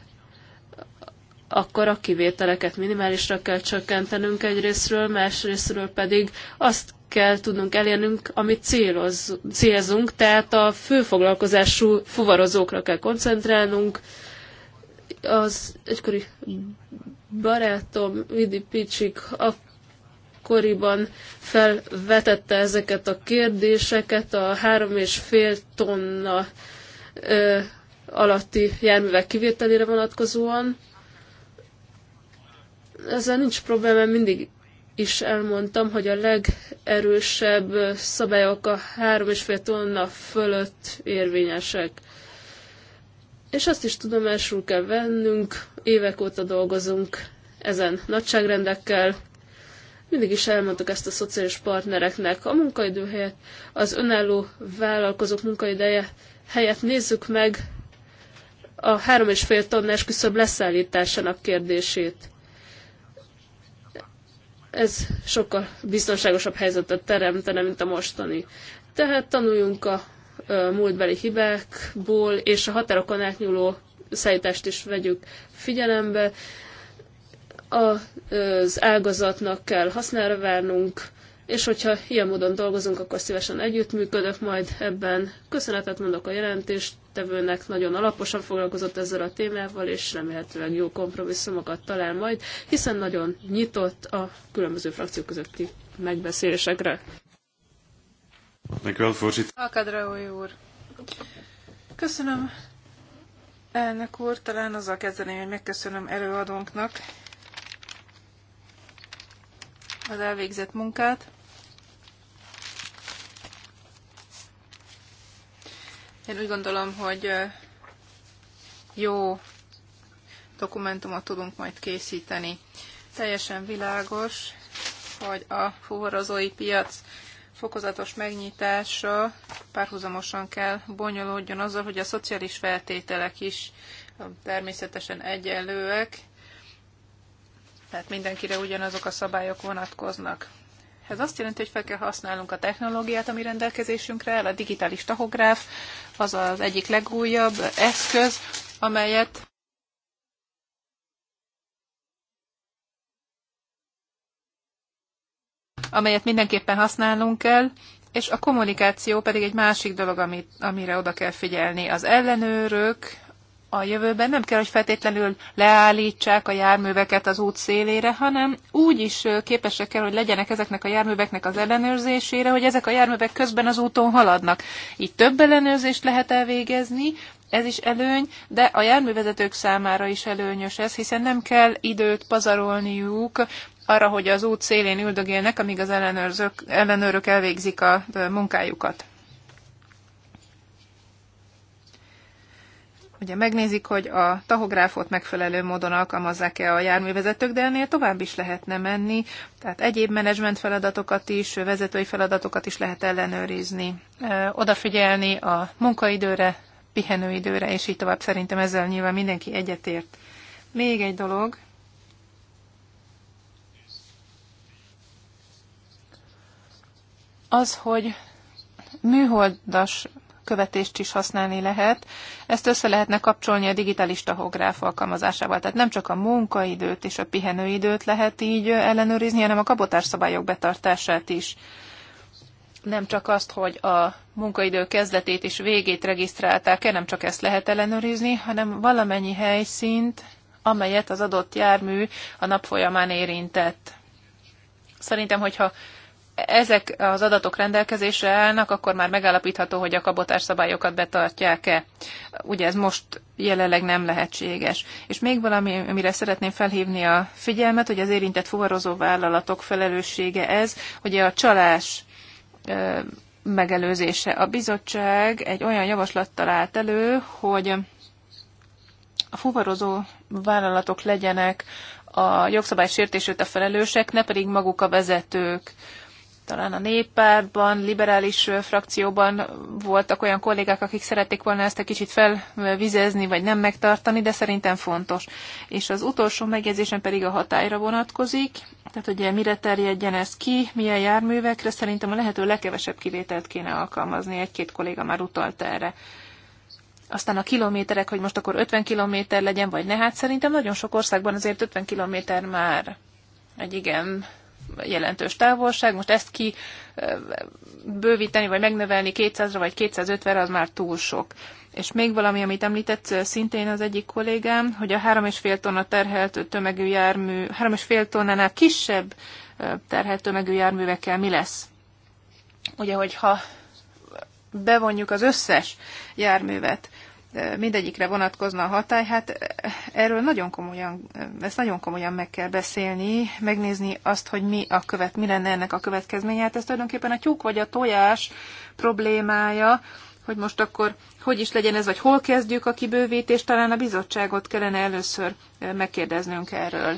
akkor a kivételeket minimálisra kell csökkentenünk egyrésztről, másrésztről pedig azt kell tudnunk elérnünk, amit céloz, célzunk, tehát a főfoglalkozású fuvarozókra kell koncentrálnunk. Az egykori barátom Vidi Picsik, a akkoriban felvetette ezeket a kérdéseket a három és fél tonna ö, alatti járművek kivételére vonatkozóan. Ezzel nincs probléma, mindig is elmondtam, hogy a legerősebb szabályok a és fél tonna fölött érvényesek. És azt is tudomásul kell vennünk, évek óta dolgozunk ezen nagyságrendekkel, mindig is elmondtuk ezt a szociális partnereknek. A munkaidő helyett az önálló vállalkozók munkaideje helyett nézzük meg a 3,5 és fél tonnás küszöb leszállításának kérdését. Ez sokkal biztonságosabb helyzetet teremtene, mint a mostani. Tehát tanuljunk a múltbeli hibákból, és a határokon átnyúló szállítást is vegyük figyelembe az ágazatnak kell használra várnunk, és hogyha ilyen módon dolgozunk, akkor szívesen együttműködök majd ebben. Köszönetet mondok a jelentéstevőnek, nagyon alaposan foglalkozott ezzel a témával, és remélhetőleg jó kompromisszumokat talál majd, hiszen nagyon nyitott a különböző frakciók közötti megbeszélésekre. Dankjewel, voorzitter. úr. Köszönöm, elnök úr. Talán azzal kezdeném, hogy megköszönöm előadónknak az elvégzett munkát. Én úgy gondolom, hogy jó dokumentumot tudunk majd készíteni. Teljesen világos, hogy a fuvarozói piac fokozatos megnyitása párhuzamosan kell bonyolódjon azzal, hogy a szociális feltételek is természetesen egyenlőek, tehát mindenkire ugyanazok a szabályok vonatkoznak. Ez azt jelenti, hogy fel kell használnunk a technológiát, ami rendelkezésünkre áll. A digitális tahográf az az egyik legújabb eszköz, amelyet amelyet mindenképpen használnunk kell, és a kommunikáció pedig egy másik dolog, amit, amire oda kell figyelni. Az ellenőrök, a jövőben nem kell, hogy feltétlenül leállítsák a járműveket az út szélére, hanem úgy is képesek kell, hogy legyenek ezeknek a járműveknek az ellenőrzésére, hogy ezek a járművek közben az úton haladnak. Így több ellenőrzést lehet elvégezni, ez is előny, de a járművezetők számára is előnyös ez, hiszen nem kell időt pazarolniuk arra, hogy az út szélén üldögélnek, amíg az ellenőrzők, ellenőrök elvégzik a munkájukat. Ugye megnézik, hogy a tahográfot megfelelő módon alkalmazzák-e a járművezetők, de ennél tovább is lehetne menni, tehát egyéb menedzsment feladatokat is, vezetői feladatokat is lehet ellenőrizni, odafigyelni a munkaidőre, pihenőidőre, és így tovább. Szerintem ezzel nyilván mindenki egyetért. Még egy dolog, az, hogy műholdas követést is használni lehet. Ezt össze lehetne kapcsolni a digitális tahográf alkalmazásával. Tehát nem csak a munkaidőt és a pihenőidőt lehet így ellenőrizni, hanem a kabotárszabályok betartását is. Nem csak azt, hogy a munkaidő kezdetét és végét regisztrálták-e, nem csak ezt lehet ellenőrizni, hanem valamennyi helyszínt, amelyet az adott jármű a nap folyamán érintett. Szerintem, hogyha ezek az adatok rendelkezésre állnak, akkor már megállapítható, hogy a kabotás szabályokat betartják-e. Ugye ez most jelenleg nem lehetséges. És még valami, amire szeretném felhívni a figyelmet, hogy az érintett fuvarozó vállalatok felelőssége ez, hogy a csalás megelőzése. A bizottság egy olyan javaslattal állt elő, hogy a fuvarozó vállalatok legyenek a jogszabály sértésőt a felelősek, ne pedig maguk a vezetők talán a néppártban, liberális frakcióban voltak olyan kollégák, akik szerették volna ezt egy kicsit felvizezni, vagy nem megtartani, de szerintem fontos. És az utolsó megjegyzésem pedig a hatályra vonatkozik, tehát ugye mire terjedjen ez ki, milyen járművekre, szerintem a lehető legkevesebb kivételt kéne alkalmazni, egy-két kolléga már utalt erre aztán a kilométerek, hogy most akkor 50 kilométer legyen, vagy ne, hát szerintem nagyon sok országban azért 50 kilométer már egy igen jelentős távolság. Most ezt ki bővíteni, vagy megnövelni 200-ra, vagy 250-re, az már túl sok. És még valami, amit említett szintén az egyik kollégám, hogy a 3,5 tonna terhelt tömegű jármű, 3,5 tonnánál kisebb terhelt tömegű járművekkel mi lesz? Ugye, hogyha bevonjuk az összes járművet, mindegyikre vonatkozna a hatály, hát eh, erről nagyon komolyan, eh, ezt nagyon komolyan meg kell beszélni, megnézni azt, hogy mi a követ, mi lenne ennek a következménye. Hát ez tulajdonképpen a tyúk vagy a tojás problémája, hogy most akkor hogy is legyen ez, vagy hol kezdjük a kibővítést, talán a bizottságot kellene először eh, megkérdeznünk erről.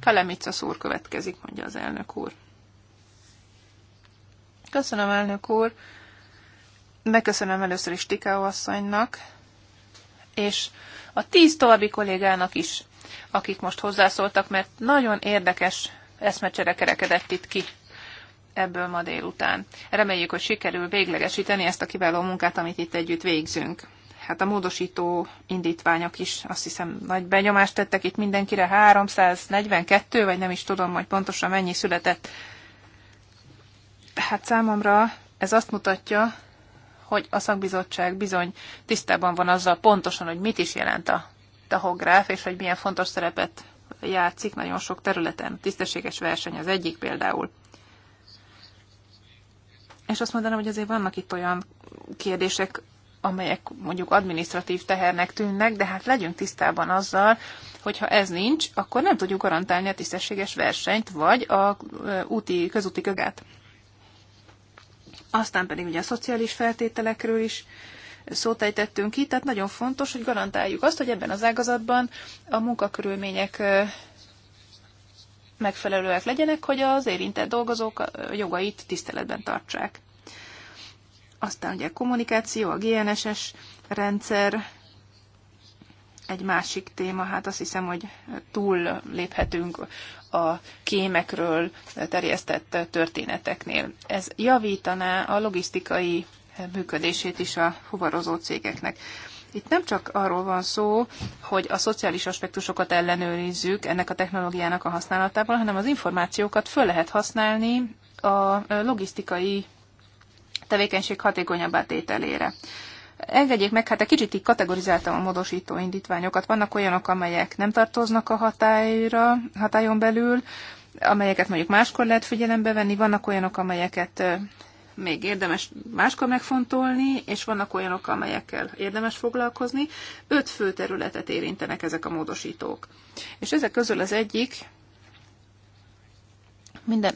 Kalemica szór következik, mondja az elnök úr. Köszönöm, elnök úr. Megköszönöm először is Tikao asszonynak és a tíz további kollégának is, akik most hozzászóltak, mert nagyon érdekes eszmecsere kerekedett itt ki ebből ma délután. Reméljük, hogy sikerül véglegesíteni ezt a kiváló munkát, amit itt együtt végzünk. Hát a módosító indítványok is azt hiszem nagy benyomást tettek itt mindenkire, 342, vagy nem is tudom, hogy pontosan mennyi született. Hát számomra ez azt mutatja, hogy a szakbizottság bizony tisztában van azzal pontosan, hogy mit is jelent a tahográf, és hogy milyen fontos szerepet játszik nagyon sok területen. Tisztességes verseny az egyik például. És azt mondanám, hogy azért vannak itt olyan kérdések, amelyek mondjuk administratív tehernek tűnnek, de hát legyünk tisztában azzal, hogyha ez nincs, akkor nem tudjuk garantálni a tisztességes versenyt, vagy a úti, közúti kögát. Aztán pedig ugye a szociális feltételekről is szótejtettünk ki, tehát nagyon fontos, hogy garantáljuk azt, hogy ebben az ágazatban a munkakörülmények megfelelőek legyenek, hogy az érintett dolgozók jogait tiszteletben tartsák. Aztán ugye a kommunikáció, a GNSS rendszer, egy másik téma, hát azt hiszem, hogy túl léphetünk a kémekről terjesztett történeteknél. Ez javítaná a logisztikai működését is a fuvarozó cégeknek. Itt nem csak arról van szó, hogy a szociális aspektusokat ellenőrizzük ennek a technológiának a használatában, hanem az információkat föl lehet használni a logisztikai tevékenység hatékonyabbá tételére. Engedjék meg, hát egy kicsit így kategorizáltam a módosító indítványokat. Vannak olyanok, amelyek nem tartoznak a hatályra, hatályon belül, amelyeket mondjuk máskor lehet figyelembe venni, vannak olyanok, amelyeket még érdemes máskor megfontolni, és vannak olyanok, amelyekkel érdemes foglalkozni. Öt fő területet érintenek ezek a módosítók. És ezek közül az egyik minden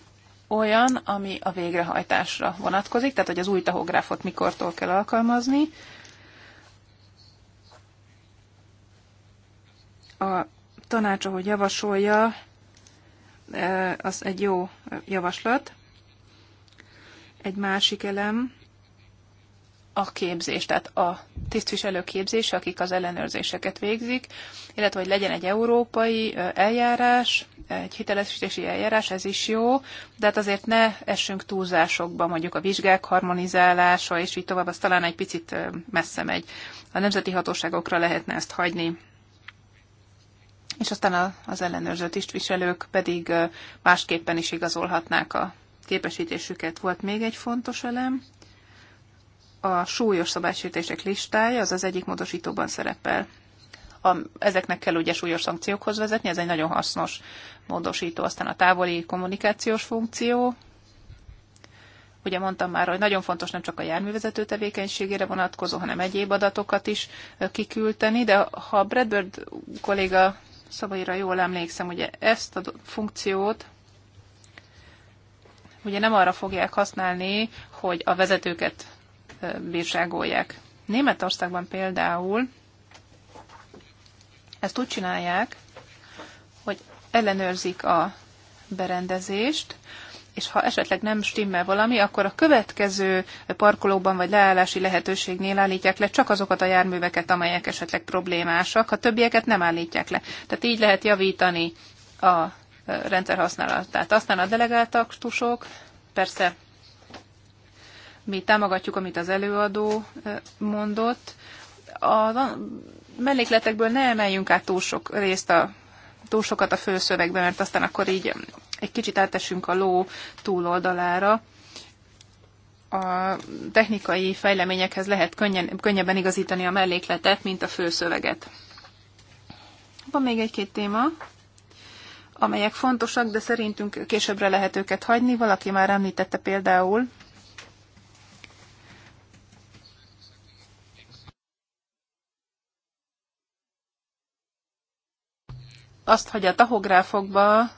olyan, ami a végrehajtásra vonatkozik, tehát hogy az új tahográfot mikortól kell alkalmazni. A tanács, ahogy javasolja, eh, az egy jó eh, javaslat. Egy másik elem, a képzés, tehát a tisztviselő képzése, akik az ellenőrzéseket végzik, illetve hogy legyen egy európai eljárás, egy hitelesítési eljárás, ez is jó, de hát azért ne essünk túlzásokba, mondjuk a vizsgák harmonizálása, és így tovább, az talán egy picit messze megy. A nemzeti hatóságokra lehetne ezt hagyni. És aztán az ellenőrző tisztviselők pedig másképpen is igazolhatnák a képesítésüket. Volt még egy fontos elem, a súlyos szabálysértések listája, az az egyik módosítóban szerepel. A, ezeknek kell ugye súlyos szankciókhoz vezetni, ez egy nagyon hasznos módosító. Aztán a távoli kommunikációs funkció, Ugye mondtam már, hogy nagyon fontos nem csak a járművezető tevékenységére vonatkozó, hanem egyéb adatokat is kiküldeni, de ha a Bradbird kolléga szavaira jól emlékszem, ugye ezt a funkciót ugye nem arra fogják használni, hogy a vezetőket bírságolják. Németországban például ezt úgy csinálják, hogy ellenőrzik a berendezést, és ha esetleg nem stimmel valami, akkor a következő parkolóban vagy leállási lehetőségnél állítják le csak azokat a járműveket, amelyek esetleg problémásak, a többieket nem állítják le. Tehát így lehet javítani a rendszer használatát. Aztán a delegáltak tusok, persze mi támogatjuk, amit az előadó mondott. A mellékletekből ne emeljünk át túl sok részt a túl sokat a főszövegbe, mert aztán akkor így egy kicsit átesünk a ló túloldalára. A technikai fejleményekhez lehet könnyen, könnyebben igazítani a mellékletet, mint a főszöveget. Van még egy-két téma, amelyek fontosak, de szerintünk későbbre lehet őket hagyni. Valaki már említette például azt, hogy a tahográfokba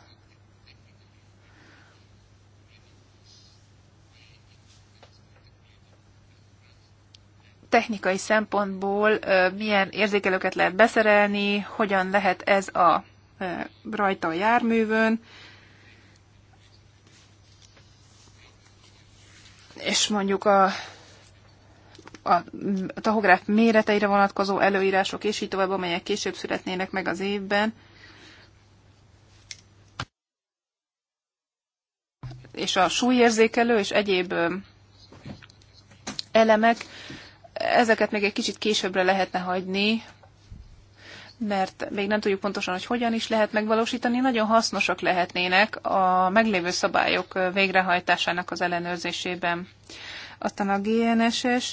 technikai szempontból milyen érzékelőket lehet beszerelni, hogyan lehet ez a rajta a járművön, és mondjuk a, a tahográf méreteire vonatkozó előírások, és így tovább, amelyek később születnének meg az évben. és a súlyérzékelő és egyéb elemek, ezeket még egy kicsit későbbre lehetne hagyni, mert még nem tudjuk pontosan, hogy hogyan is lehet megvalósítani, nagyon hasznosak lehetnének a meglévő szabályok végrehajtásának az ellenőrzésében. Aztán a GNSS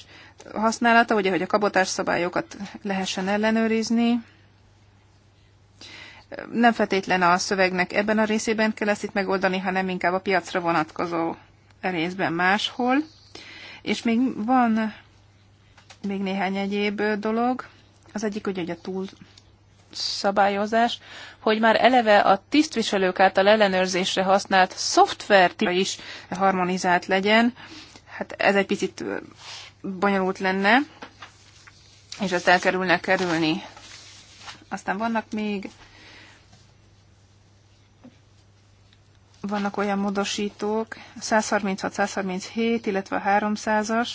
használata, ugye, hogy a kabotás szabályokat lehessen ellenőrizni, nem feltétlen a szövegnek ebben a részében kell ezt itt megoldani, hanem inkább a piacra vonatkozó részben máshol. És még van még néhány egyéb dolog. Az egyik ugye, hogy a túl szabályozás, hogy már eleve a tisztviselők által ellenőrzésre használt szoftver is harmonizált legyen. Hát ez egy picit bonyolult lenne, és ezt el kerülne kerülni. Aztán vannak még vannak olyan módosítók, 136, 137, illetve a 300-as,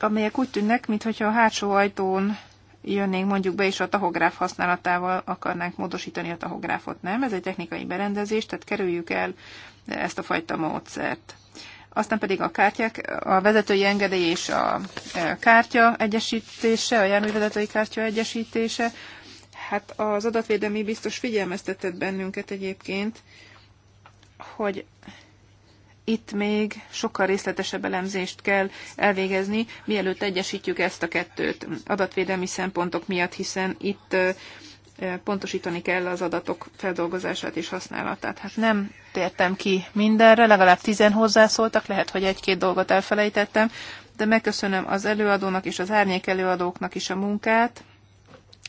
amelyek úgy tűnnek, mintha a hátsó ajtón jönnénk mondjuk be, és a tahográf használatával akarnánk módosítani a tahográfot. Nem, ez egy technikai berendezés, tehát kerüljük el ezt a fajta módszert. Aztán pedig a kártyák, a vezetői engedély és a e, kártya egyesítése, a járművezetői kártya egyesítése, Hát az adatvédelmi biztos figyelmeztetett bennünket egyébként, hogy itt még sokkal részletesebb elemzést kell elvégezni, mielőtt egyesítjük ezt a kettőt adatvédelmi szempontok miatt, hiszen itt pontosítani kell az adatok feldolgozását és használatát. Hát nem tértem ki mindenre, legalább tizen hozzászóltak, lehet, hogy egy-két dolgot elfelejtettem, de megköszönöm az előadónak és az árnyék előadóknak is a munkát,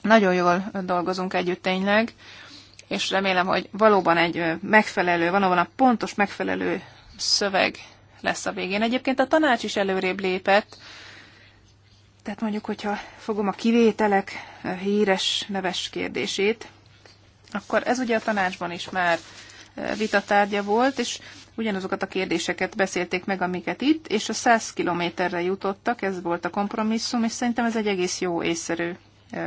nagyon jól dolgozunk együtt tényleg, és remélem, hogy valóban egy megfelelő, valóban a pontos megfelelő szöveg lesz a végén. Egyébként a tanács is előrébb lépett, tehát mondjuk, hogyha fogom a kivételek híres neves kérdését, akkor ez ugye a tanácsban is már vitatárgya volt, és ugyanazokat a kérdéseket beszélték meg, amiket itt, és a 100 kilométerre jutottak, ez volt a kompromisszum, és szerintem ez egy egész jó észszerű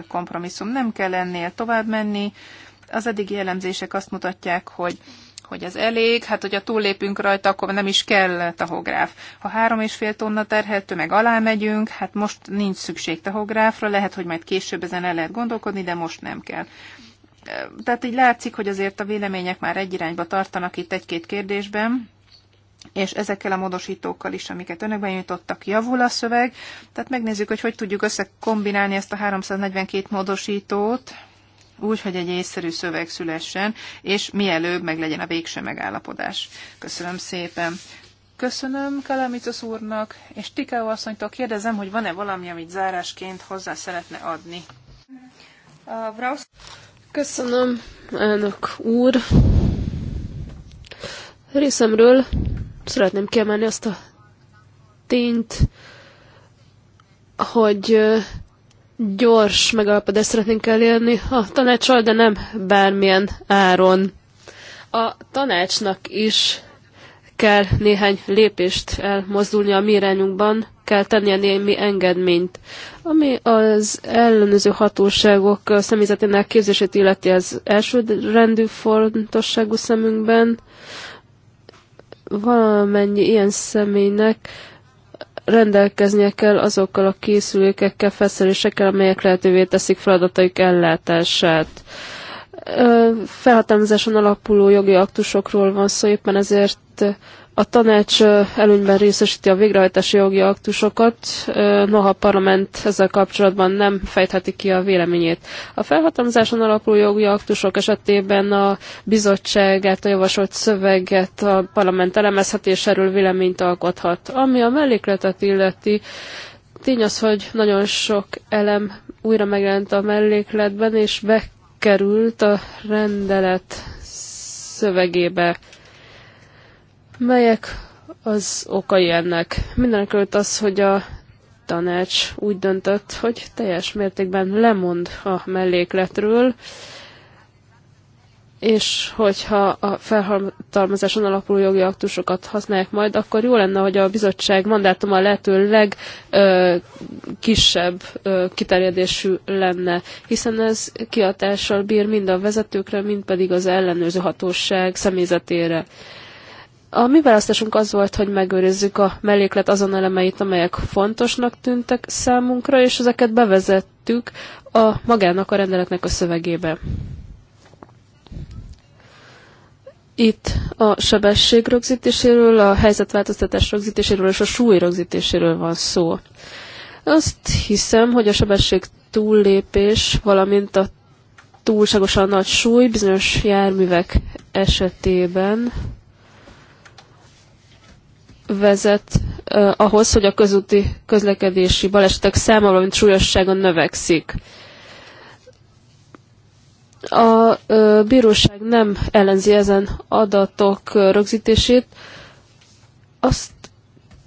kompromisszum. Nem kell ennél tovább menni. Az eddigi elemzések azt mutatják, hogy hogy ez elég, hát hogyha túllépünk rajta, akkor nem is kell tahográf. Ha három és fél tonna terhelt tömeg alá megyünk, hát most nincs szükség tahográfra, lehet, hogy majd később ezen el lehet gondolkodni, de most nem kell. Tehát így látszik, hogy azért a vélemények már egy irányba tartanak itt egy-két kérdésben, és ezekkel a módosítókkal is, amiket önök benyújtottak, javul a szöveg. Tehát megnézzük, hogy hogy tudjuk összekombinálni ezt a 342 módosítót, úgy, hogy egy észszerű szöveg szülessen, és mielőbb meg legyen a végső megállapodás. Köszönöm szépen. Köszönöm Kalamicos úrnak, és Tikáó asszonytól kérdezem, hogy van-e valami, amit zárásként hozzá szeretne adni. Köszönöm, elnök úr. Részemről Szeretném kiemelni azt a tényt, hogy gyors megállapodást szeretnénk elérni a tanácsal, de nem bármilyen áron. A tanácsnak is kell néhány lépést elmozdulni a mi irányunkban, kell tennie némi engedményt. Ami az ellenőző hatóságok személyzetének képzését illeti, az elsőrendű fontosságú szemünkben valamennyi ilyen személynek rendelkeznie kell azokkal a készülékekkel, felszerelésekkel, amelyek lehetővé teszik feladataik ellátását. Felhatalmazáson alapuló jogi aktusokról van szó, éppen ezért a tanács előnyben részesíti a végrehajtási jogi aktusokat, noha a parlament ezzel kapcsolatban nem fejtheti ki a véleményét. A felhatalmazáson alapuló jogi aktusok esetében a bizottság által javasolt szöveget a parlament elemezheti és erről véleményt alkothat. Ami a mellékletet illeti, tény az, hogy nagyon sok elem újra megjelent a mellékletben, és bekerült a rendelet szövegébe. Melyek az okai ennek? Mindenekelőtt az, hogy a tanács úgy döntött, hogy teljes mértékben lemond a mellékletről, és hogyha a felhatalmazáson alapuló jogi aktusokat használják majd, akkor jó lenne, hogy a bizottság mandátuma lehető legkisebb kiterjedésű lenne, hiszen ez kiatással bír mind a vezetőkre, mind pedig az ellenőrző hatóság személyzetére. Ö, a mi választásunk az volt, hogy megőrizzük a melléklet azon elemeit, amelyek fontosnak tűntek számunkra, és ezeket bevezettük a magának a rendeletnek a szövegébe. Itt a sebesség rögzítéséről, a helyzetváltoztatás rögzítéséről és a súly rögzítéséről van szó. Azt hiszem, hogy a sebesség túllépés, valamint a túlságosan nagy súly bizonyos járművek esetében vezet ahhoz, hogy a közúti közlekedési balesetek száma, valamint súlyossága növekszik. A eh, bíróság nem ellenzi ezen adatok eh, rögzítését. Azt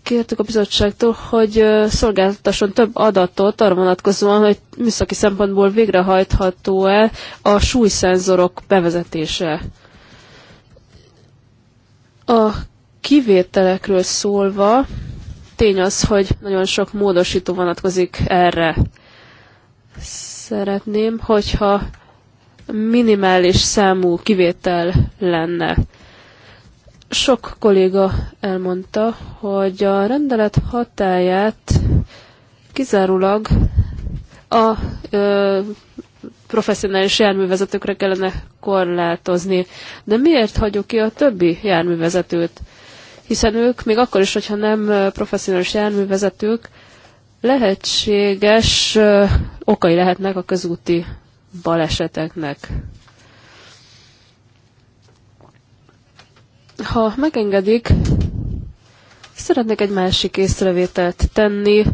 kértük a bizottságtól, hogy eh, szolgáltasson több adatot arra vonatkozóan, hogy műszaki szempontból végrehajtható-e a súlyszenzorok bevezetése. A kivételekről szólva, tény az, hogy nagyon sok módosító vonatkozik erre. Szeretném, hogyha minimális számú kivétel lenne. Sok kolléga elmondta, hogy a rendelet hatáját kizárólag a ö, professzionális járművezetőkre kellene korlátozni. De miért hagyjuk ki a többi járművezetőt? hiszen ők még akkor is, hogyha nem professzionális járművezetők, lehetséges okai lehetnek a közúti baleseteknek. Ha megengedik, szeretnék egy másik észrevételt tenni,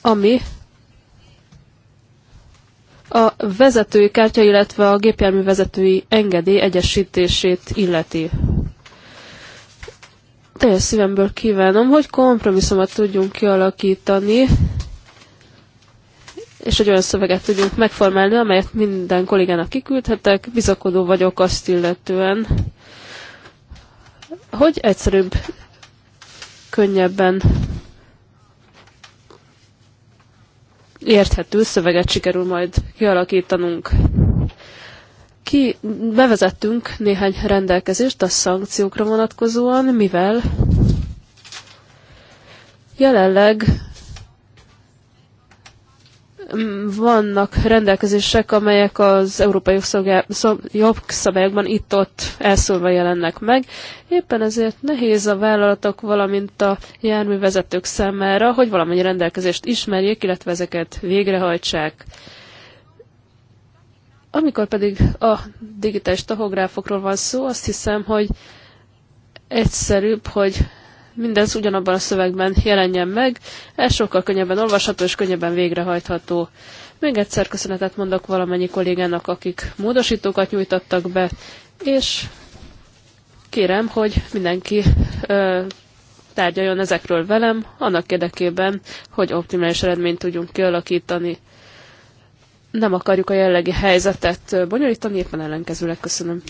ami a vezetői kártya, illetve a gépjármű vezetői engedély egyesítését illeti teljes szívemből kívánom, hogy kompromisszumot tudjunk kialakítani, és egy olyan szöveget tudjunk megformálni, amelyet minden kollégának kiküldhetek. Bizakodó vagyok azt illetően, hogy egyszerűbb, könnyebben érthető szöveget sikerül majd kialakítanunk. Ki bevezettünk néhány rendelkezést a szankciókra vonatkozóan, mivel jelenleg vannak rendelkezések, amelyek az európai jogszabályokban itt-ott elszólva jelennek meg. Éppen ezért nehéz a vállalatok, valamint a járművezetők számára, hogy valamennyi rendelkezést ismerjék, illetve ezeket végrehajtsák. Amikor pedig a digitális tahográfokról van szó, azt hiszem, hogy egyszerűbb, hogy mindez ugyanabban a szövegben jelenjen meg, ez sokkal könnyebben olvasható és könnyebben végrehajtható. Még egyszer köszönetet mondok valamennyi kollégának, akik módosítókat nyújtottak be, és kérem, hogy mindenki ö, tárgyaljon ezekről velem, annak érdekében, hogy optimális eredményt tudjunk kialakítani nem akarjuk a jellegi helyzetet bonyolítani, éppen ellenkezőleg köszönöm.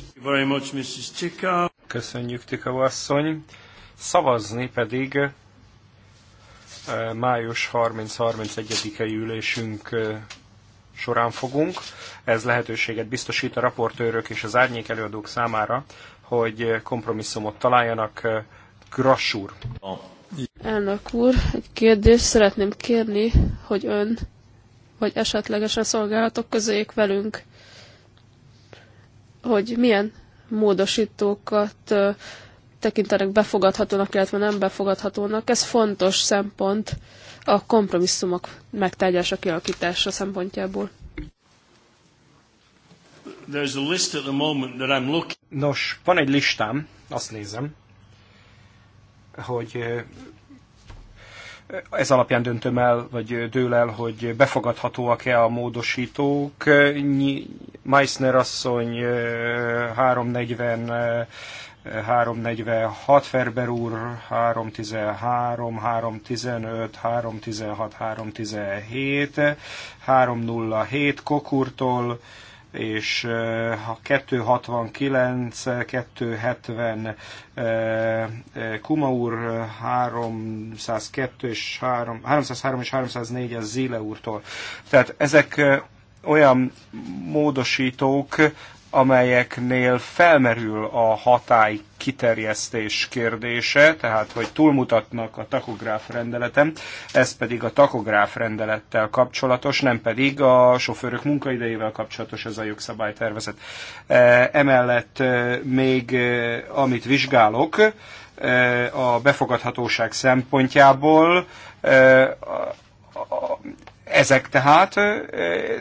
Köszönjük, Tika asszony. Szavazni pedig május 30-31-i ülésünk során fogunk. Ez lehetőséget biztosít a raportőrök és az árnyék előadók számára, hogy kompromisszumot találjanak. Grassúr. Elnök úr, egy kérdést szeretném kérni, hogy ön hogy esetlegesen szolgálatok közéjük velünk, hogy milyen módosítókat tekintenek befogadhatónak, illetve nem befogadhatónak. Ez fontos szempont a kompromisszumok megtárgyása, kialakítása szempontjából. There's a list at the moment that I'm looking. Nos, van egy listám, azt nézem, hogy ez alapján döntöm el, vagy dől el, hogy befogadhatóak-e a módosítók. Meissner asszony 340 346, Ferber úr 313, 315, 316, 317, 307, Kokurtól és eh, a 269, 270 Kumaur 302 és 3, 303 és 304 az Zile úrtól. Tehát ezek eh, olyan módosítók, amelyeknél felmerül a hatály kiterjesztés kérdése, tehát hogy túlmutatnak a takográf rendeletem, ez pedig a takográf rendelettel kapcsolatos, nem pedig a sofőrök munkaidejével kapcsolatos ez a jogszabálytervezet. E, emellett e, még e, amit vizsgálok, a befogadhatóság szempontjából ezek tehát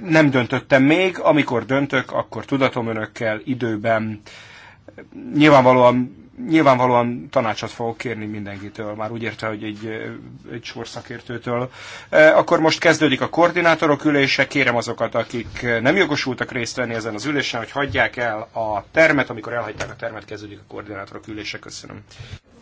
nem döntöttem még, amikor döntök, akkor tudatom önökkel időben. Nyilvánvalóan nyilvánvalóan tanácsot fogok kérni mindenkitől, már úgy érte, hogy egy, egy sor szakértőtől. Akkor most kezdődik a koordinátorok ülése, kérem azokat, akik nem jogosultak részt venni ezen az ülésen, hogy hagyják el a termet, amikor elhagyták a termet, kezdődik a koordinátorok ülése. Köszönöm.